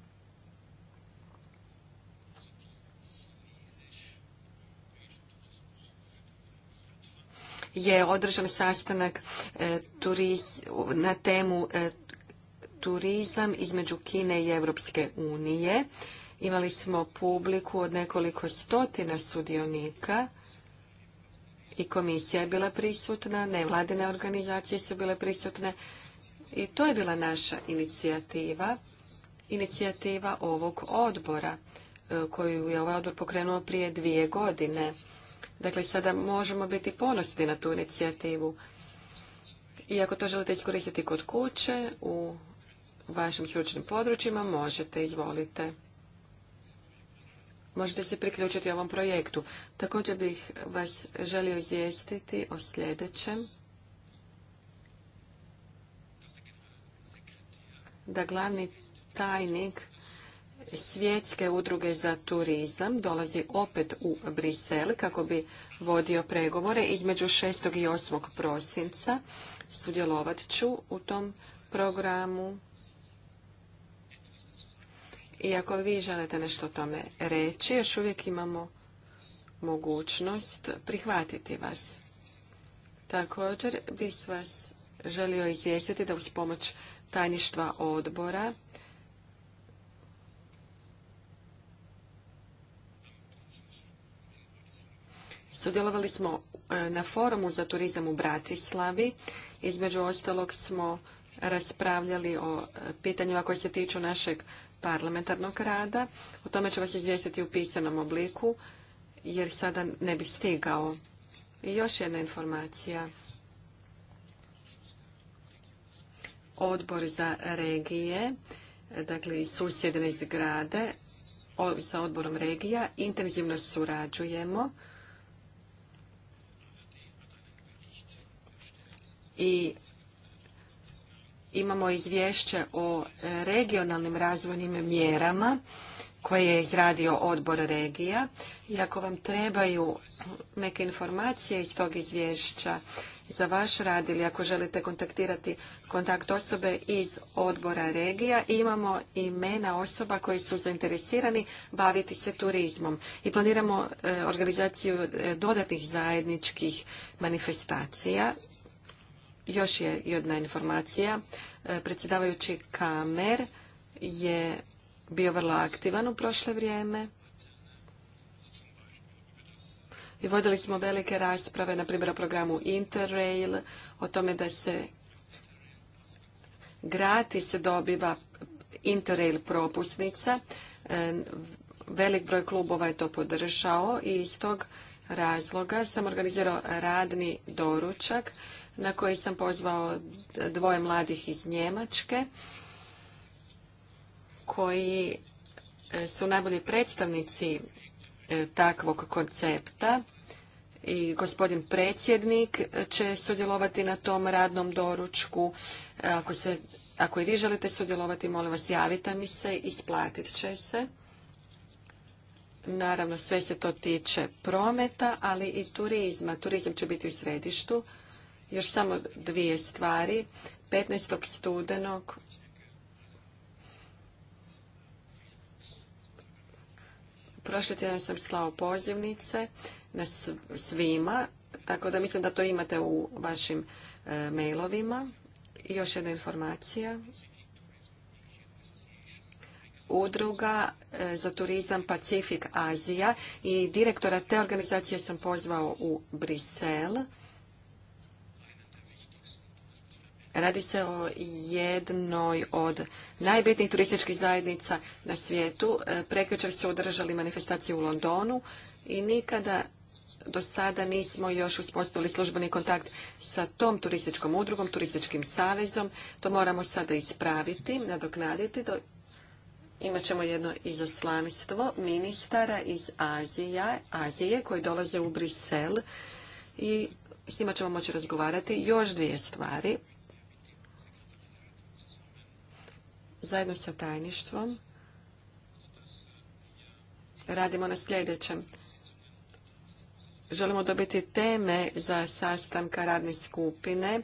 je održan sastanak e, na temu e, turizam između Kine i Europske unije. Imali smo publiku od nekoliko stotina sudionika i komisija je bila prisutna, nevladine organizacije su bile prisutne i to je bila naša inicijativa, inicijativa ovog odbora e, koju je ovaj odbor pokrenuo prije dvije godine. Dakle, sada možemo biti ponosni na tu inicijativu. I ako to želite iskoristiti kod kuće, u vašim stručnim područjima, možete, izvolite možete se priključiti ovom projektu. Također bih vas želio izvijestiti o sljedećem. Da glavni tajnik Svjetske udruge za turizam dolazi opet u Brisel kako bi vodio pregovore između 6. i 8. prosinca. Sudjelovat ću u tom programu. I ako vi želite nešto o tome reći, još uvijek imamo mogućnost prihvatiti vas. Također bih vas želio izvijestiti da uz pomoć tajništva odbora Sudjelovali smo e, na forumu za turizam u Bratislavi. Između ostalog smo raspravljali o e, pitanjima koje se tiču našeg parlamentarnog rada. O tome ću vas izvijestiti u pisanom obliku, jer sada ne bi stigao. I još jedna informacija. Odbor za regije, dakle i susjedne zgrade, sa odborom regija, intenzivno surađujemo. i imamo izvješće o regionalnim razvojnim mjerama koje je izradio odbor regija i ako vam trebaju neke informacije iz tog izvješća za vaš rad ili ako želite kontaktirati kontakt osobe iz odbora regija, imamo imena osoba koji su zainteresirani baviti se turizmom i planiramo e, organizaciju e, dodatnih zajedničkih manifestacija još je jedna informacija. E, predsjedavajući Kamer je bio vrlo aktivan u prošle vrijeme. I vodili smo velike rasprave, na primjer o programu Interrail, o tome da se se dobiva Interrail propusnica. E, velik broj klubova je to podržao i iz tog razloga sam organizirao radni doručak na koji sam pozvao dvoje mladih iz Njemačke koji e, su najbolji predstavnici e, takvog koncepta i gospodin predsjednik e, će sudjelovati na tom radnom doručku. Ako, se, ako i vi želite sudjelovati, molim vas, javite mi se, isplatit će se. Naravno, sve se to tiče prometa, ali i turizma. Turizam će biti u središtu. Još samo dvije stvari. 15. studenog prošli tjedan sam slao pozivnice na svima, tako da mislim da to imate u vašim e, mailovima. I još jedna informacija. Udruga e, za turizam Pacifik Azija i direktora te organizacije sam pozvao u Brisel. Radi se o jednoj od najbitnijih turističkih zajednica na svijetu. E, prekjučer su održali manifestacije u Londonu i nikada do sada nismo još uspostavili službeni kontakt sa tom turističkom udrugom, turističkim savezom. To moramo sada ispraviti, nadoknaditi. Do... Imat ćemo jedno izoslanstvo ministara iz azije Azije koji dolaze u Brisel i s njima ćemo moći razgovarati još dvije stvari. zajedno sa tajništvom radimo na sljedećem. Želimo dobiti teme za sastanka radne skupine.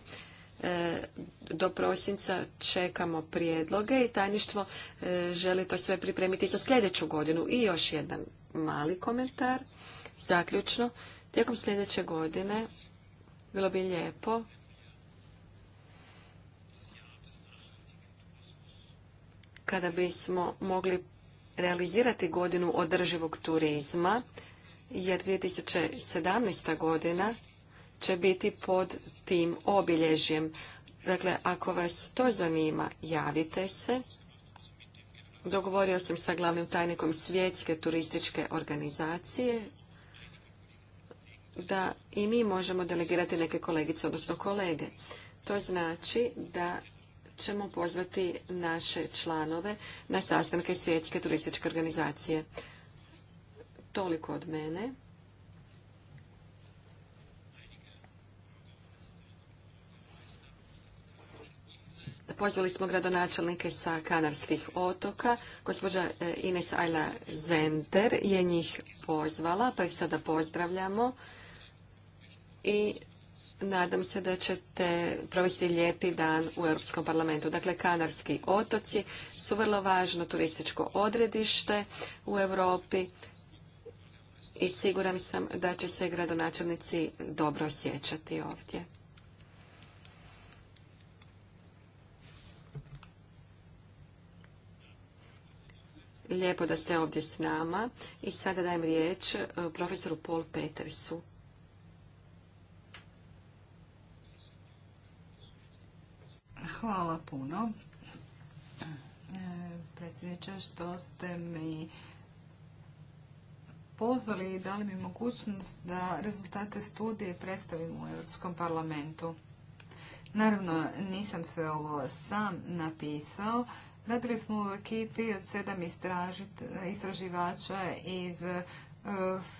E, do prosinca čekamo prijedloge i tajništvo e, želi to sve pripremiti za sljedeću godinu. I još jedan mali komentar. Zaključno, tijekom sljedeće godine bilo bi lijepo kada bismo mogli realizirati godinu održivog turizma, jer 2017. godina će biti pod tim obilježjem. Dakle, ako vas to zanima, javite se. Dogovorio sam sa glavnim tajnikom Svjetske turističke organizacije da i mi možemo delegirati neke kolegice, odnosno kolege. To znači da ćemo pozvati naše članove na sastanke Svjetske turističke organizacije. Toliko od mene. Pozvali smo gradonačelnike sa Kanarskih otoka. Gospođa e, Ines Ajla Zenter je njih pozvala, pa ih sada pozdravljamo. I Nadam se da ćete provesti lijepi dan u Europskom parlamentu. Dakle, Kanarski otoci su vrlo važno turističko odredište u Europi i siguran sam da će se gradonačelnici dobro osjećati ovdje. Lijepo da ste ovdje s nama i sada dajem riječ eh, profesoru Paul Petersu. Hvala puno. E, predsjedniče, što ste mi pozvali i dali mi mogućnost da rezultate studije predstavim u Europskom parlamentu. Naravno, nisam sve ovo sam napisao. Radili smo u ekipi od sedam istraživača iz e,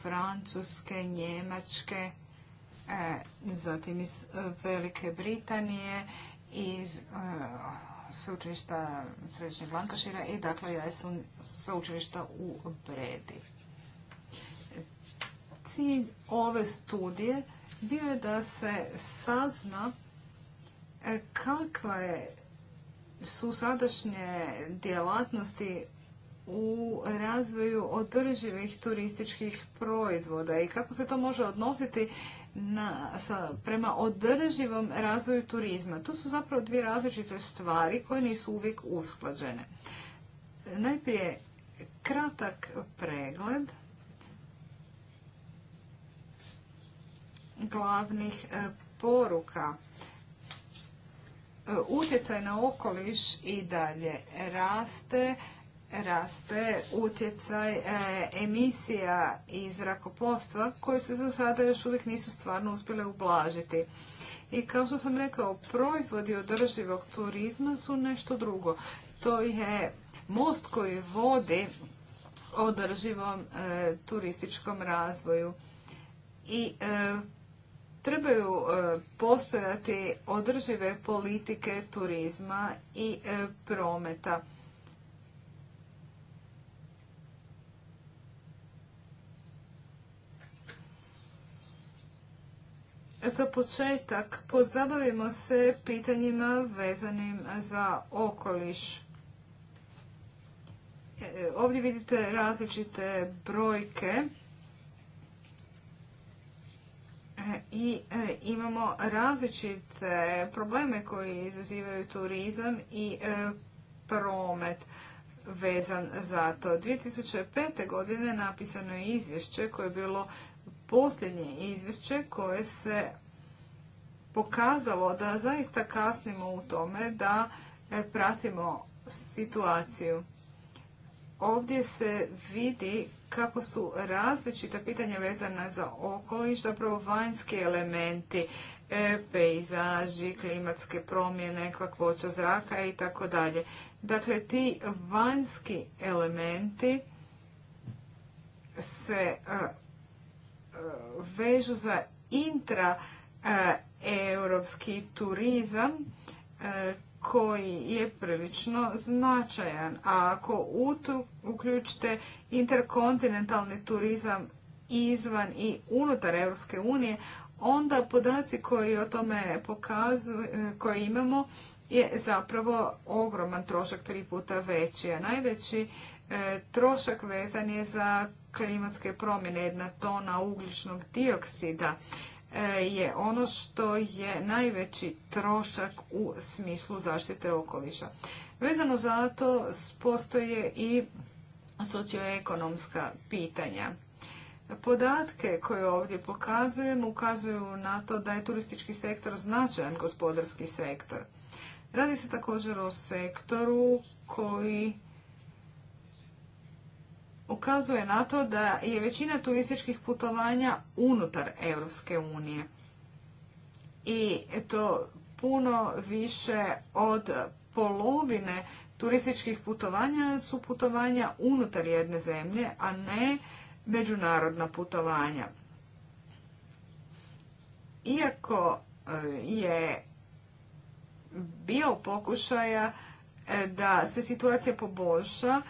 Francuske, Njemačke, e, zatim iz Velike Britanije iz e, sveučilišta Središnjeg Lankašira i dakle ja sam sveučilišta u Bredi. Cilj ove studije bio je da se sazna e, kakva je su sadašnje djelatnosti u razvoju održivih turističkih proizvoda i kako se to može odnositi na, prema održivom razvoju turizma. To su zapravo dvije različite stvari koje nisu uvijek usklađene. Najprije kratak pregled glavnih e, poruka. E, utjecaj na okoliš i dalje raste raste utjecaj e, emisija iz zrakoplovstva koje se za sada još uvijek nisu stvarno uspjele ublažiti. I kao što sam rekao, proizvodi održivog turizma su nešto drugo. To je most koji vodi održivom e, turističkom razvoju. I e, trebaju postojati održive politike turizma i prometa Za početak pozabavimo se pitanjima vezanim za okoliš. E, e, ovdje vidite različite brojke e, i imamo različite probleme koji izazivaju turizam i promet vezan za to. 2005. godine napisano je izvješće koje je bilo posljednje izvješće koje se pokazalo da zaista kasnimo u tome da e, pratimo situaciju. Ovdje se vidi kako su različita pitanja vezana za okoliš, zapravo vanjski elementi, e, pejzaži, klimatske promjene, kakvoća zraka i tako dalje. Dakle, ti vanjski elementi se e, vežu za intra e, europski turizam e, koji je prilično značajan. A ako u uključite interkontinentalni turizam izvan i unutar Europske unije, onda podaci koji o tome pokazuju, e, koje imamo, je zapravo ogroman trošak, tri puta veći. A najveći E, trošak vezan je za klimatske promjene. Jedna tona ugljičnog dioksida e, je ono što je najveći trošak u smislu zaštite okoliša. Vezano za to postoje i socioekonomska pitanja. Podatke koje ovdje pokazujem ukazuju na to da je turistički sektor značajan gospodarski sektor. Radi se također o sektoru koji ukazuje na to da je većina turističkih putovanja unutar Europske unije. I to puno više od polovine turističkih putovanja su putovanja unutar jedne zemlje, a ne međunarodna putovanja. Iako e, je bio pokušaja e, da se situacija poboljša,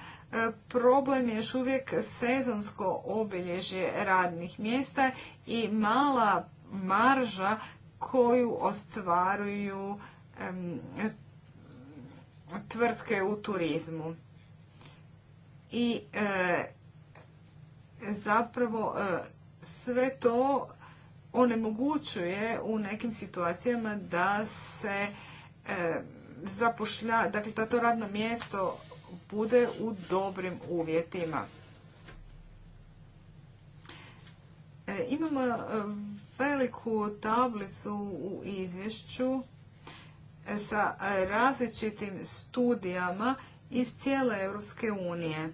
problem je još uvijek sezonsko obilježje radnih mjesta i mala marža koju ostvaruju tvrtke u turizmu. I e, zapravo e, sve to onemogućuje u nekim situacijama da se e, zapošlja, dakle da to radno mjesto bude u dobrim uvjetima. E, imamo e, veliku tablicu u izvješću e, sa različitim studijama iz cijele Europske unije.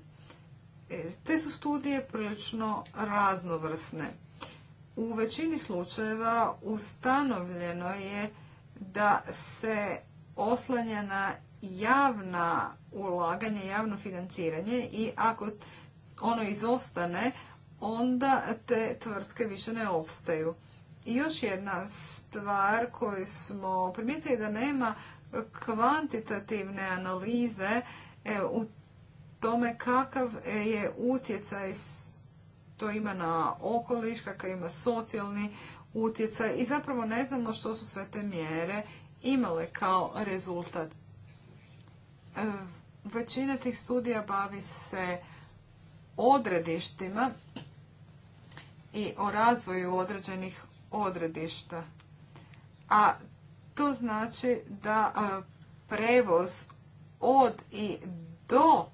Te su studije prilično raznovrsne. U većini slučajeva ustanovljeno je da se oslanja javna ulaganje, javno financiranje i ako ono izostane, onda te tvrtke više ne opstaju. I još jedna stvar koju smo primijetili da nema kvantitativne analize e, u tome kakav je utjecaj to ima na okoliš, kakav ima socijalni utjecaj i zapravo ne znamo što su sve te mjere imale kao rezultat. E, Većina tih studija bavi se odredištima i o razvoju određenih odredišta. A to znači da e, prevoz od i do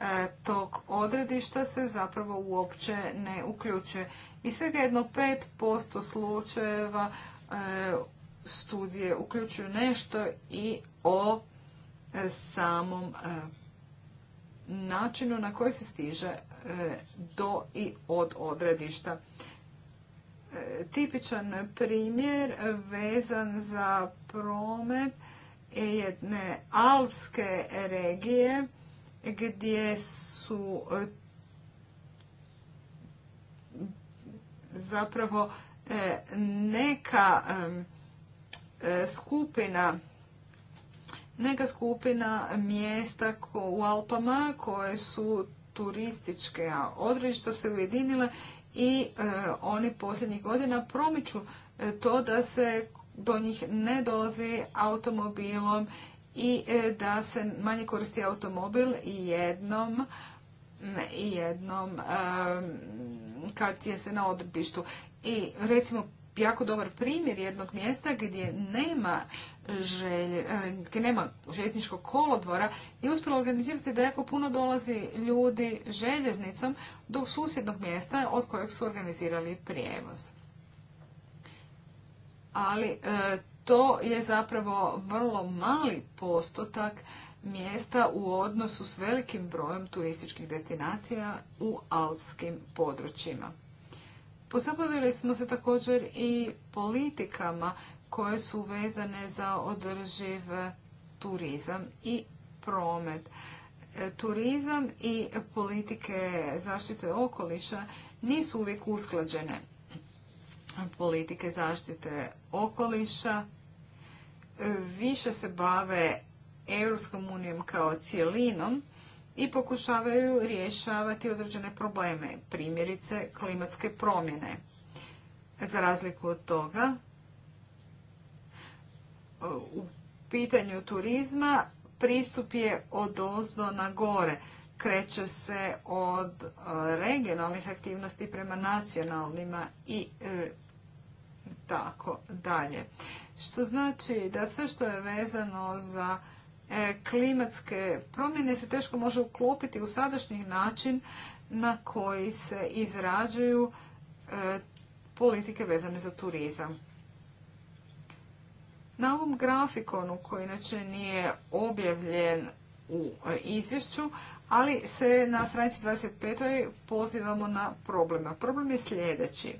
e, tog odredišta se zapravo uopće ne uključuje. I svega jedno 5% slučajeva e, studije uključuju nešto i o samom e, načinu na koji se stiže e, do i od odredišta. E, tipičan primjer vezan za promet jedne alpske regije gdje su zapravo neka skupina neka skupina mjesta u Alpama koje su turističke, a odredišta se ujedinile i e, oni posljednjih godina promiču e, to da se do njih ne dolazi automobilom i e, da se manje koristi automobil i jednom i jednom kad je se na odredištu. I recimo jako dobar primjer jednog mjesta gdje nema želje, e, gdje nema željezničkog kolodvora i uspjelo organizirati da jako puno dolazi ljudi željeznicom do susjednog mjesta od kojeg su organizirali prijevoz. Ali e, to je zapravo vrlo mali postotak mjesta u odnosu s velikim brojem turističkih destinacija u alpskim područjima. Pozabavili smo se također i politikama koje su vezane za održiv turizam i promet. E, turizam i politike zaštite okoliša nisu uvijek usklađene. Politike zaštite okoliša e, više se bave Europskom unijom kao cijelinom, i pokušavaju rješavati određene probleme, primjerice klimatske promjene. Za razliku od toga, u pitanju turizma pristup je od ozdo na gore. Kreće se od e, regionalnih aktivnosti prema nacionalnima i e, tako dalje. Što znači da sve što je vezano za E, klimatske promjene se teško može uklopiti u sadašnji način na koji se izrađuju e, politike vezane za turizam. Na ovom grafikonu koji inače nije objavljen u e, izvješću, ali se na stranici 25. pozivamo na problema. Problem je sljedeći.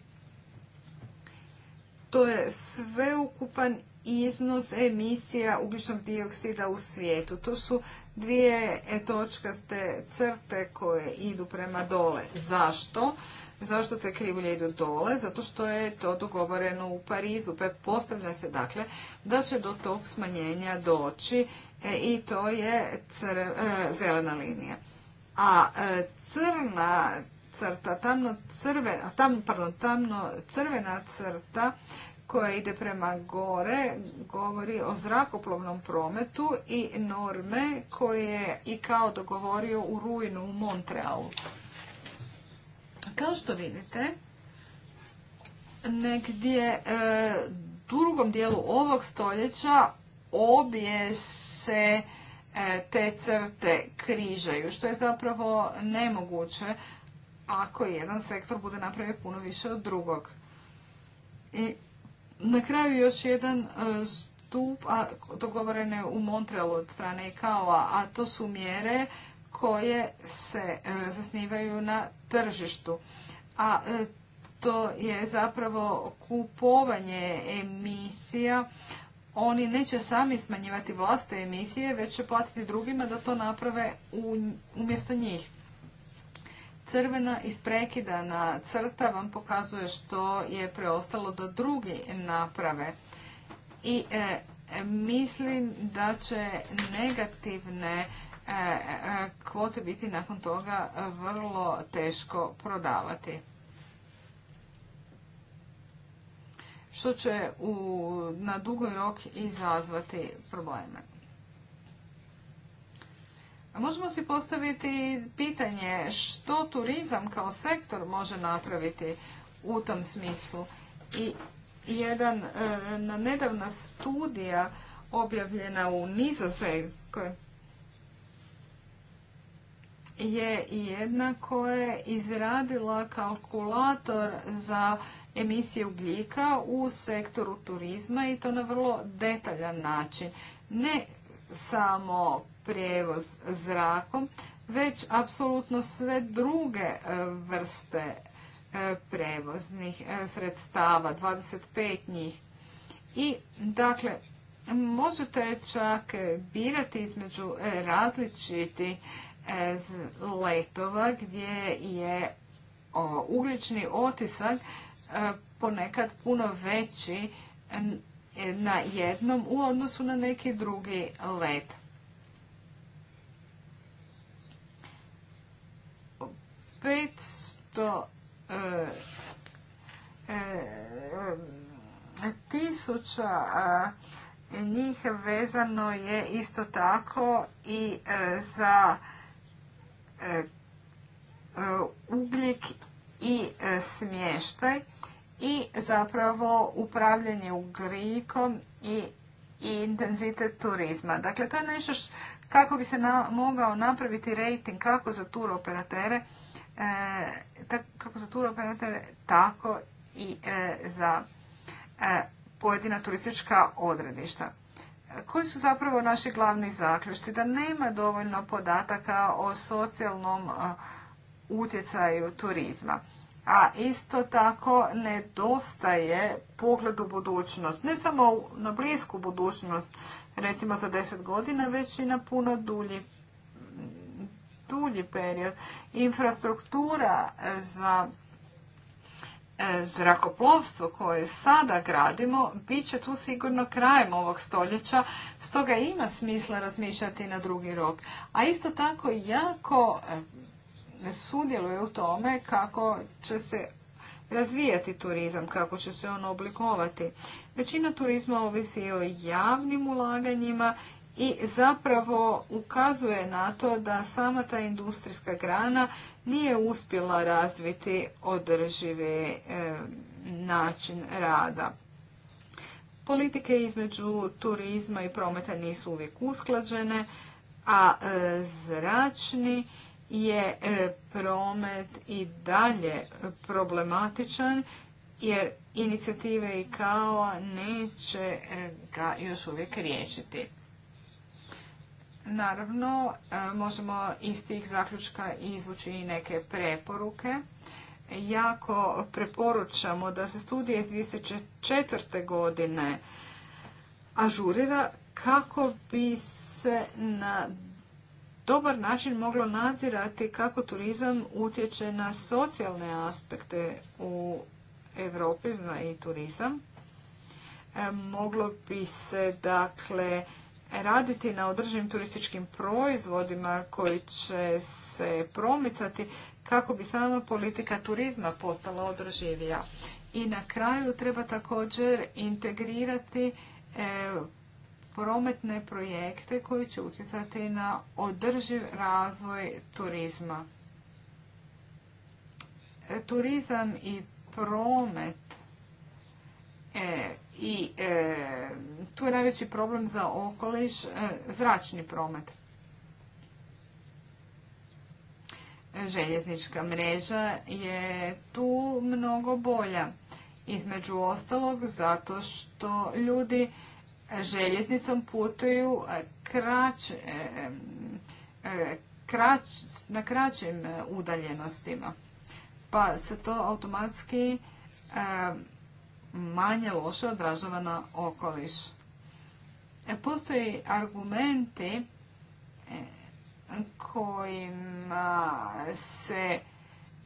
To je sveukupan iznos emisija ugljičnog dioksida u svijetu. To su dvije e, točkaste crte koje idu prema dole. Zašto? Zašto te krivulje idu dole? Zato što je to dogovoreno u Parizu. Postavlja se dakle da će do tog smanjenja doći e, i to je e, zelena linija. A crna crta, tamno crvena, pardon, tamno crvena crta koja ide prema gore govori o zrakoplovnom prometu i norme koje je i kao dogovorio u rujnu u Montrealu. Kao što vidite, negdje e, drugom dijelu ovog stoljeća obje se e, te crte križaju, što je zapravo nemoguće ako jedan sektor bude napravio puno više od drugog. I na kraju još jedan e, stup, a dogovorene u Montrealu od strane ICAO-a, a to su mjere koje se e, zasnivaju na tržištu. A e, to je zapravo kupovanje emisija. Oni neće sami smanjivati vlastite emisije, već će platiti drugima da to naprave umjesto njih. Crvena isprekidana crta vam pokazuje što je preostalo do drugi naprave. I e, mislim da će negativne e, e, kvote biti nakon toga vrlo teško prodavati. Što će na dugi rok izazvati probleme. Možemo si postaviti pitanje što turizam kao sektor može napraviti u tom smislu. I jedan e, na nedavna studija objavljena u Nizozemskoj je jedna koja je izradila kalkulator za emisije ugljika u sektoru turizma i to na vrlo detaljan način. Ne samo prijevoz zrakom, već apsolutno sve druge e, vrste e, prevoznih e, sredstava, 25 njih. I dakle, možete čak birati između različiti letova gdje je ugljični otisak ponekad puno veći na jednom u odnosu na neki drugi let. 500 e, e, e, tisuća njih vezano je isto tako i za ugljik i smještaj i zapravo upravljanje ugljikom i intenzitet turizma. Dakle, to je nešto kako bi se mogao napraviti rating kako za operatere E, kako za tur tako i e, za e, pojedina turistička odredišta. Koji su zapravo naši glavni zaključci? Da nema dovoljno podataka o socijalnom utjecaju turizma. A isto tako nedostaje pogled u budućnost. Ne samo na blisku budućnost, recimo za 10 godina, već i na puno dulji dulji period. Infrastruktura e, za e, zrakoplovstvo koje sada gradimo bit će tu sigurno krajem ovog stoljeća, stoga ima smisla razmišljati na drugi rok. A isto tako jako e, sudjeluje u tome kako će se razvijati turizam, kako će se on oblikovati. Većina turizma ovisi o javnim ulaganjima i zapravo ukazuje na to da sama ta industrijska grana nije uspjela razviti održivi e, način rada. Politike između turizma i prometa nisu uvijek usklađene, a e, zračni je e, promet i dalje problematičan jer inicijative i kao neće ga još uvijek riješiti. Naravno, e, možemo iz tih zaključka izvući i neke preporuke. Jako preporučamo da se studija iz 2004. godine ažurira kako bi se na dobar način moglo nadzirati kako turizam utječe na socijalne aspekte u Europi i turizam. E, moglo bi se dakle raditi na održivim turističkim proizvodima koji će se promicati kako bi sama politika turizma postala održivija. I na kraju treba također integrirati e, prometne projekte koji će utjecati na održiv razvoj turizma. E, turizam i promet e, i e, tu je najveći problem za okoliš e, zračni promet. Željeznička mreža je tu mnogo bolja. Između ostalog zato što ljudi željeznicom putuju e, na kraćim udaljenostima. Pa se to automatski manje loše odražava na okoliš. E, Postoji argumenti e, kojima se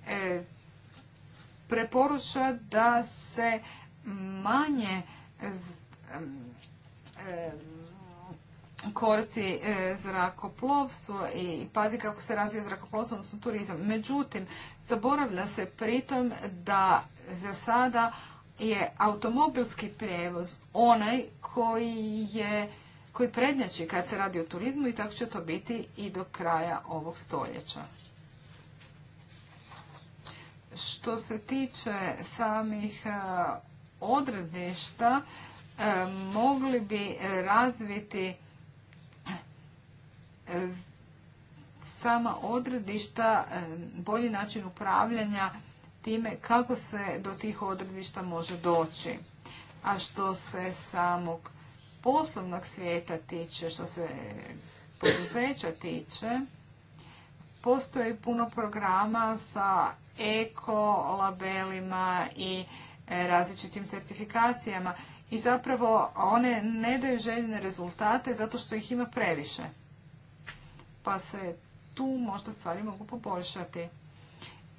e, preporuča da se manje koristi zrakoplovstvo i pazi kako se razvija zrakoplovstvo, odnosno turizam. Međutim, zaboravlja se pritom da za sada je automobilski prevoz onaj koji je koji prednjači kad se radi o turizmu i tako će to biti i do kraja ovog stoljeća. Što se tiče samih e, odredišta, e, mogli bi razviti e, sama odredišta, bolji način upravljanja time kako se do tih odredišta može doći. A što se samog poslovnog svijeta tiče, što se poduzeća tiče, postoji puno programa sa eko labelima i e, različitim certifikacijama i zapravo one ne daju željene rezultate zato što ih ima previše. Pa se tu možda stvari mogu poboljšati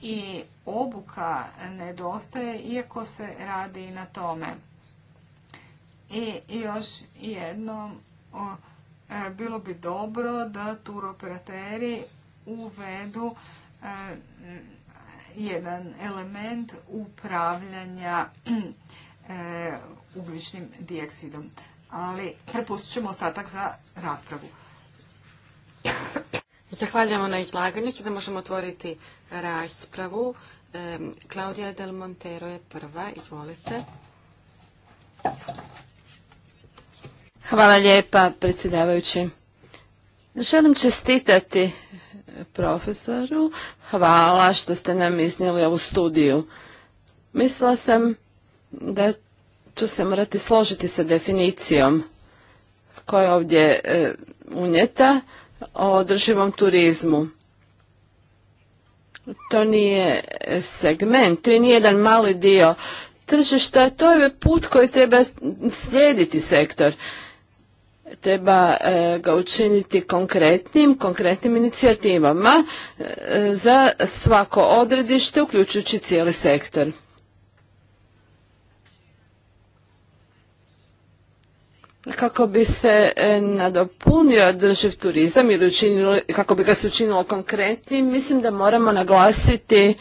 i obuka nedostaje iako se radi na tome. I još jednom e, bilo bi dobro da turoperateri uvedu e, jedan element upravljanja e, ugljičnim dioksidom. Ali prepustit ćemo ostatak za raspravu. Zahvaljujemo na izlaganju. Sada možemo otvoriti raspravu. Klaudija Del Montero je prva, izvolite. Hvala lijepa, predsjedavajući. Želim čestitati profesoru. Hvala što ste nam iznijeli ovu studiju. Mislila sam da ću se morati složiti sa definicijom koja je ovdje e, unijeta o održivom turizmu to nije segment, to nije jedan mali dio tržišta, to je put koji treba slijediti sektor. Treba e, ga učiniti konkretnim, konkretnim inicijativama e, za svako odredište, uključujući cijeli sektor. kako bi se e, nadopunio održiv turizam ili kako bi ga se učinilo konkretnim, mislim da moramo naglasiti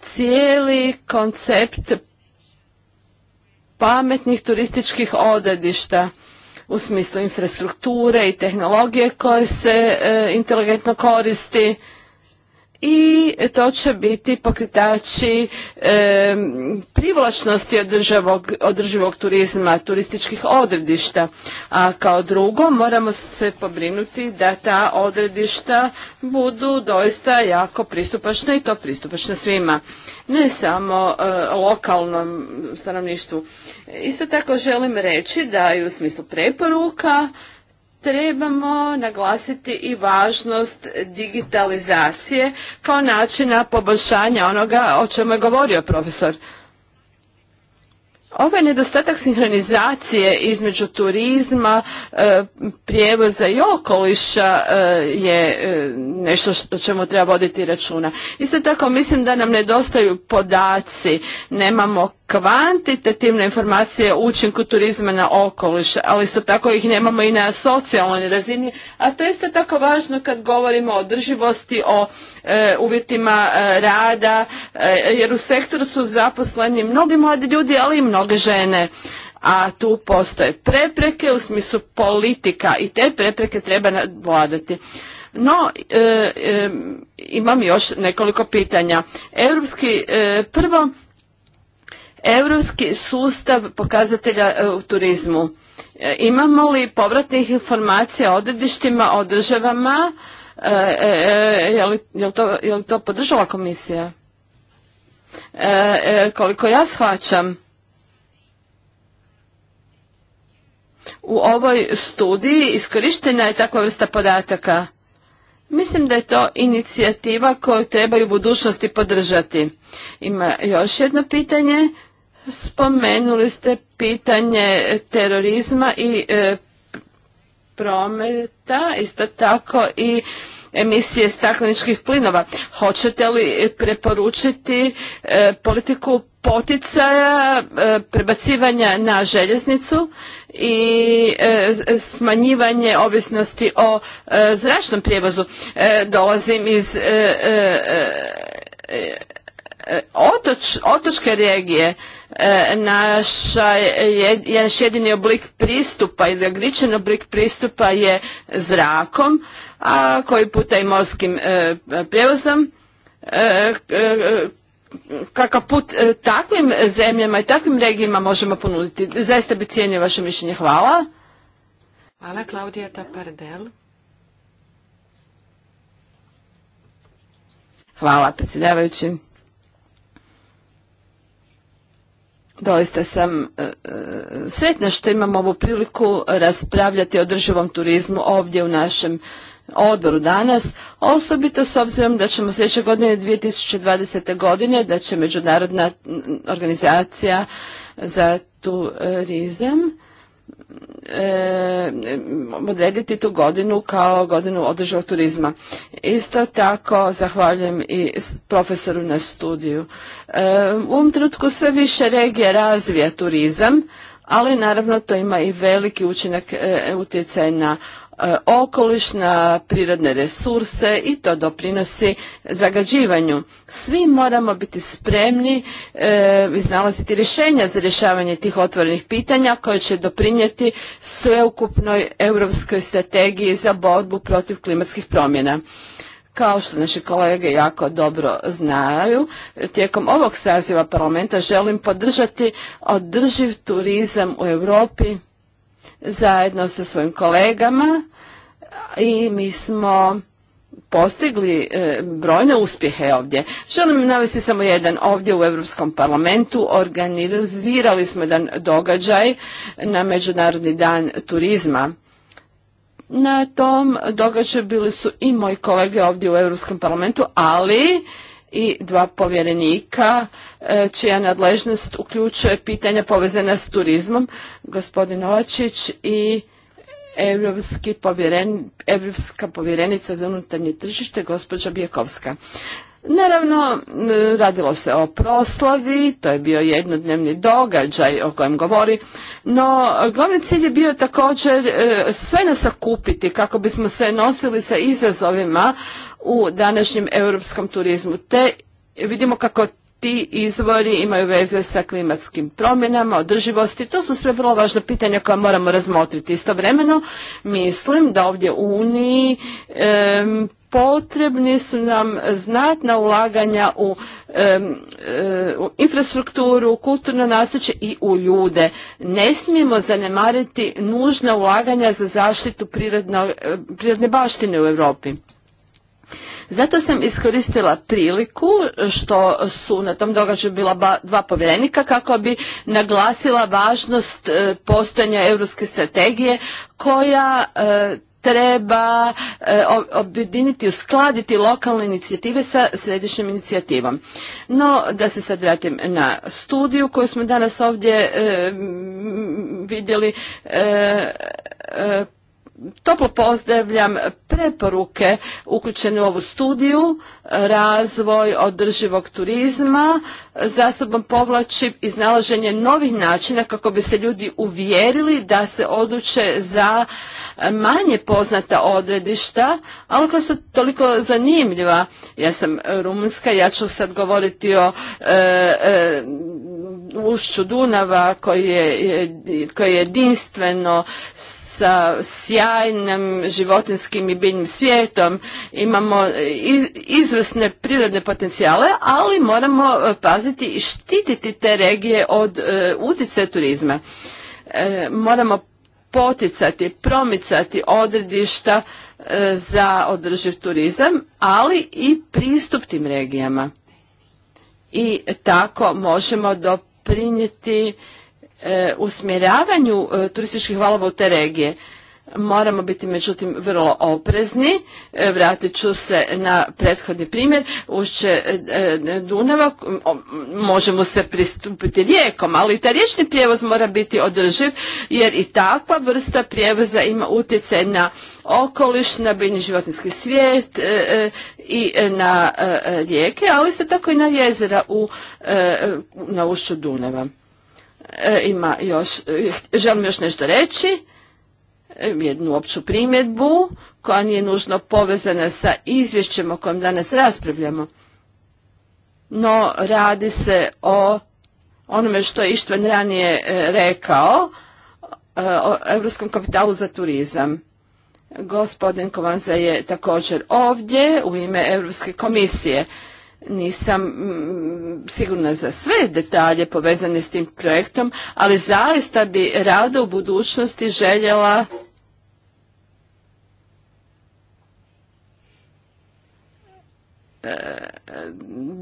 cijeli koncept pametnih turističkih odredišta u smislu infrastrukture i tehnologije koje se e, inteligentno koristi i to će biti pokretači e, privlačnosti održivog turizma, turističkih odredišta. A kao drugo moramo se pobrinuti da ta odredišta budu doista jako pristupačna i to pristupačna svima, ne samo eh, lokalnom stanovništvu. Isto tako želim reći da i u smislu preporuka trebamo naglasiti i važnost digitalizacije kao načina poboljšanja onoga o čemu je govorio profesor. Ovaj nedostatak sinhronizacije između turizma, e, prijevoza i okoliša e, je e, nešto što ćemo treba voditi računa. Isto tako mislim da nam nedostaju podaci, nemamo kvantitativne informacije o učinku turizma na okoliš, ali isto tako ih nemamo i na socijalnoj razini, a to je isto tako važno kad govorimo o drživosti, o e, uvjetima e, rada, e, jer u sektoru su zaposleni mnogi mladi ljudi, ali i mnoge žene. A tu postoje prepreke u smislu politika i te prepreke treba vladati. No, imam još nekoliko pitanja. Europski prvo, Europski sustav pokazatelja e, u turizmu. E, imamo li povratnih informacija o odredištima, o državama? E, je, li, to, podržala komisija? koliko ja shvaćam, u ovoj studiji iskorištena je takva vrsta podataka. Mislim da je to inicijativa koju trebaju u budućnosti podržati. Ima još jedno pitanje Spomenuli ste pitanje terorizma i e, prometa, isto tako i emisije stakleničkih plinova. Hoćete li preporučiti e, politiku poticaja, e, prebacivanja na željeznicu i smanjivanje ovisnosti o zračnom prijevozu? Dolazim iz otočke regije E, naš jedini oblik pristupa ili ograničen oblik pristupa je zrakom, a koji puta i morskim e, prijevozom. E, kakav put takvim zemljama i takvim regijima možemo ponuditi. Zaista bi cijenio vaše mišljenje. Hvala. Hvala, Klaudija Tapardel. Hvala, predsjedavajući. Doista sam e, e, sretna što imam ovu priliku raspravljati o državom turizmu ovdje u našem odboru danas, osobito s obzirom da ćemo sljedeće godine 2020. godine, da će Međunarodna organizacija za turizam E, odrediti tu godinu kao godinu održivog turizma. Isto tako zahvaljujem i profesoru na studiju. E, u ovom trenutku sve više regije razvija turizam, ali naravno to ima i veliki učinak e, utjecaj na E, okoliš, na prirodne resurse i to doprinosi zagađivanju. Svi moramo biti spremni e, iznalaziti rješenja za rješavanje tih otvorenih pitanja koje će doprinijeti sveukupnoj europskoj strategiji za borbu protiv klimatskih promjena. Kao što naši kolege jako dobro znaju, tijekom ovog saziva parlamenta želim podržati održiv turizam u Europi zajedno sa svojim kolegama i mi smo postigli e, brojne uspjehe ovdje. Želim navesti samo jedan ovdje u Europskom parlamentu. Organizirali smo jedan događaj na Međunarodni dan turizma. Na tom događaju bili su i moji kolege ovdje u Europskom parlamentu, ali i dva povjerenika e, čija nadležnost uključuje pitanja povezana s turizmom, gospodin Očić i Europska Evropska povjerenica za unutarnje tržište, gospođa Bjekovska. Naravno, radilo se o proslavi, to je bio jednodnevni događaj o kojem govori, no glavni cilj je bio također e, sve nas okupiti kako bismo se nosili sa izazovima u današnjem europskom turizmu, te vidimo kako ti izvori imaju veze sa klimatskim promjenama, održivosti. To su sve vrlo važna pitanja koja moramo razmotriti. Istovremeno mislim da ovdje u Uniji potrebni su nam znatna ulaganja u, e, infrastrukturu, u kulturno nasljeđe i u ljude. Ne smijemo zanemariti nužna ulaganja za zaštitu e, prirodne baštine u Europi. Zato sam iskoristila priliku što su na tom događaju bila dva povjerenika kako bi naglasila važnost e, postojanja europske strategije koja e, treba e, objediniti, uskladiti lokalne inicijative sa središnjim inicijativom. No, da se sad vratim na studiju koju smo danas ovdje vidjeli Toplo pozdravljam preporuke uključene u ovu studiju, razvoj održivog turizma, za sobom povlači iznalaženje novih načina kako bi se ljudi uvjerili da se odluče za manje poznata odredišta, ali koja su toliko zanimljiva. Ja sam rumunska, ja ću sad govoriti o e, e, ušću Dunava koji je, koje je jedinstveno s sa sjajnim životinskim i biljnim svijetom, imamo e, izvrsne prirodne potencijale, ali moramo e, paziti i štititi te regije od e, utjecaja turizma. moramo poticati, promicati odredišta za održiv turizam, ali i pristup tim regijama. I tako možemo doprinijeti E, usmjeravanju e, turističkih valova u te regije. Moramo biti međutim vrlo oprezni, e, vratit ću se na prethodni primjer, ušće Dunava, možemo se pristupiti rijekom, ali taj riječni prijevoz mora biti održiv jer i takva vrsta prijevoza ima utjecaj na okoliš, na biljni životinski svijet i na rijeke, ali isto tako i na jezera na ušću Dunava. E, ima još, e, želim još nešto reći, e, jednu opću primjedbu koja nije nužno povezana sa izvješćem o kojem danas raspravljamo. No, radi se o onome što je ištven ranije rekao, o Europskom kapitalu za turizam. Gospodin Kovanza je također ovdje u ime Europske komisije nisam mm, sigurna za sve detalje povezane s tim projektom, ali zaista bi rado u budućnosti željela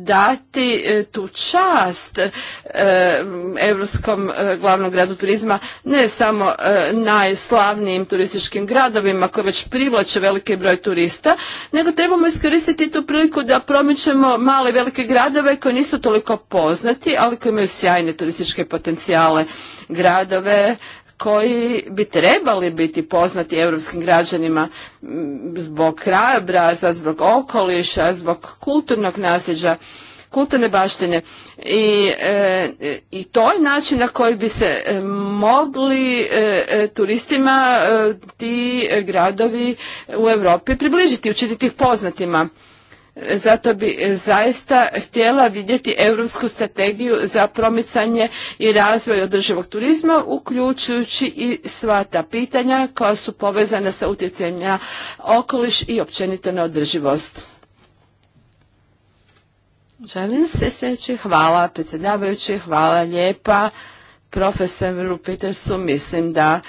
dati e, tu čast e, Europskom e, glavnom gradu turizma ne samo najslavnijim turističkim gradovima koji već privlače veliki broj turista, nego trebamo iskoristiti tu priliku da promičemo male velike gradove koji nisu toliko poznati, ali koji imaju sjajne turističke potencijale gradove koji bi trebali biti poznati europskim građanima zbog krajobraza, zbog okoliša, zbog kulturnog nasljeđa, kulturne baštine. I, e, i to je način na koji bi se e, mogli e, turistima ti gradovi u Europi približiti, učiniti ih poznatima. Zato bi e, zaista htjela vidjeti europsku strategiju za promicanje i razvoj održivog turizma, uključujući i sva ta pitanja koja su povezana sa utjecajem na okoliš i općenito na održivost. Želim se seći hvala predsjedavajući, hvala lijepa profesoru Petersu, mislim da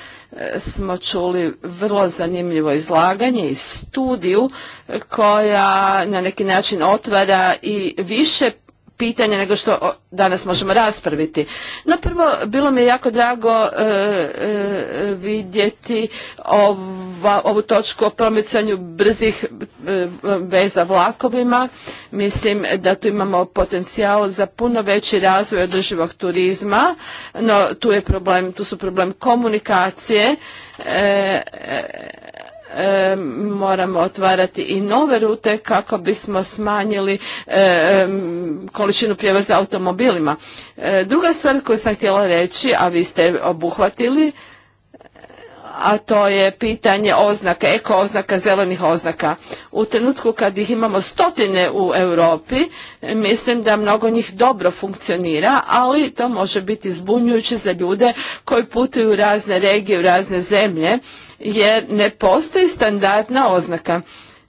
smo čuli vrlo zanimljivo izlaganje i studiju koja na neki način otvara i više pitanja nego što danas možemo raspraviti. No prvo, bilo mi je jako drago e, e, vidjeti ovu točku o promicanju brzih e, veza vlakovima. Mislim da tu imamo potencijal za puno veći razvoj održivog turizma, no tu je problem, tu su problem komunikacije E, moramo otvarati i nove rute kako bismo smanjili e, količinu prijevoza automobilima. E, druga stvar koju sam htjela reći, a vi ste obuhvatili, a to je pitanje oznaka, eko oznaka, zelenih oznaka. U trenutku kad ih imamo stotine u Europi, mislim da mnogo njih dobro funkcionira, ali to može biti zbunjujuće za ljude koji putuju u razne regije, u razne zemlje jer ne postoji standardna oznaka.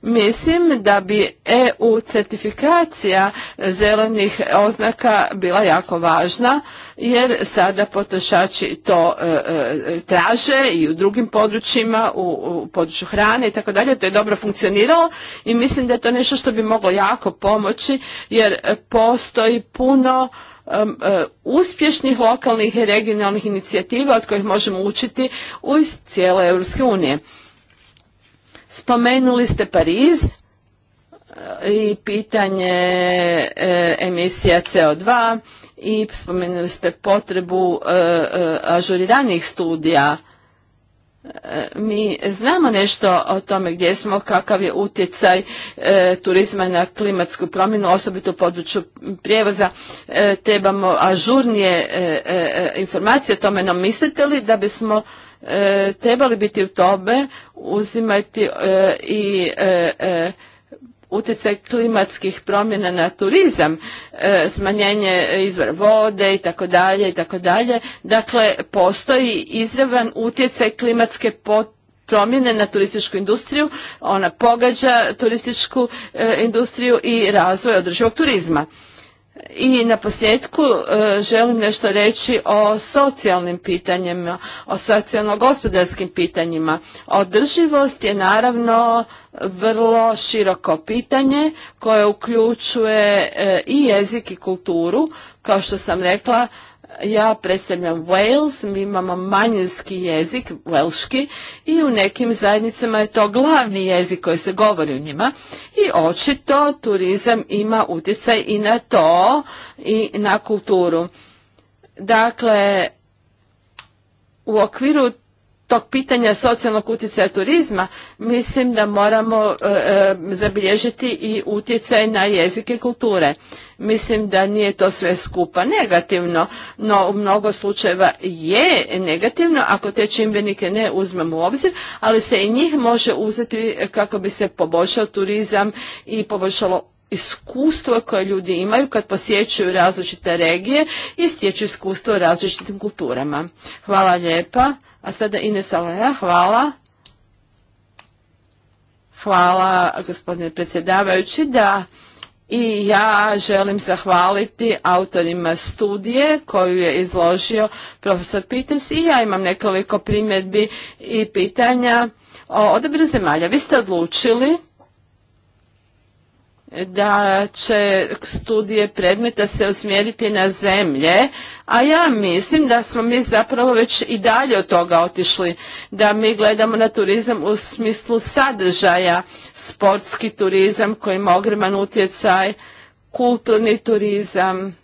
Mislim da bi EU certifikacija zelenih oznaka bila jako važna jer sada potrošači to e, e, traže i u drugim područjima, u, u području hrane i tako dalje. To je dobro funkcioniralo i mislim da je to nešto što bi moglo jako pomoći jer postoji puno Um, e, uspješnih lokalnih i regionalnih inicijativa od kojih možemo učiti iz cijele Europske unije. Spomenuli ste Pariz e, i pitanje e, emisija CO2 i spomenuli ste potrebu ažuriranih studija E, mi znamo nešto o tome gdje smo, kakav je utjecaj e, turizma na klimatsku promjenu, osobito u području prijevoza. E, trebamo ažurnije informacije o tome, no mislite li da bismo trebali biti u tome, uzimati i utjecaj klimatskih promjena na turizam, e, smanjenje izvora vode i tako dalje i tako dalje. Dakle, postoji izravan utjecaj klimatske promjene na turističku industriju, ona pogađa turističku e, industriju i razvoj održivog turizma. I na posljedku e, želim nešto reći o socijalnim pitanjima, o socijalno-gospodarskim pitanjima. Održivost je naravno vrlo široko pitanje koje uključuje e, i jezik i kulturu. Kao što sam rekla, ja predstavljam Wales, mi imamo manjinski jezik, welški, i u nekim zajednicama je to glavni jezik koji se govori u njima. I očito turizam ima utjecaj i na to i na kulturu. Dakle, u okviru tog pitanja socijalnog utjecaja turizma, mislim da moramo e, e, zabilježiti i utjecaj na jezike kulture. Mislim da nije to sve skupa negativno, no u mnogo slučajeva je negativno ako te čimbenike ne uzmemo u obzir, ali se i njih može uzeti kako bi se poboljšao turizam i poboljšalo iskustvo koje ljudi imaju kad posjećuju različite regije i stječu iskustvo različitim kulturama. Hvala lijepa. A sada Ines Alea, hvala. Hvala gospodine predsjedavajući da i ja želim zahvaliti autorima studije koju je izložio profesor Pites i ja imam nekoliko primjedbi i pitanja o odabiru zemalja. Vi ste odlučili da će studije predmeta se usmjeriti na zemlje, a ja mislim da smo mi zapravo već i dalje od toga otišli, da mi gledamo na turizam u smislu sadržaja, sportski turizam koji ima ogroman utjecaj, kulturni turizam,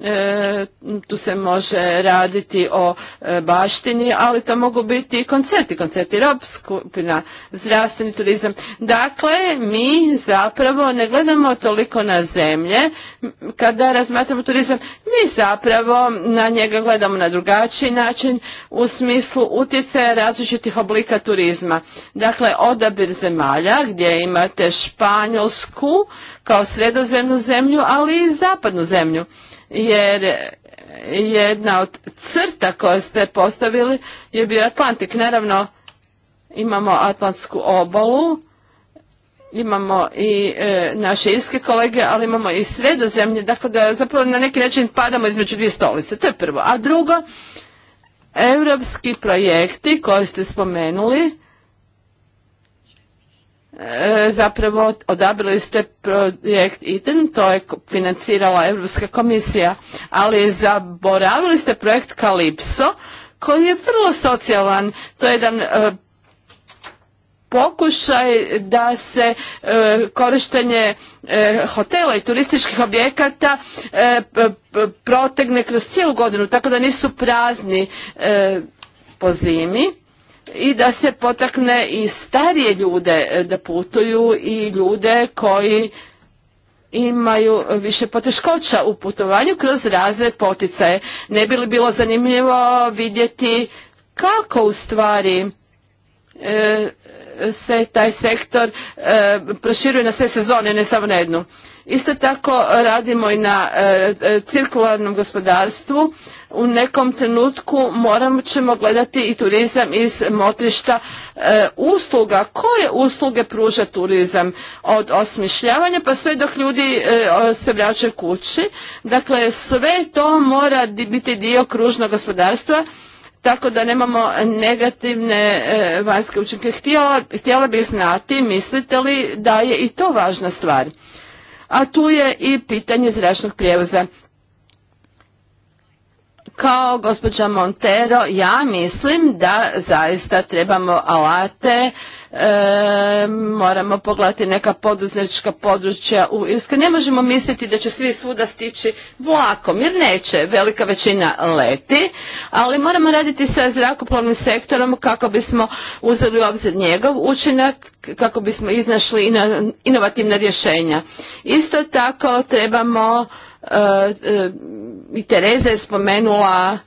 E, tu se može raditi o e, baštini, ali to mogu biti i koncerti, koncerti rob skupina, zdravstveni turizam. Dakle, mi zapravo ne gledamo toliko na zemlje kada razmatramo turizam, mi zapravo na njega gledamo na drugačiji način u smislu utjecaja različitih oblika turizma. Dakle, odabir zemalja gdje imate Španjolsku kao sredozemnu zemlju, ali i zapadnu zemlju jer jedna od crta koje ste postavili je bio Atlantik. Naravno, imamo Atlantsku obalu, imamo i e, naše irske kolege, ali imamo i sredozemlje, dakle da zapravo na neki način padamo između dvije stolice, to je prvo. A drugo, europski projekti koje ste spomenuli, E, zapravo odabrali ste projekt ITEN, to je financirala Europska komisija, ali zaboravili ste projekt Kalipso, koji je vrlo socijalan. To je jedan e, pokušaj da se e, korištenje hotela i turističkih objekata protegne kroz cijelu godinu, tako da nisu prazni po zimi i da se potakne i starije ljude e, da putuju i ljude koji imaju više poteškoća u putovanju kroz razne poticaje. Ne bi li bilo zanimljivo vidjeti kako u stvari e, se taj sektor e, proširuje na sve sezone, ne samo na jednu. Isto tako radimo i na e, e, cirkularnom gospodarstvu. U nekom trenutku moramo ćemo gledati i turizam iz motrišta usluga. Koje usluge pruža turizam? Od osmišljavanja pa sve dok ljudi se vraćaju kući. Dakle, sve to mora biti dio kružnog gospodarstva tako da nemamo negativne e, vanjske učinke. Htjela, bih znati, mislite li da je i to važna stvar? A tu je i pitanje zračnog prijevoza. Kao gospođa Montero, ja mislim da zaista trebamo alate moramo pogledati neka poduzetnička područja u Irskoj. Ne možemo misliti da će svi svuda stići vlakom, jer neće. Velika većina leti, ali moramo raditi sa zrakoplovnim sektorom kako bismo uzeli u obzir njegov učinak, kako bismo iznašli inovativna rješenja. Isto tako trebamo e, e, i Tereza je spomenula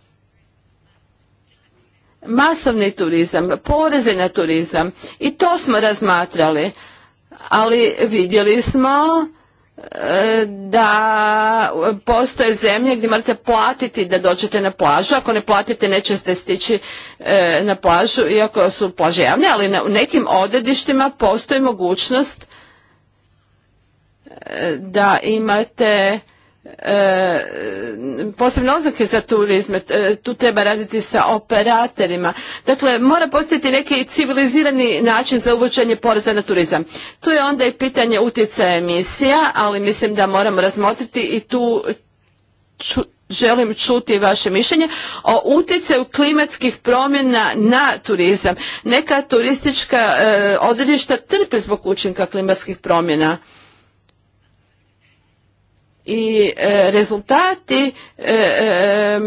masovni turizam, poreze na turizam i to smo razmatrali, ali vidjeli smo e, da postoje zemlje gdje morate platiti da dođete na plažu. Ako ne platite nećete stići e, na plažu, iako su plaže javne, ali u nekim odredištima postoji mogućnost e, da imate E, posebne oznake za turizme, tu treba raditi sa operatorima. Dakle, mora postati neki civilizirani način za uvođenje poreza na turizam. Tu je onda i pitanje utjecaja emisija, ali mislim da moramo razmotriti i tu želim čuti vaše mišljenje o utjecaju klimatskih promjena na turizam. Neka turistička e, odredišta trpe zbog učinka klimatskih promjena i e, rezultati e, e,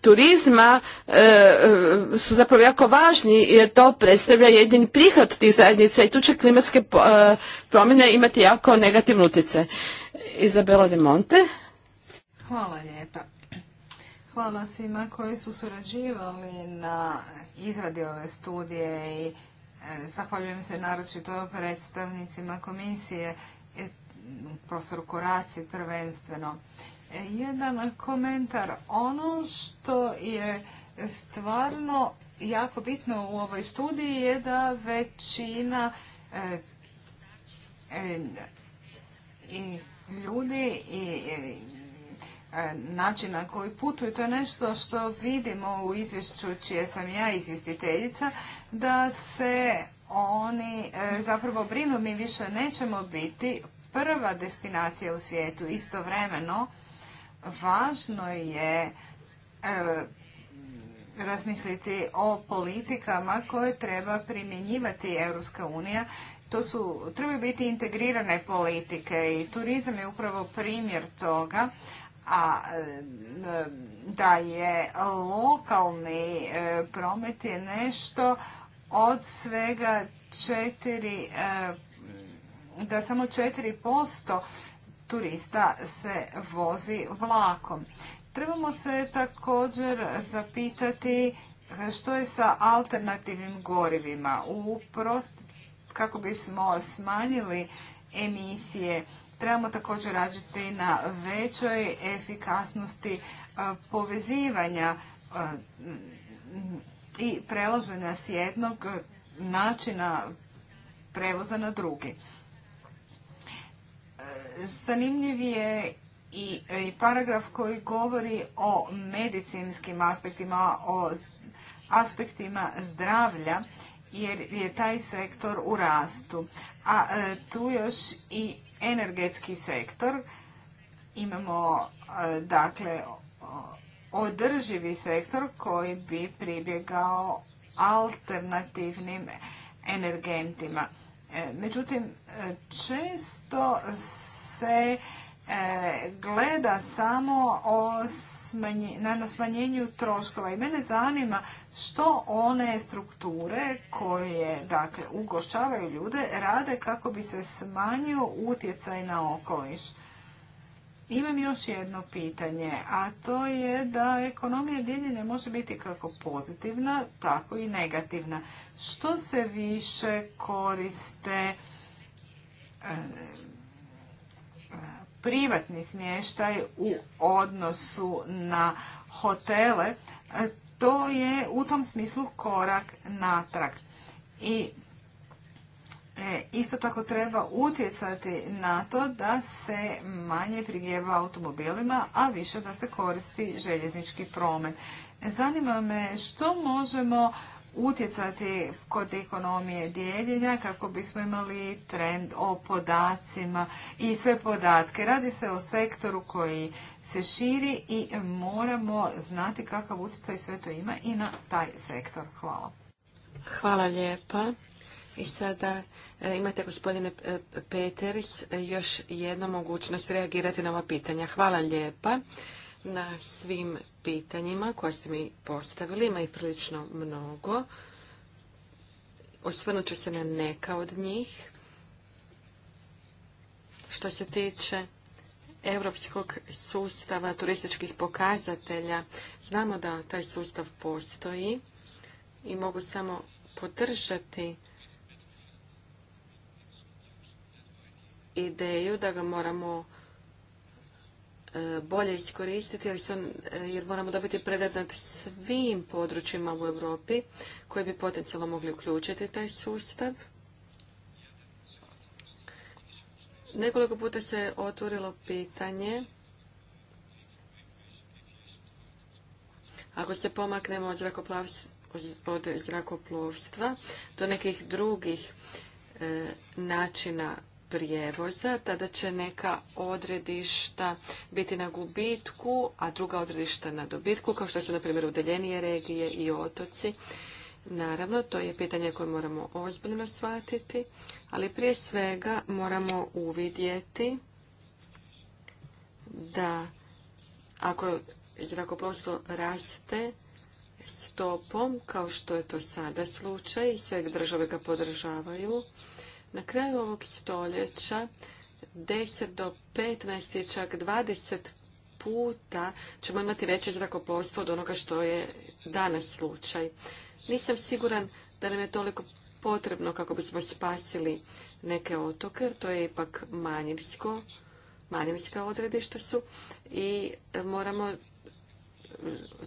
turizma su zapravo jako važni jer to predstavlja jedini prihod tih zajednica i tu će klimatske promjene imati jako negativne utjece. Izabela de Monte. Hvala lijepa. Hvala svima koji su surađivali na izradi ove studije i zahvaljujem se naročito predstavnicima komisije profesor Koraci prvenstveno. E, jedan komentar. Ono što je stvarno jako bitno u ovoj studiji je da većina e, e, i ljudi i način na koji putuju, to je nešto što vidimo u izvješću čije sam ja izvjestiteljica, da se oni zapravo brinu, mi više nećemo biti prva destinacija u svijetu. Istovremeno, važno je e, razmisliti o politikama koje treba primjenjivati Europska unija. To su, trebaju biti integrirane politike i turizam je upravo primjer toga a e, da je lokalni e, promet je nešto od svega 4 da samo 4% turista se vozi vlakom. Trebamo se također zapitati što je sa alternativnim gorivima Upro kako bismo smanjili emisije. Trebamo također raditi na većoj efikasnosti e, povezivanja e, i prelaženja s jednog načina prevoza na drugi. Zanimljiv je i, paragraf koji govori o medicinskim aspektima, o aspektima zdravlja, jer je taj sektor u rastu. A e, tu još i energetski sektor. Imamo e, dakle održivi sektor koji bi pribjegao alternativnim energentima. E, međutim, često se e, gleda samo na smanjenju troškova. I mene zanima što one strukture koje dakle, ugošćavaju ljude rade kako bi se smanjio utjecaj na okoliš. Imam još jedno pitanje, a to je da ekonomija dijeljene može biti kako pozitivna, tako i negativna. Što se više koriste e, privatni smještaj u odnosu na hotele, e, to je u tom smislu korak natrag. I e, Isto tako treba utjecati na to da se manje prigijeva automobilima, a više da se koristi željeznički promet. Zanima me što možemo utjecati kod ekonomije dijeljenja kako bismo imali trend o podacima i sve podatke. Radi se o sektoru koji se širi i moramo znati kakav utjecaj sve to ima i na taj sektor. Hvala. Hvala lijepa. I sada e, imate gospodine e, Peters još jednu mogućnost reagirati na ova pitanja. Hvala lijepa na svim pitanjima koje ste mi postavili. Ima ih prilično mnogo. Osvrnut ću se na neka od njih. Što se tiče europskog sustava turističkih pokazatelja, znamo da taj sustav postoji i mogu samo podržati ideju da ga moramo bolje iskoristiti e, jer, moramo dobiti pregled nad svim područjima u Europi koji bi potencijalno mogli uključiti taj sustav. Nekoliko puta se otvorilo pitanje ako se pomaknemo od, od zrakoplovstva do nekih drugih e, načina prijevoza, tada će neka odredišta biti na gubitku, a druga odredišta na dobitku, kao što su, na primjer, udeljenije regije i otoci. Naravno, to je pitanje koje moramo ozbiljno shvatiti, ali prije svega moramo uvidjeti da ako zrakoplovstvo raste stopom, kao što je to sada slučaj, sve države ga podržavaju, na kraju ovog stoljeća 10 do 15 i čak 20 puta ćemo imati veće zrakoplovstvo od onoga što je danas slučaj. Nisam siguran da nam je toliko potrebno kako bismo spasili neke otoke, to je ipak manjinsko, manjinska odredišta su i moramo e,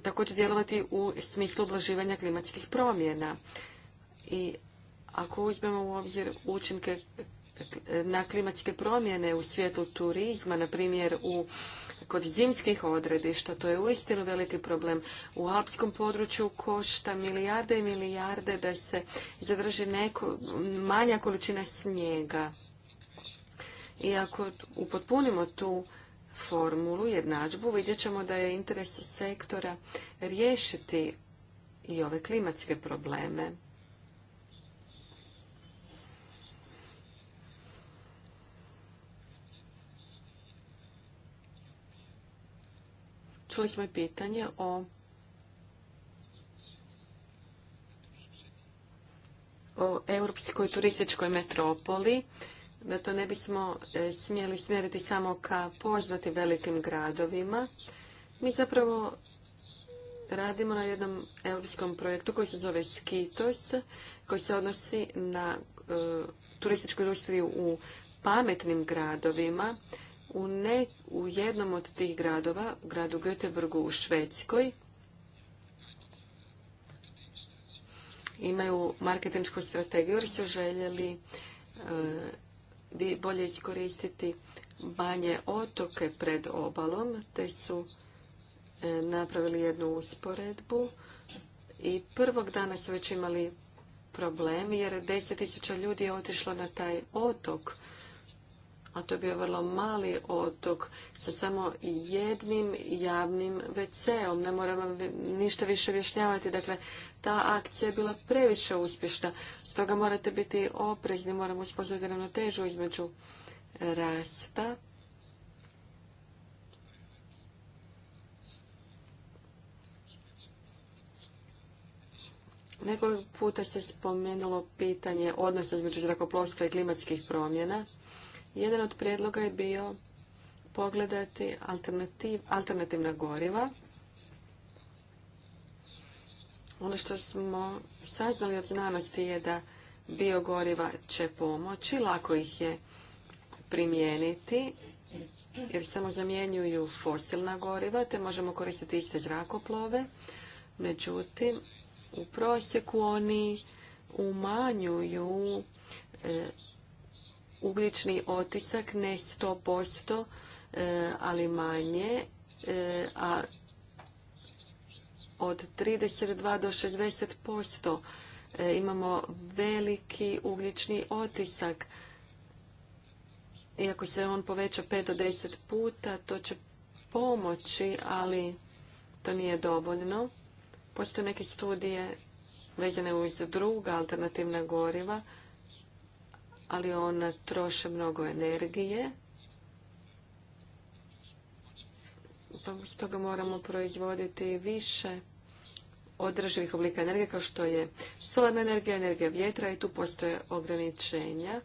također djelovati u smislu ublaživanja klimatskih promjena. I ako uzmemo u obzir učinke na klimatske promjene u svijetu turizma, na primjer u kod zimskih odredišta, to je uistinu veliki problem. U alpskom području košta milijarde i milijarde da se zadrži manja količina snijega. I ako upotpunimo tu formulu, jednadžbu, vidjet ćemo da je interes sektora riješiti i ove klimatske probleme. Čuli smo i pitanje o o europskoj turističkoj metropoli, da to ne bismo e, smjeli smjeriti samo ka poznatim velikim gradovima. Mi zapravo radimo na jednom europskom projektu koji se zove Skitos, koji se odnosi na e, turističku industriju u pametnim gradovima. U, ne, u jednom od tih gradova, gradu Göteborgu u Švedskoj, imaju marketinšku strategiju jer su željeli e, bolje iskoristiti banje otoke pred obalom, te su e, napravili jednu usporedbu i prvog dana su već imali problem jer 10.000 ljudi je otišlo na taj otok a to je bio vrlo mali otok sa samo jednim javnim WC-om. Ne moram vam ništa više objašnjavati. Dakle, ta akcija je bila previše uspješna. Stoga morate biti oprezni, moramo uspostaviti ravnotežu između rasta Nekoliko puta se spomenulo pitanje odnosa između zrakoplovstva i klimatskih promjena. Jedan od prijedloga je bio pogledati alternativ, alternativna goriva. Ono što smo saznali od znanosti je da biogoriva će pomoći, lako ih je primijeniti jer samo zamjenjuju fosilna goriva te možemo koristiti iste zrakoplove. Međutim, u prosjeku oni umanjuju e, ugljični otisak ne 100%, e, ali manje, e, a od 32 do 60% e, imamo veliki ugljični otisak. Iako se on poveća 5 do 10 puta, to će pomoći, ali to nije dovoljno. Postoje neke studije vezane uz druga alternativna goriva ali ona troše mnogo energije. Pa stoga moramo proizvoditi više održivih oblika energije kao što je solarna energija, energija vjetra i tu postoje ograničenja.